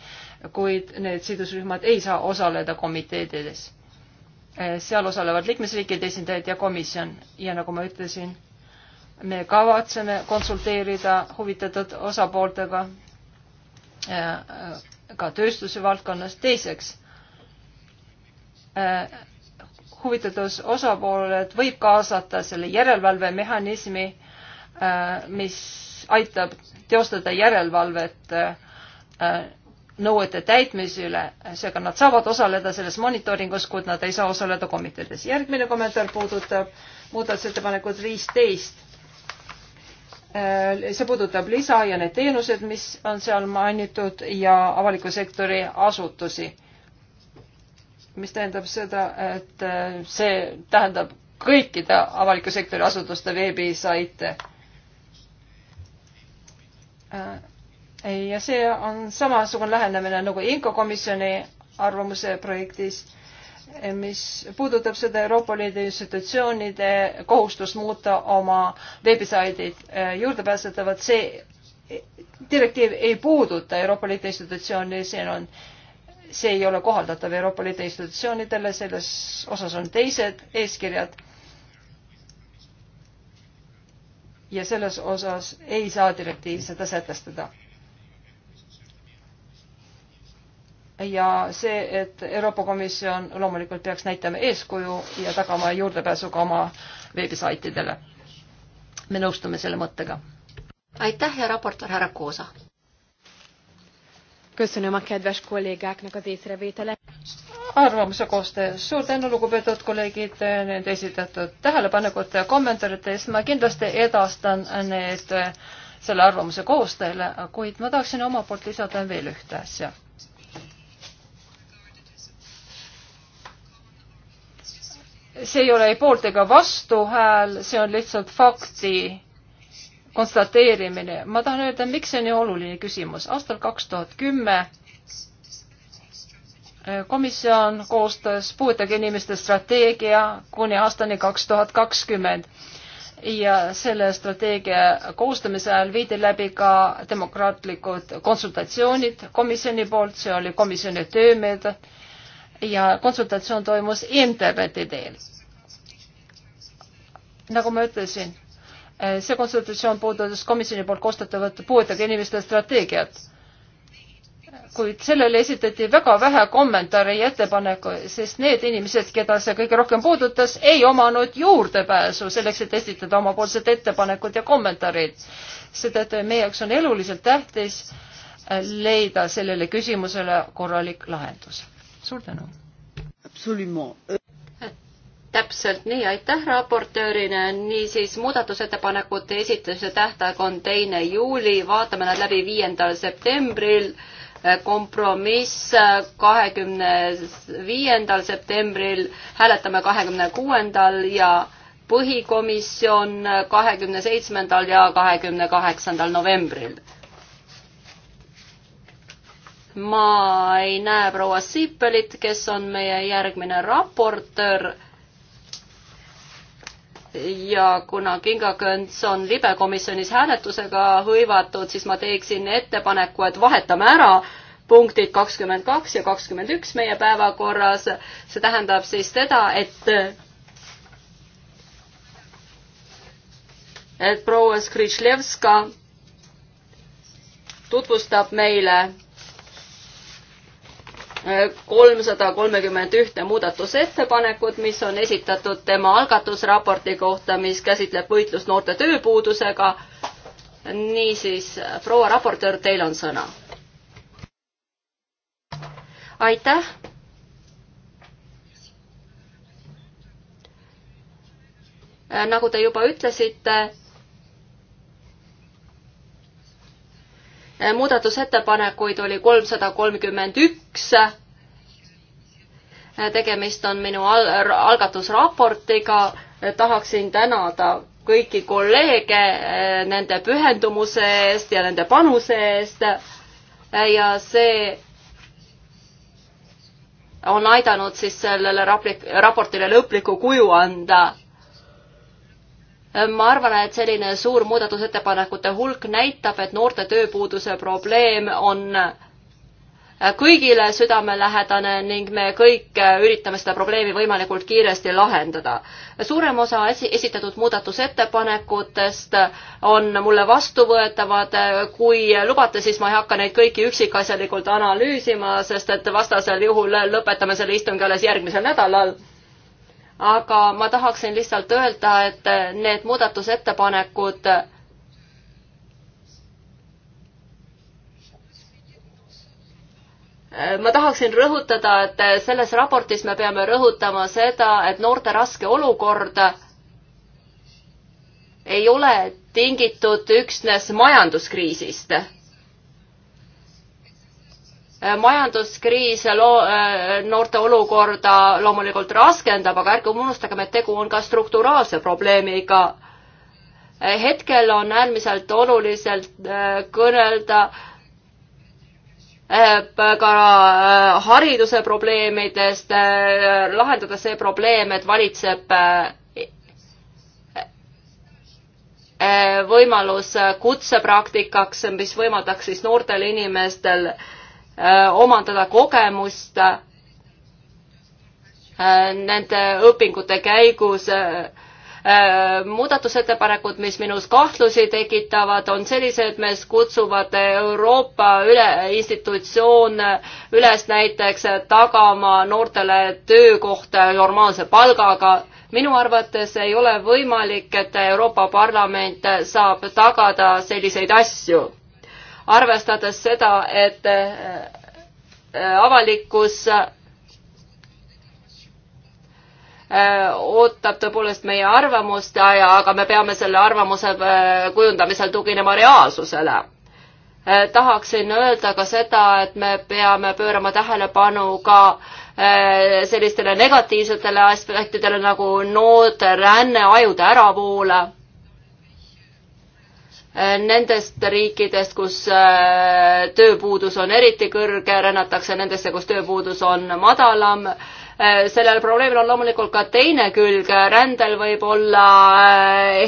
kuid need sidusrühmad ei saa osaleda komiteedides. Äh, seal osalevad liikmesriikide esindajad ja komisjon ja nagu ma ütlesin, me kavatseme konsulteerida huvitatud osapooltega äh, ka tööstuse valdkonnas. teiseks Äh, huvitatud osapooled võib kaasata selle järelevalvemehhanismi, äh, mis aitab teostada järelevalvet äh, nõuete täitmise üle, seega nad saavad osaleda selles monitooringus, kuid nad ei saa osaleda komiteedes. järgmine kommentaar puudutab muudatusettepanekut viisteist. see puudutab lisa ja need teenused, mis on seal mainitud ja avaliku sektori asutusi mis tähendab seda, et äh, see tähendab kõikide avaliku sektori asutuste veebisaite. Äh, ja see on samasugune lähenemine nagu Inko komisjoni arvamuse projektis, eh, mis puudutab seda Euroopa Liidu institutsioonide kohustust muuta oma veebisaidid eh, juurdepääsetavad. see direktiiv ei puuduta Euroopa Liidu institutsiooni, siin on äh, see ei ole kohaldatav Euroopa Liidu institutsioonidele, selles osas on teised eeskirjad. ja selles osas ei saa direktiiv seda sätestada ja see, et Euroopa Komisjon loomulikult peaks näitama eeskuju ja tagama juurdepääsu ka oma veebisaitidele. me nõustume selle mõttega. aitäh ja raportöör härra Koosa köszönöm a kedves kollégáknak az észrevételet. arvamuse koostöös, suur tänu, lugupeetud kolleegid, nende esitatud tähelepanekute ja kommentaaride eest, ma kindlasti edastan need selle arvamuse koostajale, kuid ma tahaksin oma poolt lisada veel ühte asja. see ei ole ei poolt ega vastuhääl, see on lihtsalt fakti konstateerimine. ma tahan öelda, miks see nii oluline küsimus. aastal kaks tuhat kümme komisjon koostas puuetega inimeste strateegia kuni aastani kaks tuhat kakskümmend ja selle strateegia koostamise ajal viidi läbi ka demokraatlikud konsultatsioonid komisjoni poolt, see oli komisjoni töömeetod ja konsultatsioon toimus interneti teel. nagu ma ütlesin, Eh, see konsultatsioon puudutas komisjoni poolt koostatavat puuetega inimeste strateegiat. kuid sellele esitati väga vähe kommentaare ja ettepanekuid, sest need inimesed, keda see kõige rohkem puudutas, ei omanud juurdepääsu selleks, et esitada omapoolsed ettepanekud ja kommentaarid. seetõttu meie jaoks on eluliselt tähtis eh, leida sellele küsimusele korralik lahendus. suur tänu! täpselt nii, aitäh raportöörina, niisiis muudatusettepanekute esitamise tähtaeg on teine juuli, vaatame nad läbi viiendal septembril, kompromiss kahekümne viiendal septembril, hääletame kahekümne kuuendal ja põhikomisjon kahekümne seitsmendal ja kahekümne kaheksandal novembril. ma ei näe proua Sippelit, kes on meie järgmine raportöör ja kuna kingakõnts on libekomisjonis hääletusega hõivatud, siis ma teeksin ettepaneku, et vahetame ära punktid kakskümmend kaks ja kakskümmend üks meie päevakorras. see tähendab siis seda, et et proua Skrišlevska tutvustab meile kolmsada kolmekümmend ühte muudatusettepanekut, mis on esitatud tema algatusraporti kohta, mis käsitleb võitlust noorte tööpuudusega. niisiis, proua raportöör, teil on sõna. aitäh. nagu te juba ütlesite Äh, muudatusettepanekuid oli kolmsada kolmkümmend üks. Äh, tegemist on minu al algatusraportiga. Äh, tahaksin tänada kõiki kolleege nende pühendumuse eest ja nende panuse eest. ja see on aidanud siis sellele raportile lõpliku kuju anda ma arvan, et selline suur muudatusettepanekute hulk näitab, et noorte tööpuuduse probleem on kõigile südamelähedane ning me kõik üritame seda probleemi võimalikult kiiresti lahendada. suurem osa esi-, esitatud muudatusettepanekutest on mulle vastuvõetavad, kui lubate, siis ma ei hakka neid kõiki üksikasjalikult analüüsima, sest et vastasel juhul lõpetame selle istungi alles järgmisel nädalal aga ma tahaksin lihtsalt öelda, et need muudatusettepanekud ma tahaksin rõhutada, et selles raportis me peame rõhutama seda, et noorte raske olukord ei ole tingitud üksnes majanduskriisist Äh, majanduskriis loo-, äh, noorte olukorda loomulikult raskendab, aga ärgem unustagem, et tegu on ka strukturaalse probleemiga. Äh, hetkel on äärmiselt oluliselt kõnelda ka hariduse probleemidest, lahendada see probleem, et valitseb e-, e-, võimalus kutsepraktikaks, mis võimaldaks siis noortel inimestel äh, Äh, omandada kogemust äh, nende õpingute käigus. Äh, muudatusettepanekud, mis minus kahtlusi tekitavad, on sellised, mis kutsuvad Euroopa üle, institutsioone üles näiteks tagama noortele töökohta normaalse palgaga minu arvates ei ole võimalik, et Euroopa Parlament saab tagada selliseid asju arvestades seda, et äh, avalikkus äh, ootab tõepoolest meie arvamust, aga me peame selle arvamuse äh, kujundamisel tuginema reaalsusele. tahaksin öelda ka seda, et me peame pöörama tähelepanu ka sellistele negatiivsetele aspektidele nagu noorte ränne, ajude äravoole Äh, nendest riikidest, kus äh, tööpuudus on eriti kõrge, rännatakse nendesse, kus tööpuudus on madalam. Äh, sellel probleemil on loomulikult ka teine külg, rändel võib olla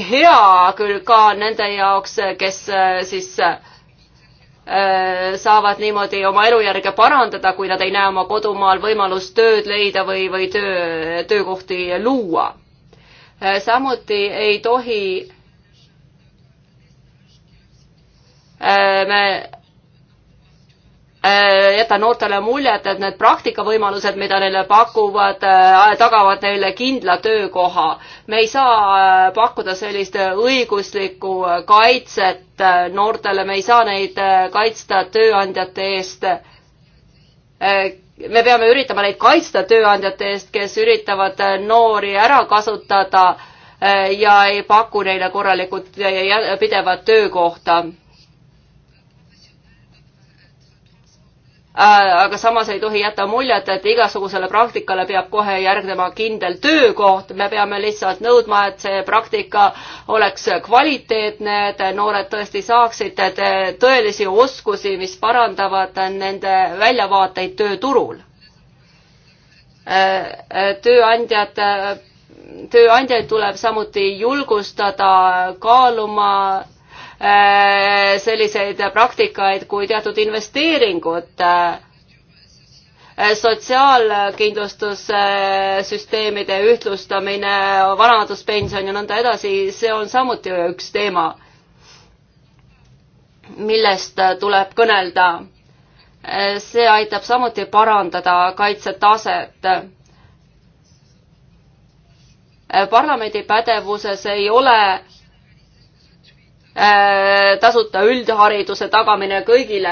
hea külg ka nende jaoks, kes siis saavad niimoodi oma elujärge parandada, kui nad ei näe oma kodumaal võimalust tööd leida või, või töö, töökohti luua. samuti ei tohi Äh, me äh, jäta noortele muljet, et need praktikavõimalused, mida neile pakuvad, äh, tagavad neile kindla töökoha. me ei saa pakkuda sellist õiguslikku kaitset noortele, me ei saa neid kaitsta tööandjate eest. me peame üritama neid kaitsta tööandjate eest, kes üritavad noori ära kasutada ja ei paku neile korralikult pidevat töökohta Äh, aga samas ei tohi jätta muljet, et igasugusele praktikale peab kohe järgnema kindel töökoht, me peame lihtsalt nõudma, et see praktika oleks kvaliteetne, et noored tõesti saaksid tõelisi oskusi, mis parandavad nende väljavaateid tööturul. Äh, tööandjad, tööandjaid tuleb samuti julgustada kaaluma Äh, selliseid praktikaid kui teatud investeeringud äh, sotsiaalkindlustussüsteemide ühtlustamine, vanaduspension ja nõnda edasi, see on samuti üks teema, millest tuleb kõnelda. Äh, see aitab samuti parandada kaitsetaset. parlamendi pädevuses ei ole Äh, tasuta üldhariduse tagamine kõigile.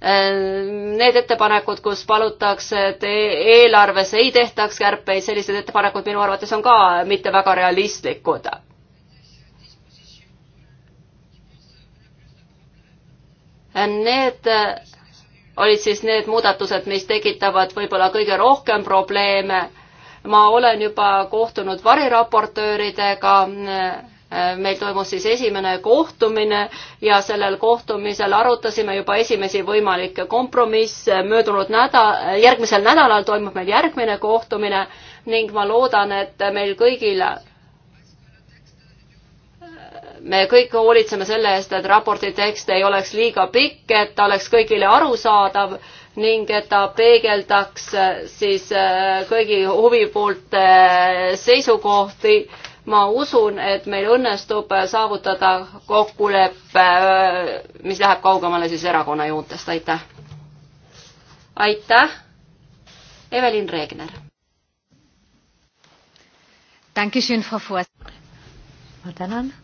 Äh, need ettepanekud, kus palutakse, et e-, eelarves ei tehtaks kärpeid, sellised ettepanekud minu arvates on ka mitte väga realistlikud äh, need olid siis need muudatused, mis tekitavad võib-olla kõige rohkem probleeme ma olen juba kohtunud variraportööridega, meil toimus siis esimene kohtumine ja sellel kohtumisel arutasime juba esimesi võimalikke kompromisse, möödunud nädal, järgmisel nädalal toimub meil järgmine kohtumine ning ma loodan, et meil kõigil me kõik hoolitseme selle eest, et raporti tekst ei oleks liiga pikk, et ta oleks kõigile arusaadav ning et ta peegeldaks äh, siis äh, kõigi huvipoolte äh, seisukohti. ma usun, et meil õnnestub saavutada kokkulepe, mis läheb kaugemale siis erakonna joontest, aitäh. aitäh. Evelin Regner. ma tänan.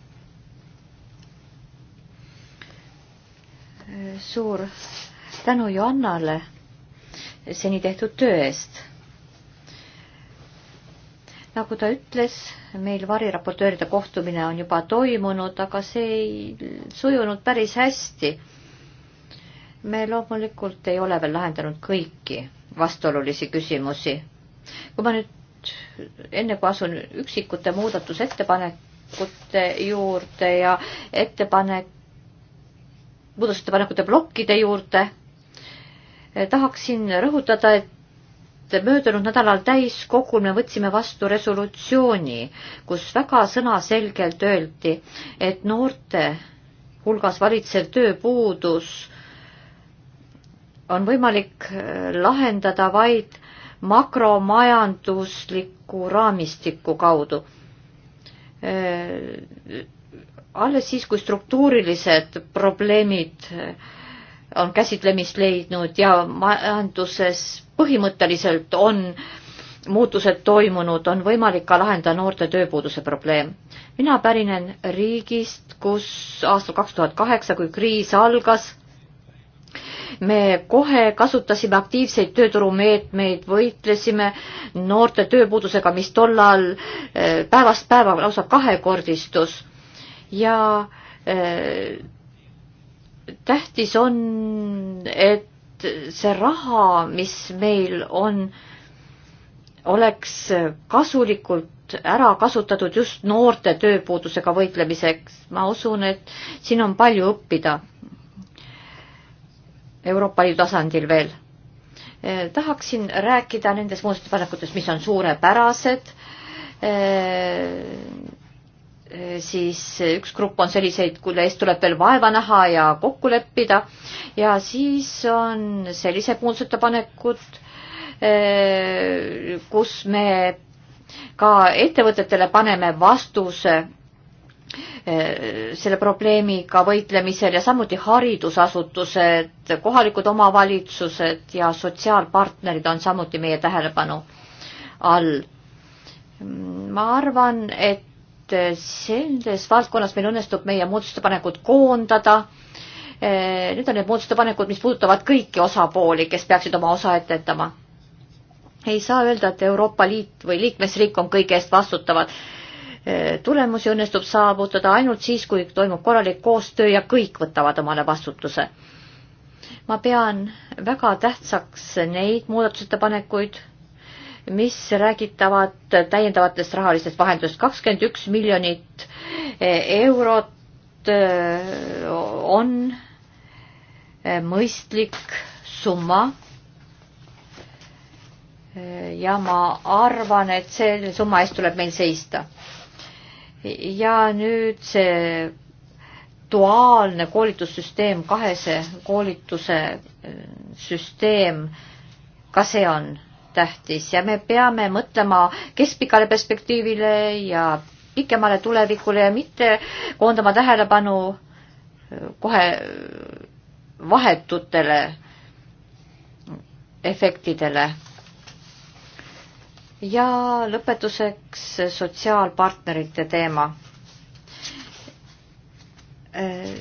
suur tänu Johannale seni tehtud töö eest. nagu ta ütles, meil variraportööride kohtumine on juba toimunud, aga see ei sujunud päris hästi. me loomulikult ei ole veel lahendanud kõiki vastuolulisi küsimusi. kui ma nüüd, enne kui asun üksikute muudatusettepanekute juurde ja ettepanek, muudatusettepanekute plokkide juurde Eh, tahaksin rõhutada, et möödunud nädalal täiskogul me võtsime vastu resolutsiooni, kus väga sõnaselgelt öeldi, et noorte hulgas valitsev tööpuudus on võimalik eh, lahendada vaid makromajandusliku raamistiku kaudu eh, alles siis, kui struktuurilised probleemid on käsitlemist leidnud ja majanduses põhimõtteliselt on muutused toimunud, on võimalik ka lahendada noorte tööpuuduse probleem. mina pärinen riigist, kus aastal kaks tuhat kaheksa, kui kriis algas, me kohe kasutasime aktiivseid tööturumeetmeid, võitlesime noorte tööpuudusega, mis tollal eh, päevast päeva lausa kahekordistus ja eh, tähtis on, et see raha, mis meil on, oleks kasulikult ära kasutatud just noorte tööpuudusega võitlemiseks. ma usun, et siin on palju õppida Euroopa Liidu tasandil veel. Eh, tahaksin rääkida nendest muudatusettepanekutest, mis on suurepärased eh, Äh, siis äh, üks grupp on selliseid, kelle eest tuleb veel vaeva näha ja kokku leppida ja siis on sellised muudatusettepanekud, äh, kus me ka ettevõtetele paneme vastuse selle probleemiga võitlemisel ja samuti haridusasutused, kohalikud omavalitsused ja sotsiaalpartnerid on samuti meie tähelepanu all. ma arvan, et et selles valdkonnas meil õnnestub meie muudatusettepanekud koondada. Eh, need on need muudatusettepanekud, mis puudutavad kõiki osapooli, kes peaksid oma osa etendama. ei saa öelda, et Euroopa Liit või liikmesriik on kõige eest vastutavad. Eh, tulemusi õnnestub saavutada ainult siis, kui toimub korralik koostöö ja kõik võtavad omale vastutuse. ma pean väga tähtsaks neid muudatusettepanekuid mis räägitavad täiendavatest rahalistest vahendust. kakskümmend üks miljonit eh, eurot eh, on eh, mõistlik summa. ja ma arvan, et selle summa eest tuleb meil seista. ja nüüd see duaalne koolitussüsteem, kahese koolituse süsteem, ka see on tähtis ja me peame mõtlema keskpikale perspektiivile ja pikemale tulevikule ja mitte koondama tähelepanu äh, kohe äh, vahetutele efektidele. ja lõpetuseks sotsiaalpartnerite teema. Äh,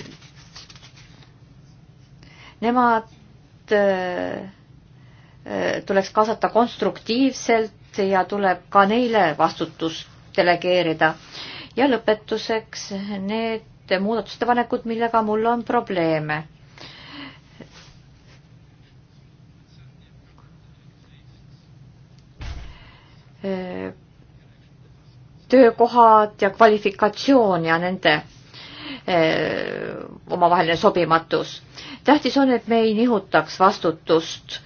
nemad Äh, tuleks kaasata konstruktiivselt ja tuleb ka neile vastutust delegeerida. ja lõpetuseks need muudatusettepanekud, millega mul on probleeme. Äh, töökohad ja kvalifikatsioon ja nende äh, omavaheline sobimatus. tähtis on, et me ei nihutaks vastutust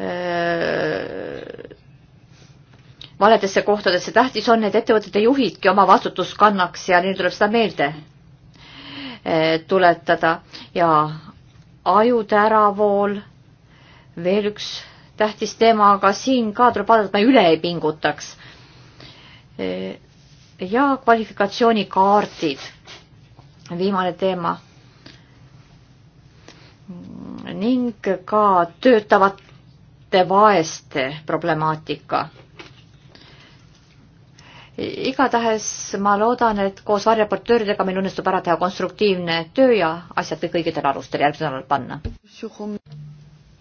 Äh, valedesse kohtadesse. tähtis on, et ettevõtete juhidki oma vastutust kannaks ja neil tuleb seda meelde äh, tuletada ja ajude äravool, veel üks tähtis teema, aga siin ka tuleb vaadata, et me üle ei pingutaks. Äh, ja kvalifikatsioonikaardid, viimane teema. ning ka töötavad noorte vaeste problemaatika. igatahes ma loodan, et koos varjaportööridega meil õnnestub ära teha konstruktiivne töö ja asjad kõik õigetel alustel järgmisel nädalal panna.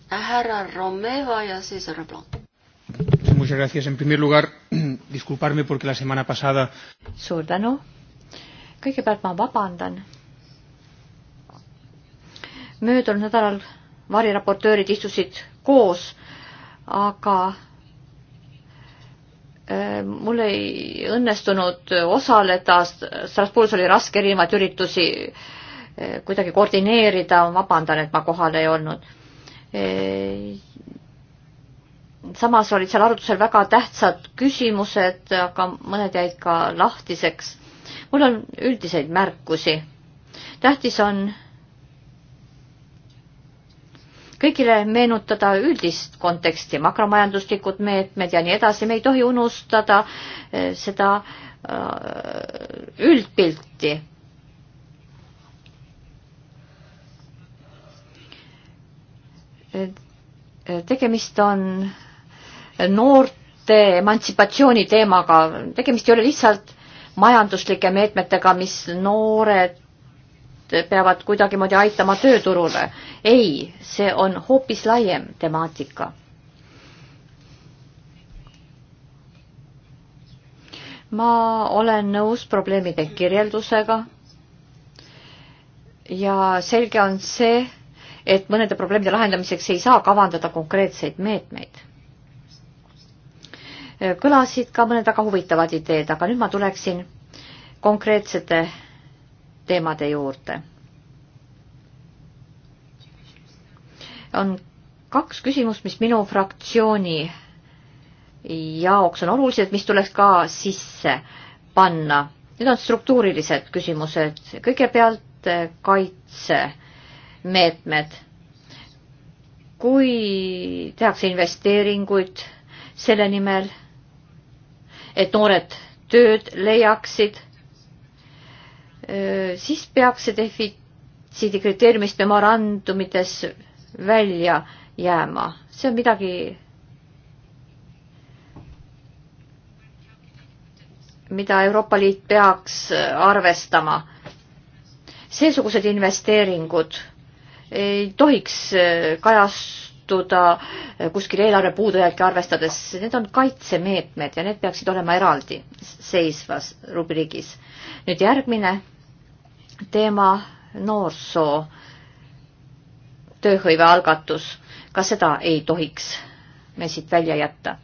härra Romeva ja siis härra Blanc. Muchas gracias. En primer lugar, [CLEARS THROAT] disculparme porque la semana pasada. Suur tänu. kõigepealt ma vabandan. möödunud nädalal variraportöörid istusid koos aga äh, mul ei õnnestunud osaleda, Strasbourgis oli raske erinevaid üritusi äh, kuidagi koordineerida, vabandan, et ma kohal ei olnud. Äh, samas olid seal arutlusel väga tähtsad küsimused, aga mõned jäid ka lahtiseks. mul on üldiseid märkusi. tähtis on kõigile meenutada üldist konteksti, makromajanduslikud meetmed ja nii edasi, me ei tohi unustada eh, seda eh, üldpilti. Eh, tegemist on noorte emantsipatsiooni teemaga, tegemist ei ole lihtsalt majanduslike meetmetega, mis noored peavad kuidagimoodi aitama tööturule. ei, see on hoopis laiem temaatika. ma olen nõus probleemide kirjeldusega. ja selge on see, et mõnede probleemide lahendamiseks ei saa kavandada konkreetseid meetmeid. kõlasid ka mõned väga huvitavad ideed, aga nüüd ma tuleksin konkreetsete teemade juurde. on kaks küsimust, mis minu fraktsiooni jaoks on olulised, mis tuleks ka sisse panna. Need on struktuurilised küsimused. kõigepealt eh, kaitsemeetmed. kui tehakse investeeringuid selle nimel, et noored tööd leiaksid siis peaks see defitsiidi kriteeriumist memorandumites välja jääma. see on midagi, mida Euroopa Liit peaks arvestama. seesugused investeeringud ei tohiks kajastuda kuskil eelarve puudujääki arvestades, need on kaitsemeetmed ja need peaksid olema eraldi seisvas rubriigis. nüüd järgmine teema noorsoo tööhõive algatus, ka seda ei tohiks me siit välja jätta.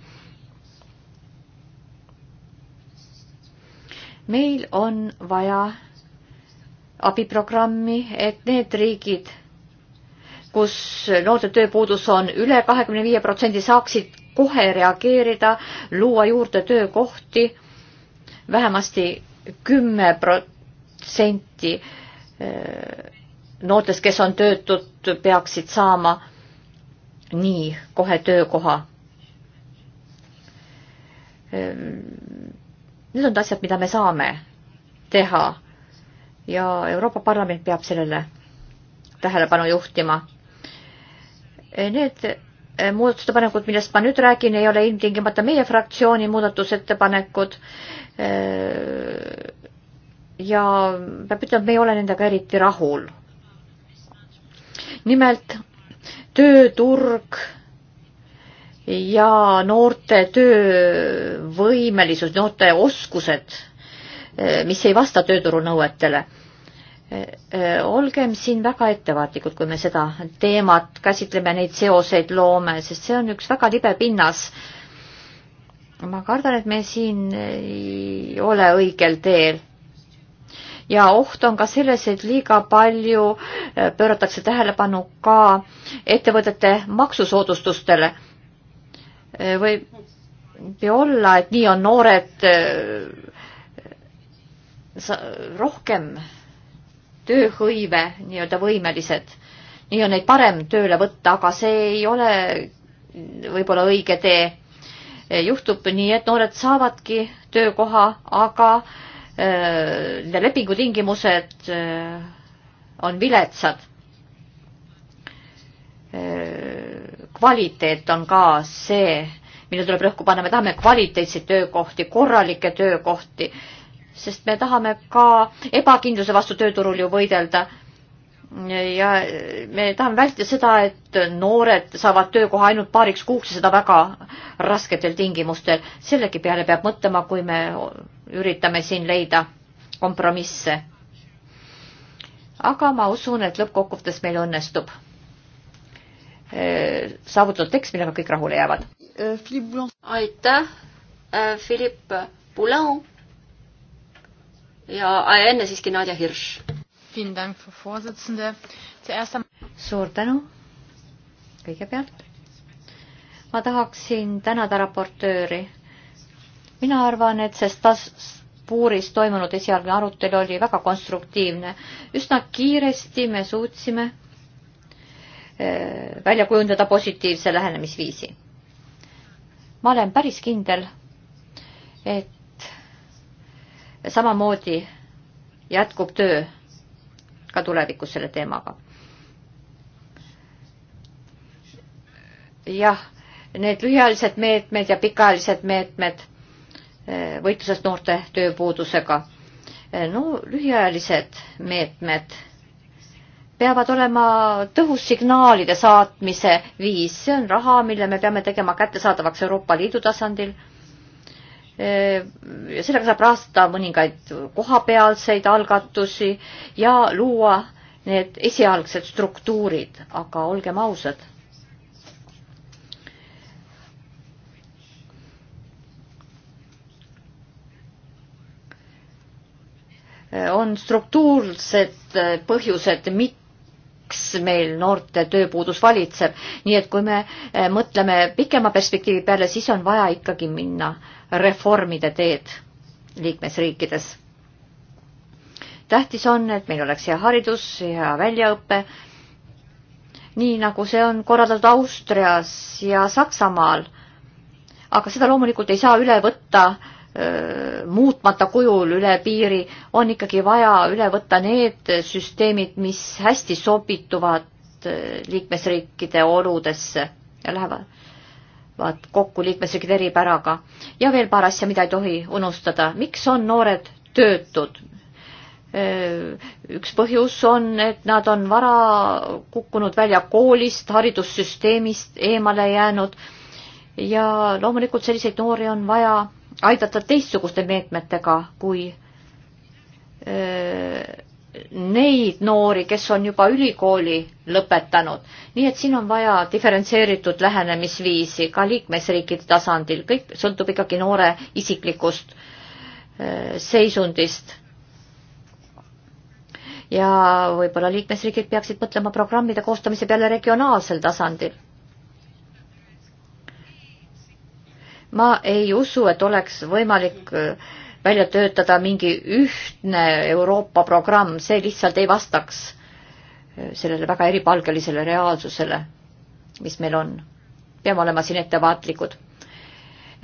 meil on vaja abiprogrammi, et need riigid, kus noorte tööpuudus on üle kahekümne viie protsendi, saaksid kohe reageerida, luua juurde töökohti vähemasti kümme prot-, protsenti eh, noortest, kes on töötud, peaksid saama nii kohe töökoha. Ehm, need on asjad, mida me saame teha ja Euroopa Parlament peab sellele tähelepanu juhtima. Eh, need eh, muudatusettepanekud, millest ma nüüd räägin, ei ole ilmtingimata meie fraktsiooni muudatusettepanekud ja peab ütlema, et me ei ole nendega eriti rahul. nimelt tööturg ja noorte töövõimelisus, noorte oskused, eh, mis ei vasta tööturu nõuetele. Eh, eh, olgem siin väga ettevaatlikud, kui me seda teemat käsitleme, neid seoseid loome, sest see on üks väga libe pinnas. ma kardan, et me siin ei ole õigel teel ja oht on ka selles, et liiga palju äh, pööratakse tähelepanu ka ettevõtete maksusoodustustele. Äh, võib ju olla, et nii on noored äh, rohkem tööhõive nii-öelda võimelised, nii on neid parem tööle võtta, aga see ei ole võib-olla õige tee juhtub nii, et noored saavadki töökoha, aga Äh, nende lepingutingimused äh, on viletsad. Äh, kvaliteet on ka see, mille tuleb rõhku panna, me tahame kvaliteetseid töökohti, korralikke töökohti, sest me tahame ka ebakindluse vastu tööturul ju võidelda ja me tahame vältida seda, et noored saavad töökoha ainult paariks kuuks ja seda väga rasketel tingimustel. sellegi peale peab mõtlema, kui me üritame siin leida kompromisse. aga ma usun, et lõppkokkuvõttes meil õnnestub äh, saavutatud tekst, millega kõik rahule jäävad. aitäh, äh, Philippe Boulon. ja äh, enne siiski Nadja Hirš suur tänu kõigepealt. ma tahaksin tänada raportööri. mina arvan, et see Strasbourgis toimunud esialgne arutelu oli väga konstruktiivne. üsna kiiresti me suutsime eh, välja kujundada positiivse lähenemisviisi. ma olen päris kindel, et samamoodi jätkub töö ka tulevikus selle teemaga. jah, need lühiajalised meetmed ja pikaajalised meetmed eh, võitluses noorte tööpuudusega. Eh, no lühiajalised meetmed peavad olema tõhus signaalide saatmise viis, see on raha, mille me peame tegema kättesaadavaks Euroopa Liidu tasandil ja sellega saab rahastada mõningaid kohapealseid algatusi ja luua need esialgsed struktuurid, aga olgem ausad. on struktuursed põhjused, miks meil noorte tööpuudus valitseb, nii et kui me mõtleme pikema perspektiivi peale, siis on vaja ikkagi minna äh, reformide teed liikmesriikides. tähtis on, et meil oleks hea haridus, hea väljaõpe, nii nagu see on korraldatud Austrias ja Saksamaal. aga seda loomulikult ei saa üle võtta öö, muutmata kujul üle piiri, on ikkagi vaja üle võtta need süsteemid, mis hästi sobituvad liikmesriikide oludesse ja lähevad vaat kokku liikmesriikide eripäraga. ja veel paar asja, mida ei tohi unustada. miks on noored töötud? üks põhjus on, et nad on vara kukkunud välja koolist, haridussüsteemist eemale jäänud ja loomulikult selliseid noori on vaja aidata teistsuguste meetmetega kui öö, neid noori, kes on juba ülikooli lõpetanud. nii et siin on vaja diferentseeritud lähenemisviisi ka liikmesriikide tasandil, kõik sõltub ikkagi noore isiklikust äh, seisundist. ja võib-olla liikmesriigid peaksid mõtlema programmide koostamise peale regionaalsel tasandil. ma ei usu, et oleks võimalik äh, välja töötada mingi ühtne Euroopa programm, see lihtsalt ei vastaks äh, sellele väga eripalgelisele reaalsusele, mis meil on. peame olema siin ettevaatlikud.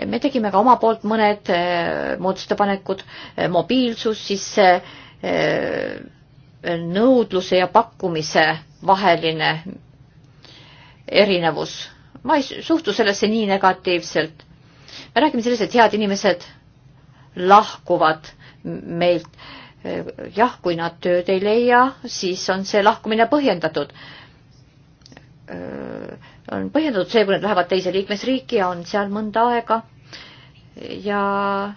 Äh, me tegime ka oma poolt mõned äh, muudatusettepanekud, mobiilsus, siis see nõudluse ja pakkumise vaheline erinevus. ma ei suhtu sellesse nii negatiivselt. me räägime sellest, et head inimesed lahkuvad meilt. jah, kui nad tööd ei leia, siis on see lahkumine põhjendatud. on põhjendatud see, kui nad lähevad teise liikmesriiki ja on seal mõnda aega ja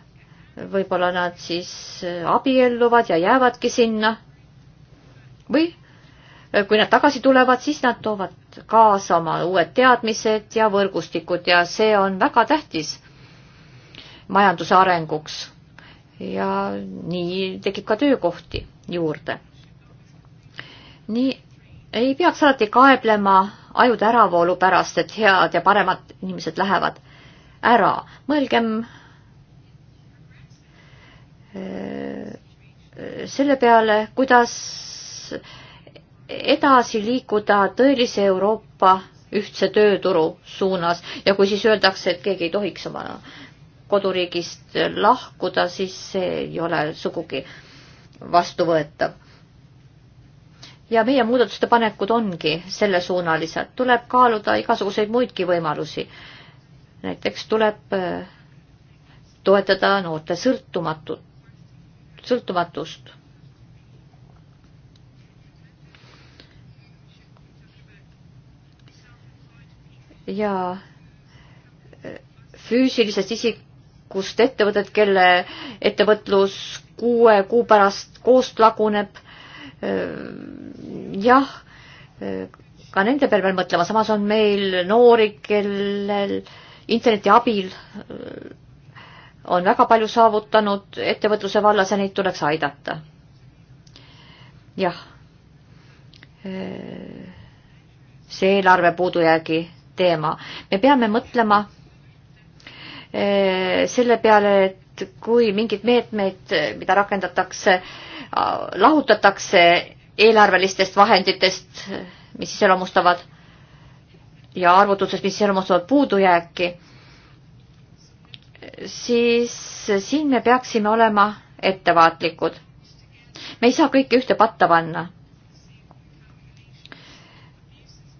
võib-olla nad siis abielluvad ja jäävadki sinna. või kui nad tagasi tulevad, siis nad toovad kaasa oma uued teadmised ja võrgustikud ja see on väga tähtis majanduse arenguks ja nii tekib ka töökohti juurde. nii ei peaks alati kaeblema ajude äravoolu pärast, et head ja paremad inimesed lähevad ära. mõelgem äh, selle peale, kuidas edasi liikuda tõelise Euroopa ühtse tööturu suunas ja kui siis öeldakse, et keegi ei tohiks oma koduriigist lahkuda, siis see ei ole sugugi vastuvõetav. ja meie muudatuste panekud ongi sellesuunalised, tuleb kaaluda igasuguseid muidki võimalusi. näiteks tuleb eh, toetada noorte sõltumatut, sõltumatust. ja eh, füüsilisest isik-, niisugust ettevõtet, kelle ettevõtlus kuue kuu pärast koost laguneb. Äh, jah, äh, ka nende peale peab mõtlema, samas on meil noori, kellel interneti abil äh, on väga palju saavutanud ettevõtluse vallas ja neid tuleks aidata. jah. see eelarve puudujäägi teema, me peame mõtlema Äh, selle peale, et kui mingeid meetmeid, mida rakendatakse, äh, lahutatakse eelarvelistest vahenditest, mis iseloomustavad ja arvutusest, mis iseloomustavad puudujääki, siis siin me peaksime olema ettevaatlikud. me ei saa kõike ühte patta panna.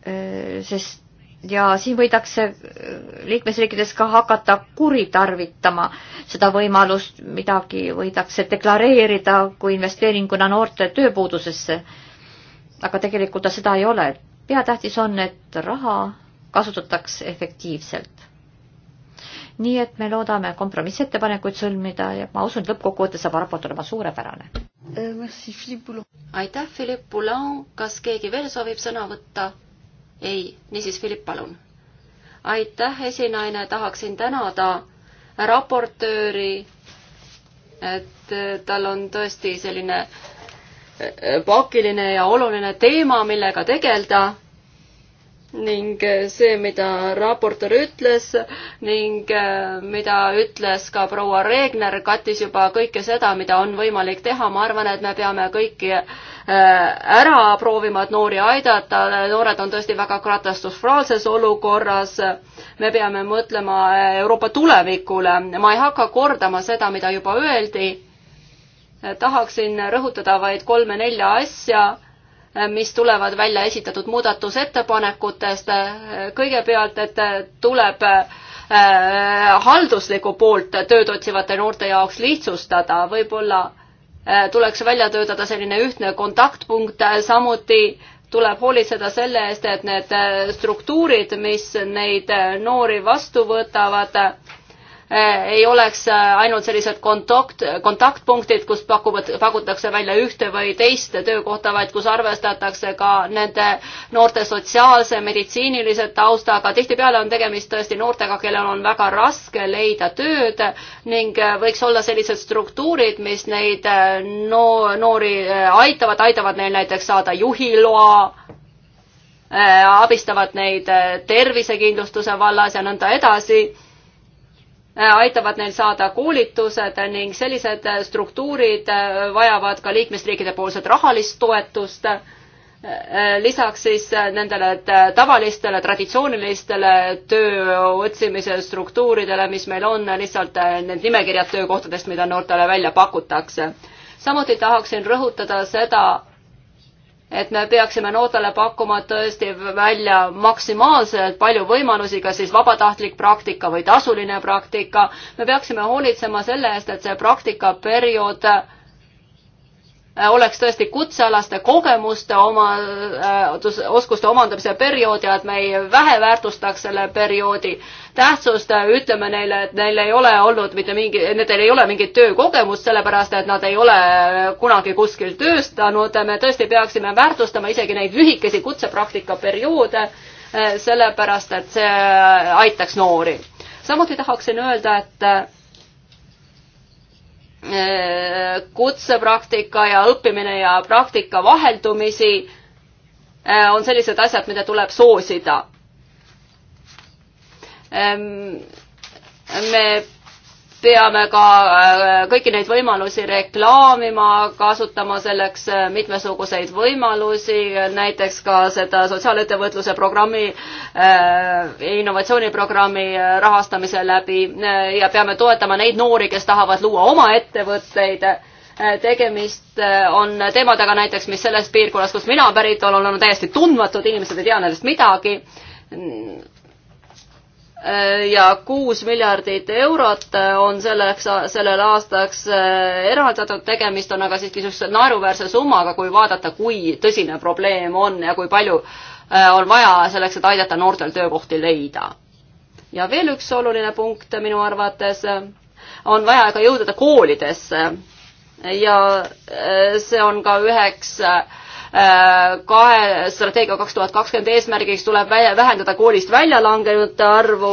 Äh, sest ja siin võidakse äh, liikmesriikides ka hakata kuritarvitama seda võimalust, midagi võidakse deklareerida kui investeeringuna noorte tööpuudusesse. aga tegelikult ta seda ei ole. peatähtis on, et raha kasutataks efektiivselt. nii et me loodame kompromissettepanekuid sõlmida ja ma usun, et lõppkokkuvõttes saab raport olema suurepärane. Äh, aitäh, Philippe Boulon. kas keegi veel soovib sõna võtta? ei, niisiis, Philipp, palun. aitäh, esinaine, tahaksin tänada raportööri, et äh, tal on tõesti selline äh, äh, pakiline ja oluline teema, millega tegeleda ning äh, see, mida raportöör ütles ning äh, mida ütles ka proua Reegner, kattis juba kõike seda, mida on võimalik teha, ma arvan, et me peame kõiki äh, ära proovima, et noori aidata, noored on tõesti väga katastrofaalses olukorras, me peame mõtlema Euroopa tulevikule, ma ei hakka kordama seda, mida juba öeldi, tahaksin rõhutada vaid kolme-nelja asja mis tulevad välja esitatud muudatusettepanekutest. kõigepealt, et tuleb äh, halduslikku poolt tööd otsivate noorte jaoks lihtsustada, võib-olla äh, tuleks välja töötada selline ühtne kontaktpunkt, samuti tuleb hoolitseda selle eest, et need äh, struktuurid, mis neid noori vastu võtavad, Äh, ei oleks äh, ainult sellised kontakt, kontaktpunktid, kus pakuvad, pakutakse välja ühte või teist töökohta, vaid kus arvestatakse ka nende noorte sotsiaalse, meditsiinilise taustaga. tihtipeale on tegemist tõesti noortega, kellel on väga raske leida tööd ning äh, võiks olla sellised struktuurid, mis neid no, noori aitavad, aitavad neil näiteks saada juhiloa abistavad neid tervisekindlustuse vallas ja nõnda edasi Äh, aitavad neil saada koolitused ning sellised äh, struktuurid äh, vajavad ka liikmesriikide poolset rahalist toetust. lisaks siis nendele tavalistele traditsioonilistele töö otsimise struktuuridele, mis meil on, lihtsalt need nimekirjad töökohtadest, mida noortele välja pakutakse samuti tahaksin rõhutada seda, et me peaksime noortele pakkuma tõesti välja maksimaalselt palju võimalusi, kas siis vabatahtlik praktika või tasuline praktika. me peaksime hoolitsema selle eest, et see praktikaperiood äh, Äh, oleks tõesti kutsealaste kogemuste oma, äh, oskuste omandamise periood ja et me ei väheväärtustaks selle perioodi tähtsust, ütleme neile, et neil ei ole olnud mitte mingi, nendel ei ole mingit töökogemust, sellepärast et nad ei ole kunagi kuskil tööstanud, me tõesti peaksime väärtustama isegi neid lühikesi kutsepraktika perioode, äh, sellepärast et see aitaks noori. samuti tahaksin öelda, et Äh, kutsepraktika ja õppimine ja praktika vaheldumisi äh, on sellised asjad, mida tuleb soosida. Ehm, me peame ka äh, kõiki neid võimalusi reklaamima, kasutama selleks äh, mitmesuguseid võimalusi, näiteks ka seda sotsiaalettevõtluse programmi, äh, innovatsiooniprogrammi rahastamise läbi ja peame toetama neid noori, kes tahavad luua oma ettevõtteid tegemist on teemadega näiteks, mis selles piirkonnas, kus mina pärit olen, on täiesti tundmatud, inimesed ei tea nendest midagi Äh, ja kuus miljardit eurot äh, on selleks, sellel aastaks äh, eraldatud, tegemist on aga siiski niisuguse naeruväärse summaga, kui vaadata, kui tõsine probleem on ja kui palju on vaja selleks, et aidata noortel töökohti leida. ja veel üks oluline punkt minu arvates, on vaja ka jõuda koolidesse ja see on ka üheks äh, Äh, kahe, strateegia kaks tuhat kakskümmend eesmärgiks tuleb vähendada koolist väljalangenute arvu,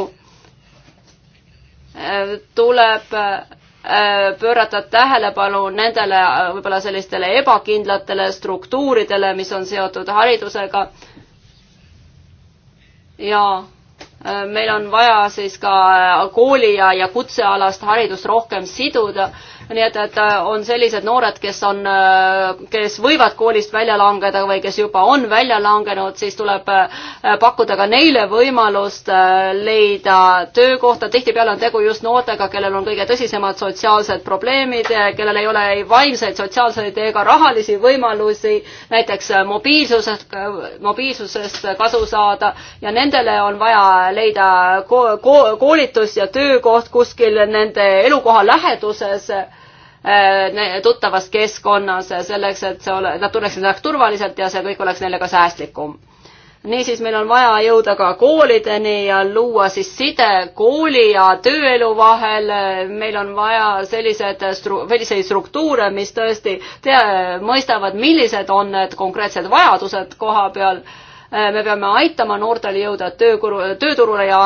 äh, tuleb äh, pöörata tähelepanu nendele võib-olla sellistele ebakindlatele struktuuridele, mis on seotud haridusega. ja meil on vaja siis ka kooli ja, ja kutsealast haridust rohkem siduda nii et, et äh, on sellised noored, kes on, äh, kes võivad koolist välja langeda või kes juba on välja langenud, siis tuleb äh, pakkuda ka neile võimalust leida töökohta. tihtipeale on tegu just noortega, kellel on kõige tõsisemad sotsiaalsed probleemid, kellel ei ole ei vaimseid, sotsiaalseid ega rahalisi võimalusi näiteks mobiilsusest, mobiilsusest kasu saada ja nendele on vaja leida ko ko koolitus ja töökoht kuskil nende elukoha läheduses Äh, tuttavas keskkonnas, selleks et see ole, nad tunneksid ennast turvaliselt ja see kõik oleks neile ka säästlikum. niisiis, meil on vaja jõuda ka koolideni ja luua siis side kooli ja tööelu vahel, meil on vaja sellised stru-, selliseid struktuure, mis tõesti tea-, mõistavad, millised on need konkreetsed vajadused koha peal, äh, me peame aitama noortel jõuda töökuru, tööturule ja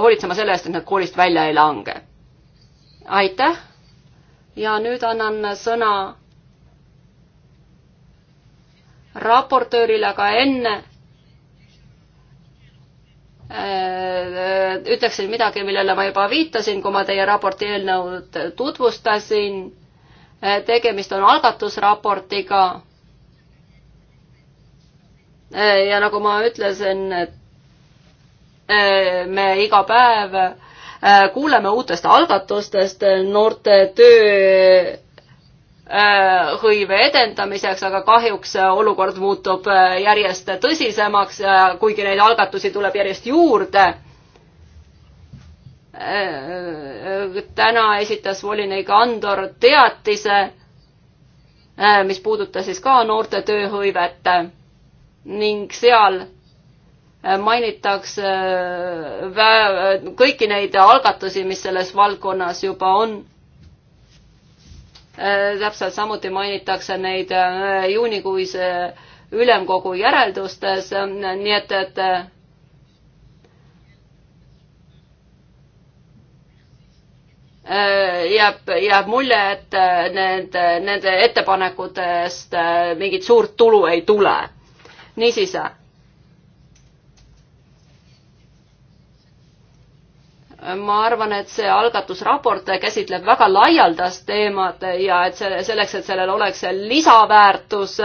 hoolitsema selle eest, et nad koolist välja ei lange. aitäh! ja nüüd annan sõna raportöörile, aga enne äh, äh, ütleksin midagi, millele ma juba viitasin, kui ma teie raporti eelnõu tutvustasin. Äh, tegemist on algatusraportiga. ja nagu ma ütlesin, me iga päev Äh, kuuleme uutest algatustest äh, noorte töö äh, hõive edendamiseks, aga kahjuks olukord muutub järjest tõsisemaks, kuigi neid algatusi tuleb järjest juurde. täna esitas volinik Andor teatise, mis puudutas siis ka noorte tööhõivet ning seal mainitakse äh, äh, kõiki neid algatusi, mis selles valdkonnas juba on. Äh, täpselt samuti mainitakse neid juunikuise ülemkogu järeldustes, nii et, et jääb, jääb mulje, et need, nende ettepanekutest mingit suurt tulu ei tule. niisiis ma arvan, et see algatusraport käsitleb väga laialdast teemat ja et see, selleks, et sellel oleks lisaväärtus,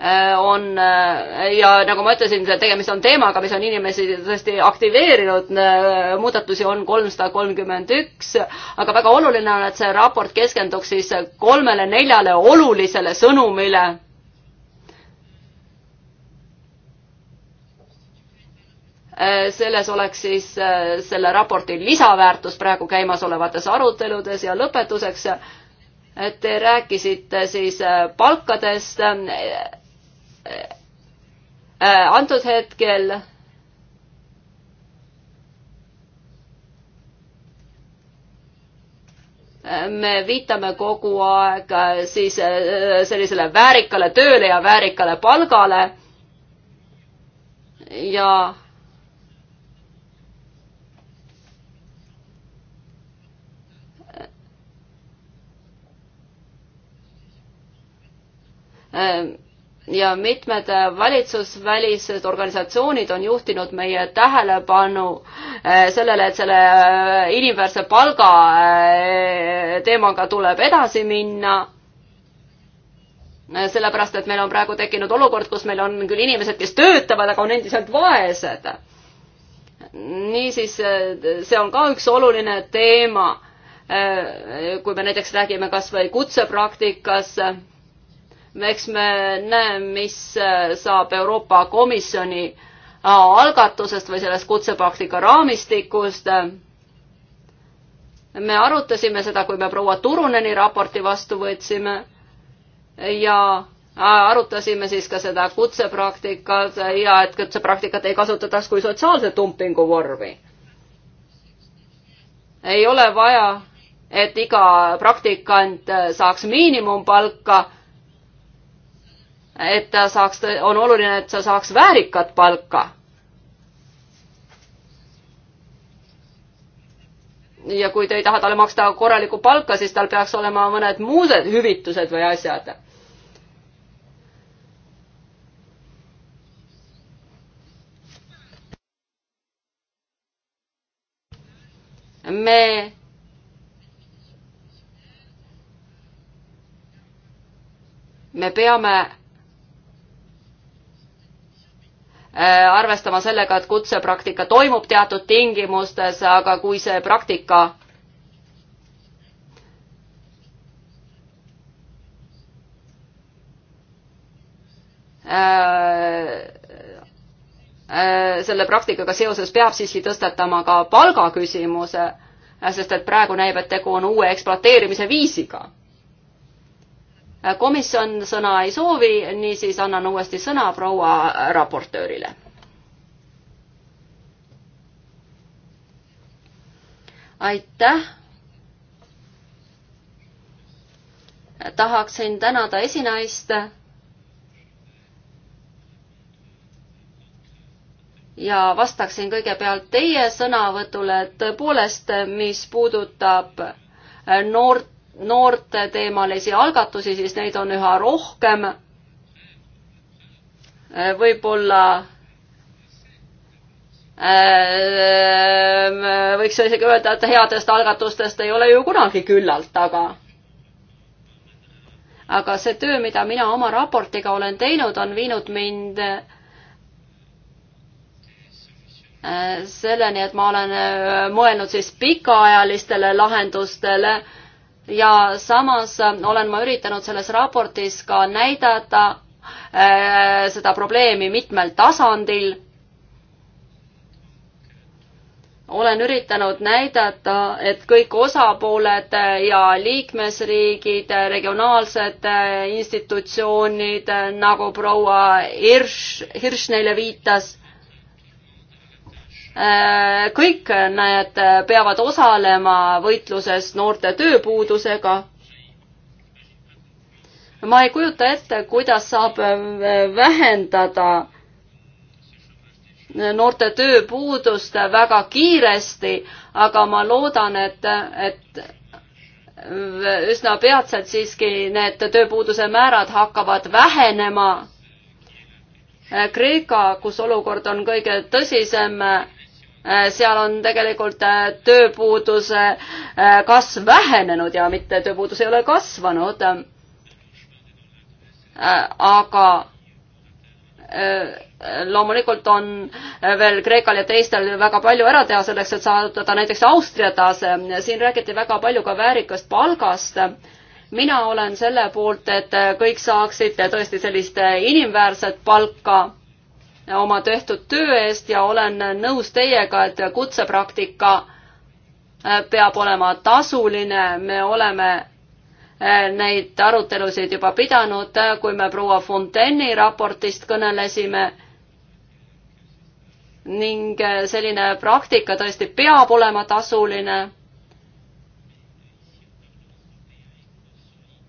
äh, on äh, ja nagu ma ütlesin, tegemist on teemaga, mis on inimesi tõesti aktiveerinud, äh, muudatusi on kolmsada kolmkümmend üks, aga väga oluline on, et see raport keskenduks siis kolmele-neljale olulisele sõnumile Äh, selles oleks siis äh, selle raporti lisaväärtus praegu käimasolevates aruteludes ja lõpetuseks te rääkisite siis äh, palkadest. antud hetkel me viitame kogu aeg siis sellisele väärikale tööle ja väärikale palgale ja Ähm, ja mitmed äh, valitsusvälised organisatsioonid on juhtinud meie tähelepanu äh, sellele, et selle äh, inimväärse palga teemaga tuleb edasi minna. sellepärast, et meil on praegu tekkinud olukord, kus meil on küll inimesed, kes töötavad, aga on endiselt vaesed. niisiis, see on ka üks oluline teema. kui me näiteks räägime kas või kutsepraktikas eks me näe, mis äh, saab Euroopa Komisjoni äh, algatusest või sellest kutsepraktika raamistikust. me arutasime seda, kui me proua Turuneni raporti vastu võtsime ja äh, arutasime siis ka seda kutsepraktikat ja et kutsepraktikat ei kasutataks kui sotsiaalse dumpingu vormi. ei ole vaja, et iga praktikant saaks miinimumpalka et ta saaks, on oluline, et sa saaks väärikat palka. ja kui te ei taha talle maksta korralikku palka, siis tal peaks olema mõned muud hüvitused või asjad me me peame Äh, arvestama sellega, et kutsepraktika toimub teatud tingimustes, aga kui see praktika äh, äh, selle praktikaga seoses peab siiski tõstatama ka palgaküsimuse, sest et praegu näib, et tegu on uue ekspluateerimise viisiga komisjon sõna ei soovi, niisiis annan uuesti sõna proua raportöörile. aitäh. tahaksin tänada esinaist. ja vastaksin kõigepealt teie sõnavõtule, et tõepoolest, mis puudutab noort noorte teemalisi algatusi, siis neid on üha rohkem. Äh, võib-olla äh, võiks isegi öelda, et headest algatustest ei ole ju kunagi küllalt, aga aga see töö, mida mina oma raportiga olen teinud, on viinud mind äh, selleni, et ma olen mõelnud siis pikaajalistele lahendustele ja samas äh, olen ma üritanud selles raportis ka näidata äh, seda probleemi mitmel tasandil. olen üritanud näidata, et kõik osapooled ja liikmesriigid, regionaalsed äh, institutsioonid, nagu proua Hirš, Hirš neile viitas, Äh, kõik need äh, peavad osalema võitluses noorte tööpuudusega. ma ei kujuta ette, kuidas saab äh, vähendada noorte tööpuudust väga kiiresti, aga ma loodan, et, et üsna peatselt siiski need tööpuuduse määrad hakkavad vähenema. Kreeka, kus olukord on kõige tõsisem, Äh, seal on tegelikult äh, tööpuuduse äh, kasv vähenenud ja mitte tööpuudus ei ole kasvanud. aga loomulikult on veel Kreekal ja teistel väga palju ära teha selleks, et saavutada näiteks Austria tase. siin räägiti väga palju ka väärikast palgast. mina olen selle poolt, et kõik saaksid tõesti sellist inimväärset palka oma tehtud töö eest ja olen nõus teiega, et kutsepraktika äh, peab olema tasuline, me oleme äh, neid arutelusid juba pidanud, äh, kui me proua Fontaine'i raportist kõnelesime. ning selline praktika tõesti peab olema tasuline.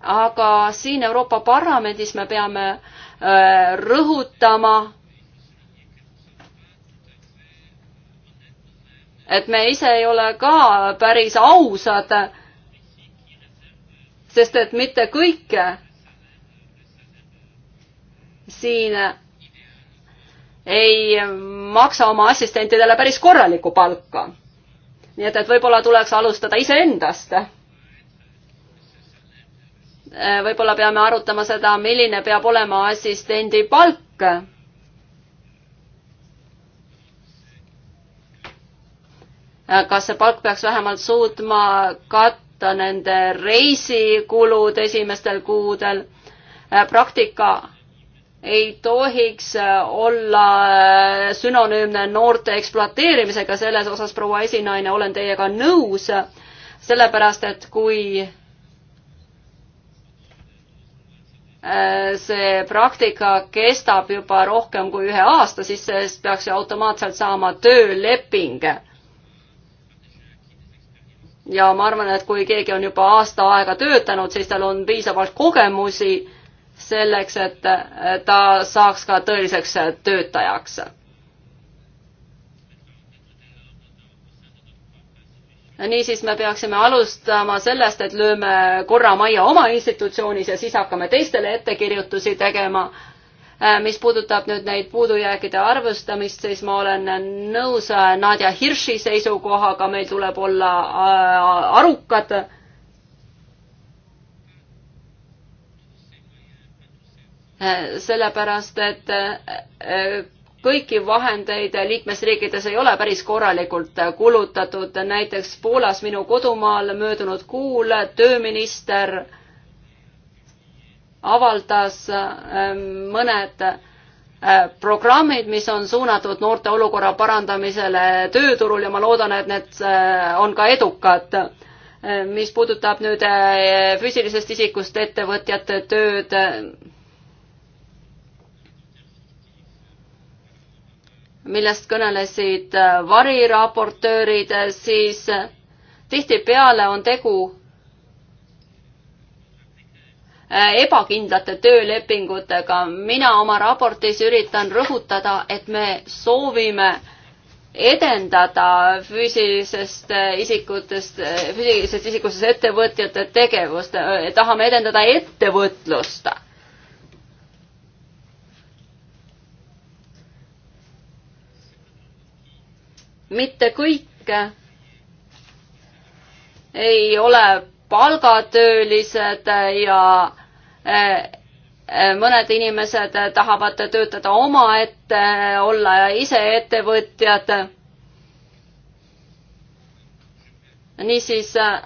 aga siin Euroopa Parlamendis me peame rõhutama et me ise ei ole ka päris ausad, sest et mitte kõike siin ei maksa oma assistentidele päris korralikku palka. nii et, et võib-olla tuleks alustada iseendast. võib-olla peame arutama seda, milline peab olema assistendi palk Äh, kas see palk peaks vähemalt suutma katta nende reisikulud esimestel kuudel. Äh, praktika ei tohiks äh, olla sünonüümne noorte ekspluateerimisega, selles osas, proua esinaine, olen teiega nõus, sellepärast et kui see praktika kestab juba rohkem kui ühe aasta, siis sellest peaks ju automaatselt saama tööleping ja ma arvan, et kui keegi on juba aasta aega töötanud, siis tal on piisavalt kogemusi selleks, et ta saaks ka tõeliseks töötajaks. niisiis me peaksime alustama sellest, et lööme korra majja oma institutsioonis ja siis hakkame teistele ettekirjutusi tegema Äh, mis puudutab nüüd neid puudujääkide arvestamist, siis ma olen nõus äh, Nadja Hirši seisukohaga, meil tuleb olla äh, arukad. sellepärast, et kõiki vahendeid liikmesriikides ei ole päris korralikult kulutatud, näiteks Poolas, minu kodumaal möödunud kuul tööminister äh, avaldas ähm, mõned äh, programmid, mis on suunatud noorte olukorra parandamisele tööturul ja ma loodan, et need äh, on ka edukad. Äh, mis puudutab nüüd füüsilisest isikust ettevõtjate tööd, millest kõnelesid variraportöörid, siis tihtipeale on tegu Äh, ebakindlate töölepingutega. mina oma raportis üritan rõhutada, et me soovime edendada füüsilisest äh, isikutest, äh, füüsilisest isikustest ettevõtjate tegevust, tahame edendada ettevõtlust. mitte kõik ei ole palgatöölised ja Äh, äh, mõned inimesed tahavad töötada omaette, olla ise ettevõtjad. niisiis äh,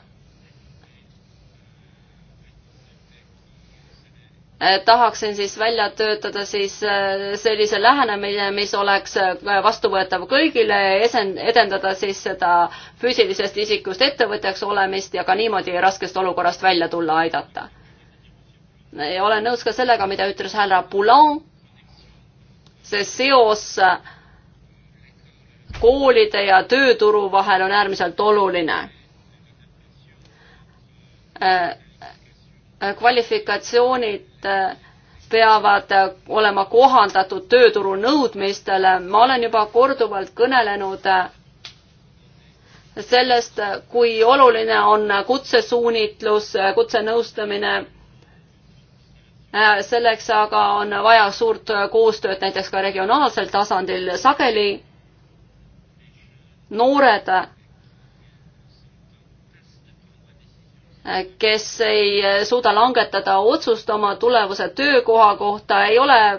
tahaksin siis välja töötada siis sellise lähenemine, mis oleks vastuvõetav kõigile, edendada siis seda füüsilisest isikust ettevõtjaks olemist ja ka niimoodi raskest olukorrast välja tulla aidata ja olen nõus ka sellega, mida ütles härra Boulan, see seos koolide ja tööturu vahel on äärmiselt oluline. Äh, äh, kvalifikatsioonid äh, peavad olema kohandatud tööturu nõudmistele. ma olen juba korduvalt kõnelenud sellest, kui oluline on kutsesuunitlus, kutsenõustamine Äh, selleks aga on vaja suurt koostööd näiteks ka regionaalsel tasandil, sageli noored, äh, kes ei suuda langetada otsust oma tulevase töökoha kohta, ei ole äh,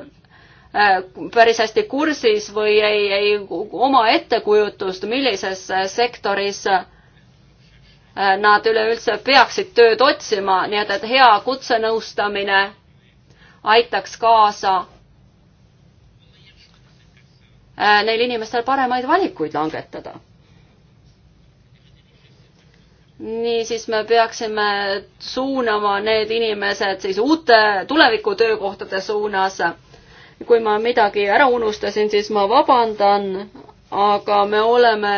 päris hästi kursis või ei, ei oma ettekujutust, millises sektoris nad üleüldse peaksid tööd otsima, nii et, et hea kutsenõustamine aitaks kaasa äh, neil inimestel paremaid valikuid langetada. niisiis me peaksime suunama need inimesed siis uute tuleviku töökohtade suunas. kui ma midagi ära unustasin, siis ma vabandan, aga me oleme,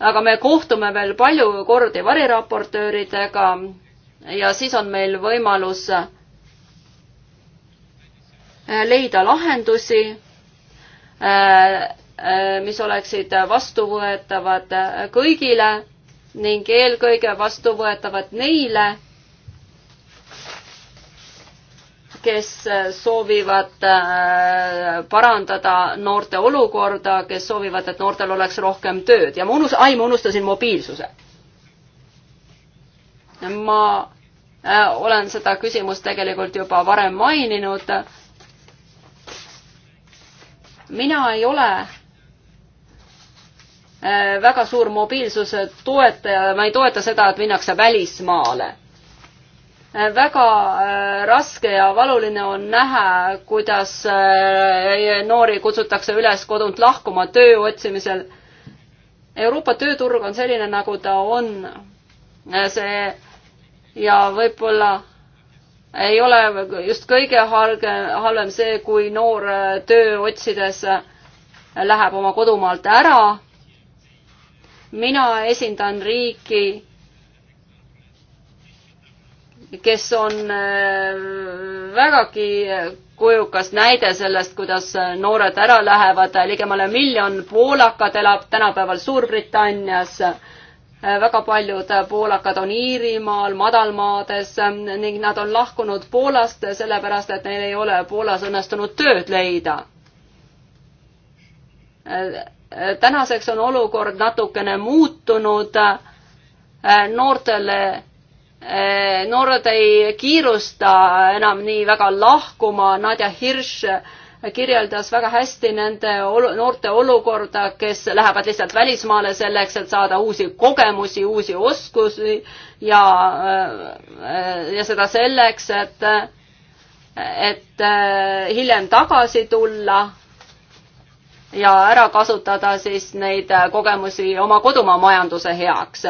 aga me kohtume veel palju kordi variraportööridega ja siis on meil võimalus äh, Äh, leida lahendusi, äh, äh, mis oleksid vastuvõetavad kõigile ning eelkõige vastuvõetavad neile, kes soovivad parandada noorte olukorda, kes soovivad, et noortel oleks rohkem tööd ja ma unus-, ai, ma unustasin mobiilsuse. ma olen seda küsimust tegelikult juba varem maininud mina ei ole äh, väga suur mobiilsuse toetaja, ma ei toeta seda, et minnakse välismaale. Äh, väga äh, raske ja valuline on näha, kuidas noori kutsutakse üles kodunt lahkuma töö otsimisel. Euroopa tööturg on selline, nagu ta on. see ja võib-olla ei ole just kõige halvem see, kui noor töö otsides läheb oma kodumaalt ära. mina esindan riiki, kes on äh, vägagi kujukas näide sellest, kuidas noored ära lähevad, ligemale miljon poolakat elab tänapäeval Suurbritannias väga paljud poolakad on Iirimaal, madalmaades ning nad on lahkunud Poolast sellepärast, et neil ei ole Poolas õnnestunud tööd leida. tänaseks on olukord natukene muutunud. noortele, noored ei kiirusta enam nii väga lahkuma, Nadja Hirš kirjeldas väga hästi nende olu, noorte olukorda, kes lähevad lihtsalt välismaale selleks, et saada uusi kogemusi, uusi oskusi ja, äh, ja seda selleks, et, et äh, hiljem tagasi tulla ja ära kasutada siis neid äh, kogemusi oma kodumaa majanduse heaks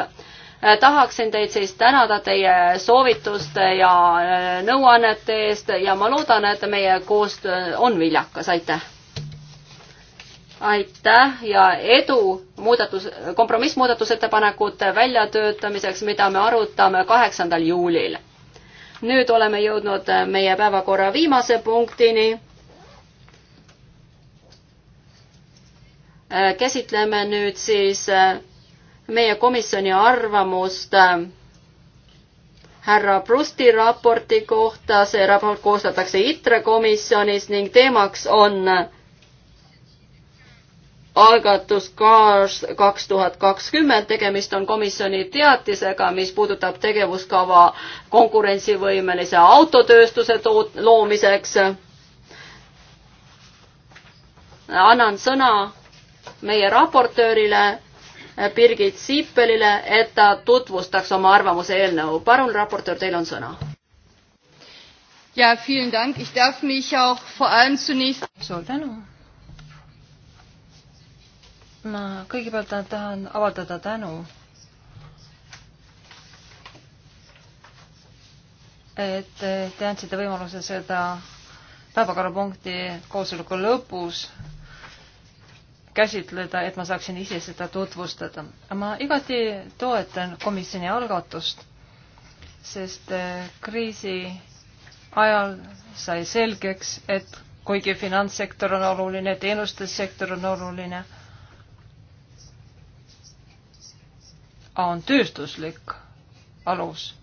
Äh, tahaksin teid siis tänada teie soovituste ja äh, nõuannete eest ja ma loodan, et meie koostöö on viljakas, aitäh! aitäh ja edu muudatus, kompromissmuudatusettepanekute väljatöötamiseks, mida me arutame kaheksandal juulil. nüüd oleme jõudnud äh, meie päevakorra viimase punktini. käsitleme nüüd siis meie komisjoni arvamust äh, härra Prusti raporti kohta, see raport koostatakse ITRE komisjonis ning teemaks on äh, algatus kaas kaks tuhat kakskümmend, tegemist on komisjoni teatisega, mis puudutab tegevuskava konkurentsivõimelise autotööstuse toot-, loomiseks. annan sõna meie raportöörile Birgit Siipelile, et ta tutvustaks oma arvamuse eelnõu. palun, raportöör, teil on sõna. ja, vielen Dank, ich darf mich auch vor allem zunächst. suur tänu. ma kõigepealt tahan avaldada tänu et te andsite võimaluse seda päevakorrapunkti koosoleku lõpus käsitleda, et ma saaksin ise seda tutvustada. ma igati toetan komisjoni algatust, sest äh, kriisi ajal sai selgeks, et kuigi finantssektor on oluline, teenustussektor on oluline, on tööstuslik alus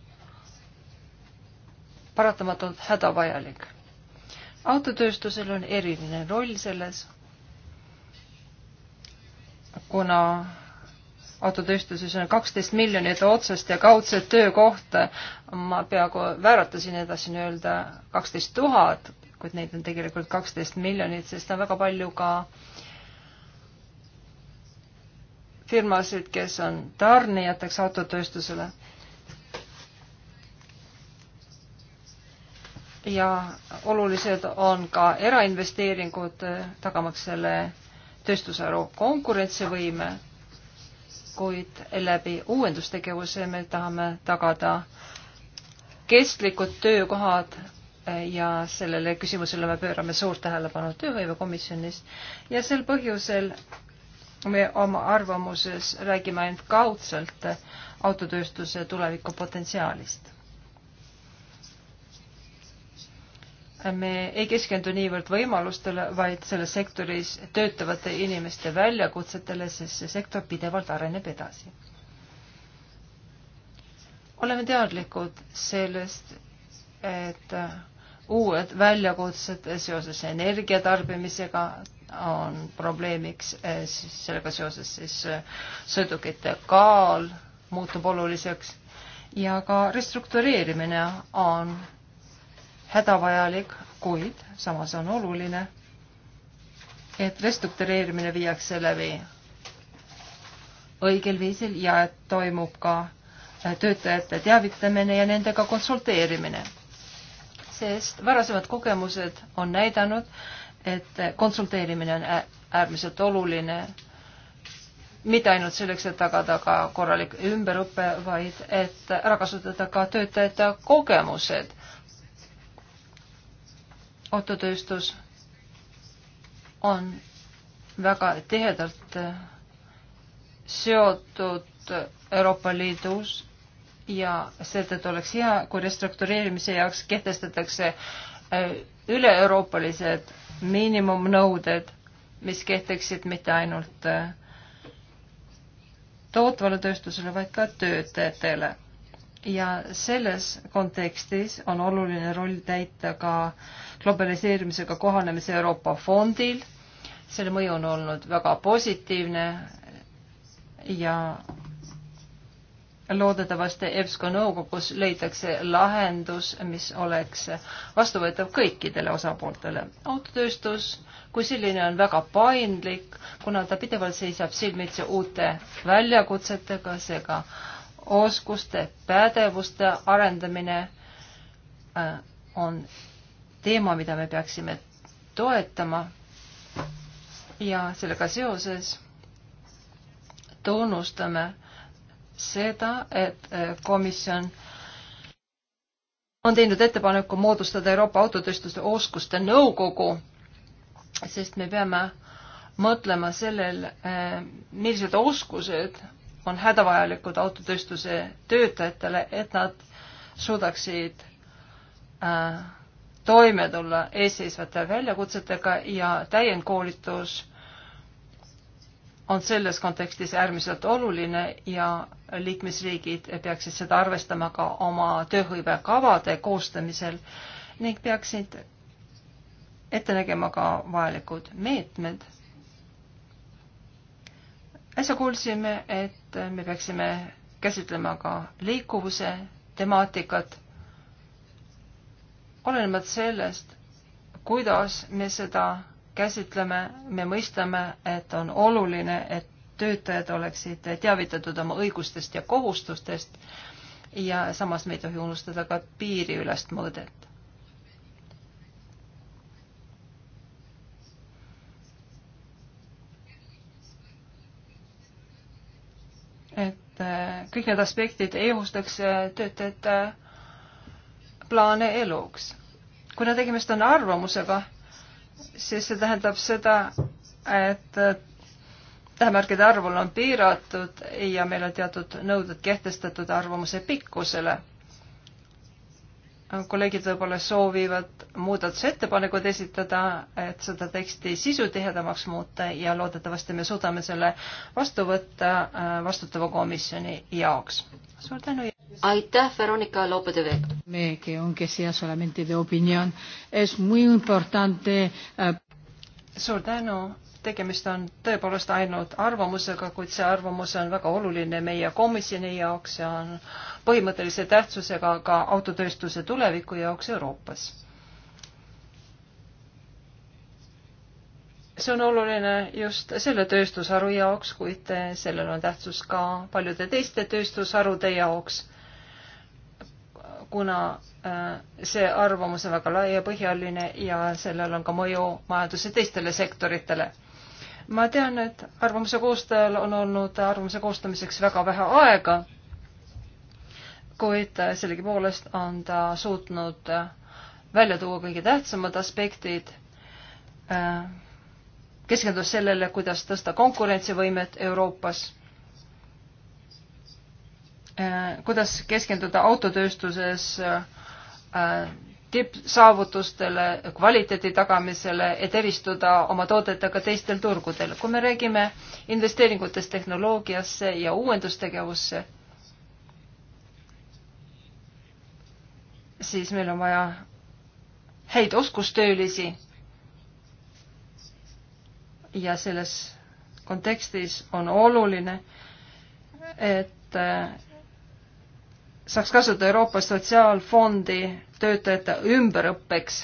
paratamatult hädavajalik. autotööstusel on eriline roll selles kuna autotööstuses on kaksteist miljonit otsest ja kaudset töökohta, ma peaaegu vääratasin, et tahtsin öelda kaksteist tuhat, kuid neid on tegelikult kaksteist miljonit, sest on väga palju ka firmasid, kes on tarnijateks autotööstusele. ja olulised on ka erainvesteeringud, tagamaks selle tööstusharu konkurentsivõime, kuid läbi uuendustegevuse me tahame tagada kestlikud töökohad ja sellele küsimusele me pöörame suurt tähelepanu tööhõivekomisjonis ja sel põhjusel me oma arvamuses räägime ainult kaudselt autotööstuse tuleviku potentsiaalist me ei keskendu niivõrd võimalustele, vaid selles sektoris töötavate inimeste väljakutsetele, sest see sektor pidevalt areneb edasi. oleme teadlikud sellest, et uued väljakutsed seoses energiatarbimisega on probleemiks, sellega seoses siis sõidukite kaal muutub oluliseks ja ka restruktureerimine on hädavajalik, kuid samas on oluline, et restruktureerimine viiakse läbi õigel viisil ja et toimub ka äh, töötajate teavitamine ja nendega konsulteerimine. sest varasemad kogemused on näidanud, et konsulteerimine on äärmiselt oluline mitte ainult selleks, et tagada ka korralik ümberõpe, vaid et ära kasutada ka töötajate kogemused autotööstus on väga tihedalt seotud Euroopa Liidus ja seetõttu oleks hea, kui restruktureerimise jaoks kehtestatakse äh, üle-euroopalised miinimumnõuded, mis kehtiksid mitte ainult äh, tootvale tööstusele, vaid ka töötajatele ja selles kontekstis on oluline roll täita ka globaliseerimisega kohanemise Euroopa fondil. selle mõju on olnud väga positiivne ja loodetavasti EBSCO nõukogus leitakse lahendus, mis oleks vastuvõetav kõikidele osapooltele. autotööstus kui selline on väga paindlik, kuna ta pidevalt seisab silmitsi uute väljakutsetega, seega äh, oskuste, pädevuste arendamine äh, on teema, mida me peaksime toetama ja sellega seoses tunnustame seda, et äh, komisjon on teinud ettepaneku moodustada Euroopa autotööstuse oskuste nõukogu, sest me peame mõtlema sellel, äh, millised oskused on hädavajalikud autotööstuse töötajatele, et nad suudaksid äh, toime tulla eesseisvate väljakutsetega ja täiendkoolitus on selles kontekstis äärmiselt oluline ja liikmesriigid peaksid seda arvestama ka oma tööhõivekavade koostamisel ning peaksid ette nägema ka vajalikud meetmed äsja kuulsime, et me peaksime käsitlema ka liikuvuse temaatikat, olenemata sellest, kuidas me seda käsitleme, me mõistame, et on oluline, et töötajad oleksid teavitatud oma õigustest ja kohustustest ja samas me ei tohi unustada ka piiriülest mõõdet. et eh, kõik need aspektid ei ohustaks eh, töötajate eh, plaane eluks. kuna tegemist on arvamusega, siis see tähendab seda, et tähemärkide arvul on piiratud ja meil on teatud nõuded kehtestatud arvamuse pikkusele kolleegid võib-olla soovivad muudatusettepanekud esitada, et seda teksti sisu tihedamaks muuta ja loodetavasti me suudame selle vastu võtta äh, vastutava komisjoni jaoks. suur tänu. aitäh, Veronika Lopedeve. me, que aunque sea solamente de opinión, es muy importante. Eh, suur tänu tegemist on tõepoolest ainult arvamusega, kuid see arvamus on väga oluline meie komisjoni jaoks ja on äh, põhimõttelise tähtsusega ka autotööstuse tuleviku jaoks Euroopas. see on oluline just selle tööstusharu jaoks, kuid sellel on tähtsus ka paljude teiste tööstusharude jaoks, kuna äh, see arvamus on väga laiapõhjaline ja sellel on ka mõju majanduse teistele sektoritele ma tean, et arvamuse koostajal on olnud arvamuse koostamiseks väga vähe aega kuid sellegipoolest on ta suutnud välja tuua kõige tähtsamad aspektid, äh, keskendus sellele, kuidas tõsta konkurentsivõimet Euroopas, äh, kuidas keskenduda autotööstuses äh, tippsaavutustele, kvaliteedi tagamisele, et eristuda oma toodetega teistel turgudel. kui me räägime investeeringutest tehnoloogiasse ja uuendustegevusse, siis meil on vaja häid oskustöölisi. ja selles kontekstis on oluline, et äh, saaks kasutada Euroopa Sotsiaalfondi töötajate ümberõppeks,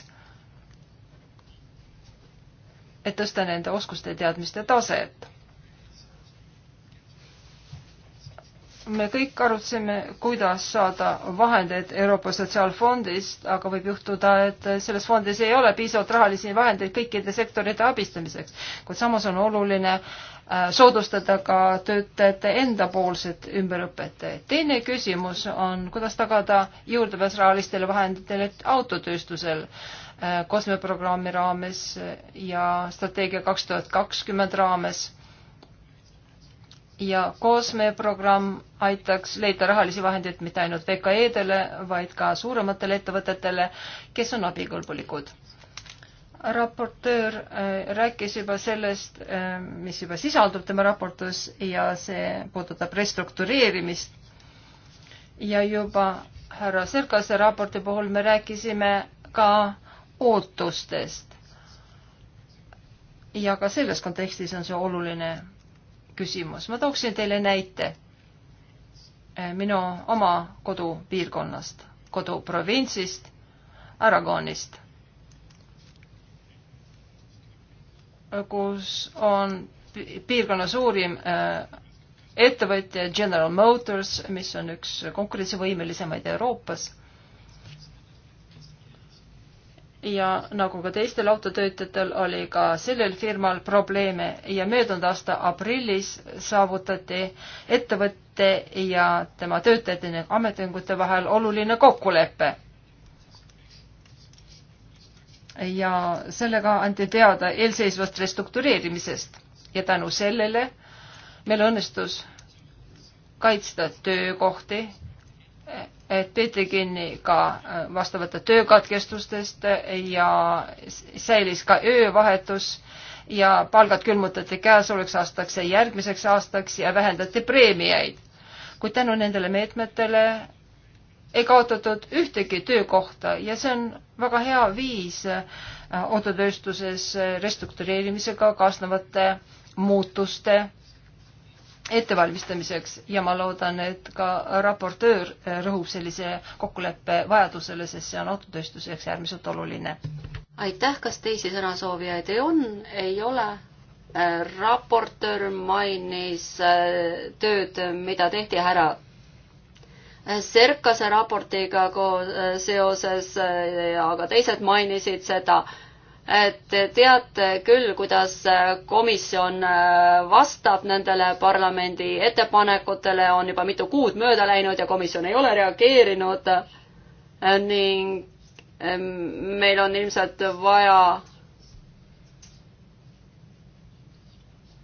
et tõsta nende oskuste ja teadmiste taset me kõik arutasime, kuidas saada vahendeid Euroopa Sotsiaalfondist, aga võib juhtuda, et selles fondis ei ole piisavalt rahalisi vahendeid kõikide sektorite abistamiseks, kuid samas on oluline äh, soodustada ka töötajate endapoolset ümberõpet. teine küsimus on, kuidas tagada juurdepääs rahalistele vahenditele autotööstusel äh, kosmeprogrammi raames ja strateegia kaks tuhat kakskümmend raames ja Koosme programm aitaks leida rahalisi vahendeid mitte ainult VKE-dele, vaid ka suurematele ettevõtetele, kes on abikõlbulikud. raportöör äh, rääkis juba sellest, äh, mis juba sisaldub tema raportus ja see puudutab restruktureerimist. ja juba härra Sirkase raporti puhul me rääkisime ka ootustest. ja ka selles kontekstis on see oluline küsimus. ma tooksin teile näite eh, minu oma kodupiirkonnast, koduprovintsist, Aragonist, kus on piirkonna suurim eh, ettevõtja General Motors, mis on üks konkurentsivõimelisemaid Euroopas ja nagu ka teistel autotöötajatel oli ka sellel firmal probleeme ja möödunud aasta aprillis saavutati ettevõtte ja tema töötajate ning ametiühingute vahel oluline kokkulepe. ja sellega anti teada eelseisvast restruktureerimisest ja tänu sellele meil õnnestus kaitsta töökohti et peeti kinni ka äh, vastavate töökatkestustest ja säilis ka öövahetus ja palgad külmutati käesolevaks aastaks ja järgmiseks aastaks ja vähendati preemiaid. kuid tänu nendele meetmetele ei kaotatud ühtegi töökohta ja see on väga hea viis äh, autotööstuses äh, restruktureerimisega kaasnevate muutuste ettevalmistamiseks ja ma loodan, et ka raportöör rõhub sellise kokkuleppe vajadusele, sest see on autotööstuse jaoks äärmiselt oluline. aitäh, kas teisi sõnasoovijaid ei on, ei ole? raportöör mainis äh, tööd, mida tehti härra Serkase raportiga äh, seoses ja äh, ka teised mainisid seda Te teate küll, kuidas komisjon äh, vastab nendele parlamendi ettepanekutele, on juba mitu kuud mööda läinud ja komisjon ei ole reageerinud äh, ning ähm, meil on ilmselt vaja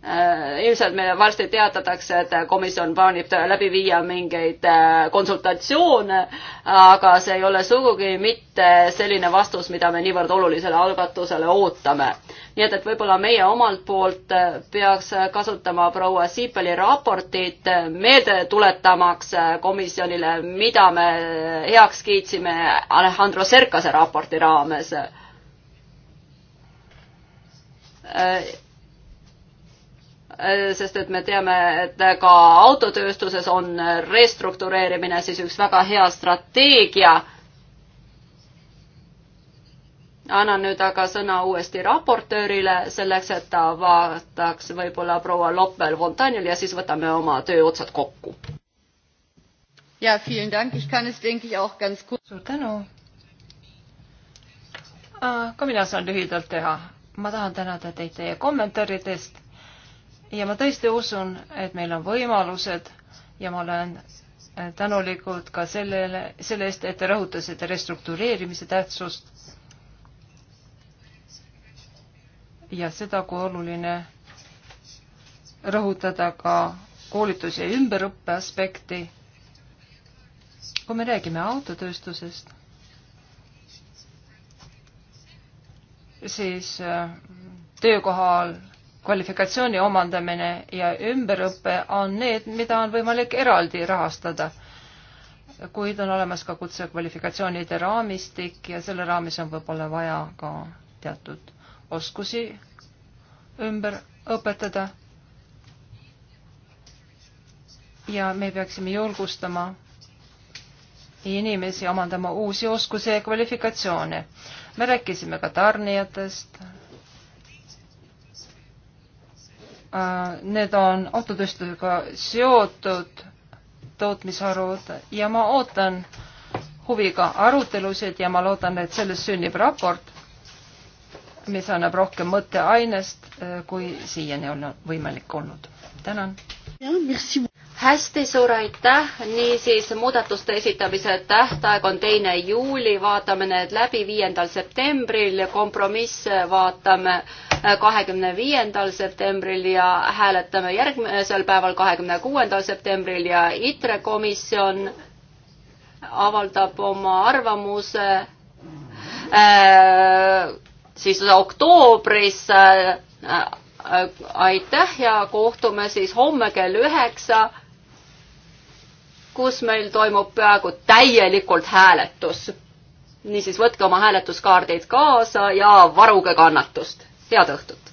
Äh, ilmselt meile varsti teatatakse, et komisjon plaanib läbi viia mingeid äh, konsultatsioone, aga see ei ole sugugi mitte selline vastus, mida me niivõrd olulisele algatusele ootame. nii et, et võib-olla meie omalt poolt äh, peaks kasutama proua Siipeli raportit meelde tuletamaks komisjonile, mida me heaks kiitsime Alejandro Serkase raporti raames sest et me teame, et ka autotööstuses on restruktureerimine siis üks väga hea strateegia. annan nüüd aga sõna uuesti raportöörile, selleks et ta vaataks võib-olla proua Loppel-Fontanil ja siis võtame oma tööotsad kokku. ja, suur tänu. Äh, ka mina saan lühidalt teha ma tahan tänada teid teie kommentaaridest ja ma tõesti usun, et meil on võimalused ja ma olen äh, tänulikud ka sellele, selle eest, et te rõhutasite restruktureerimise tähtsust ja seda, kui oluline rõhutada ka koolituse ja ümberõppe aspekti. kui me räägime autotööstusest, siis äh, töökohal kvalifikatsiooni omandamine ja ümberõpe on need, mida on võimalik eraldi rahastada. kuid on olemas ka kutsekvalifikatsioonide raamistik ja selle raames on võib-olla vaja ka teatud oskusi ümber õpetada. ja me peaksime julgustama inimesi omandama uusi oskusi ja kvalifikatsioone. me rääkisime ka tarnijatest Äh, need on autotööstusega seotud tootmisharud ja ma ootan huviga arutelusid ja ma loodan, et sellest sünnib raport, mis annab rohkem mõtteainest, äh, kui siiani on võimalik olnud. tänan! hästi suur aitäh, niisiis muudatuste esitamise tähtaeg on teine juuli, vaatame need läbi viiendal septembril ja kompromisse vaatame kahekümne viiendal septembril ja hääletame järgmisel päeval, kahekümne kuuendal septembril ja ITRE komisjon avaldab oma arvamuse äh, siis oktoobris äh,. aitäh ja kohtume siis homme kell üheksa, kus meil toimub peaaegu täielikult hääletus niisiis võtke oma hääletuskaardid kaasa ja varuge kannatust head õhtut!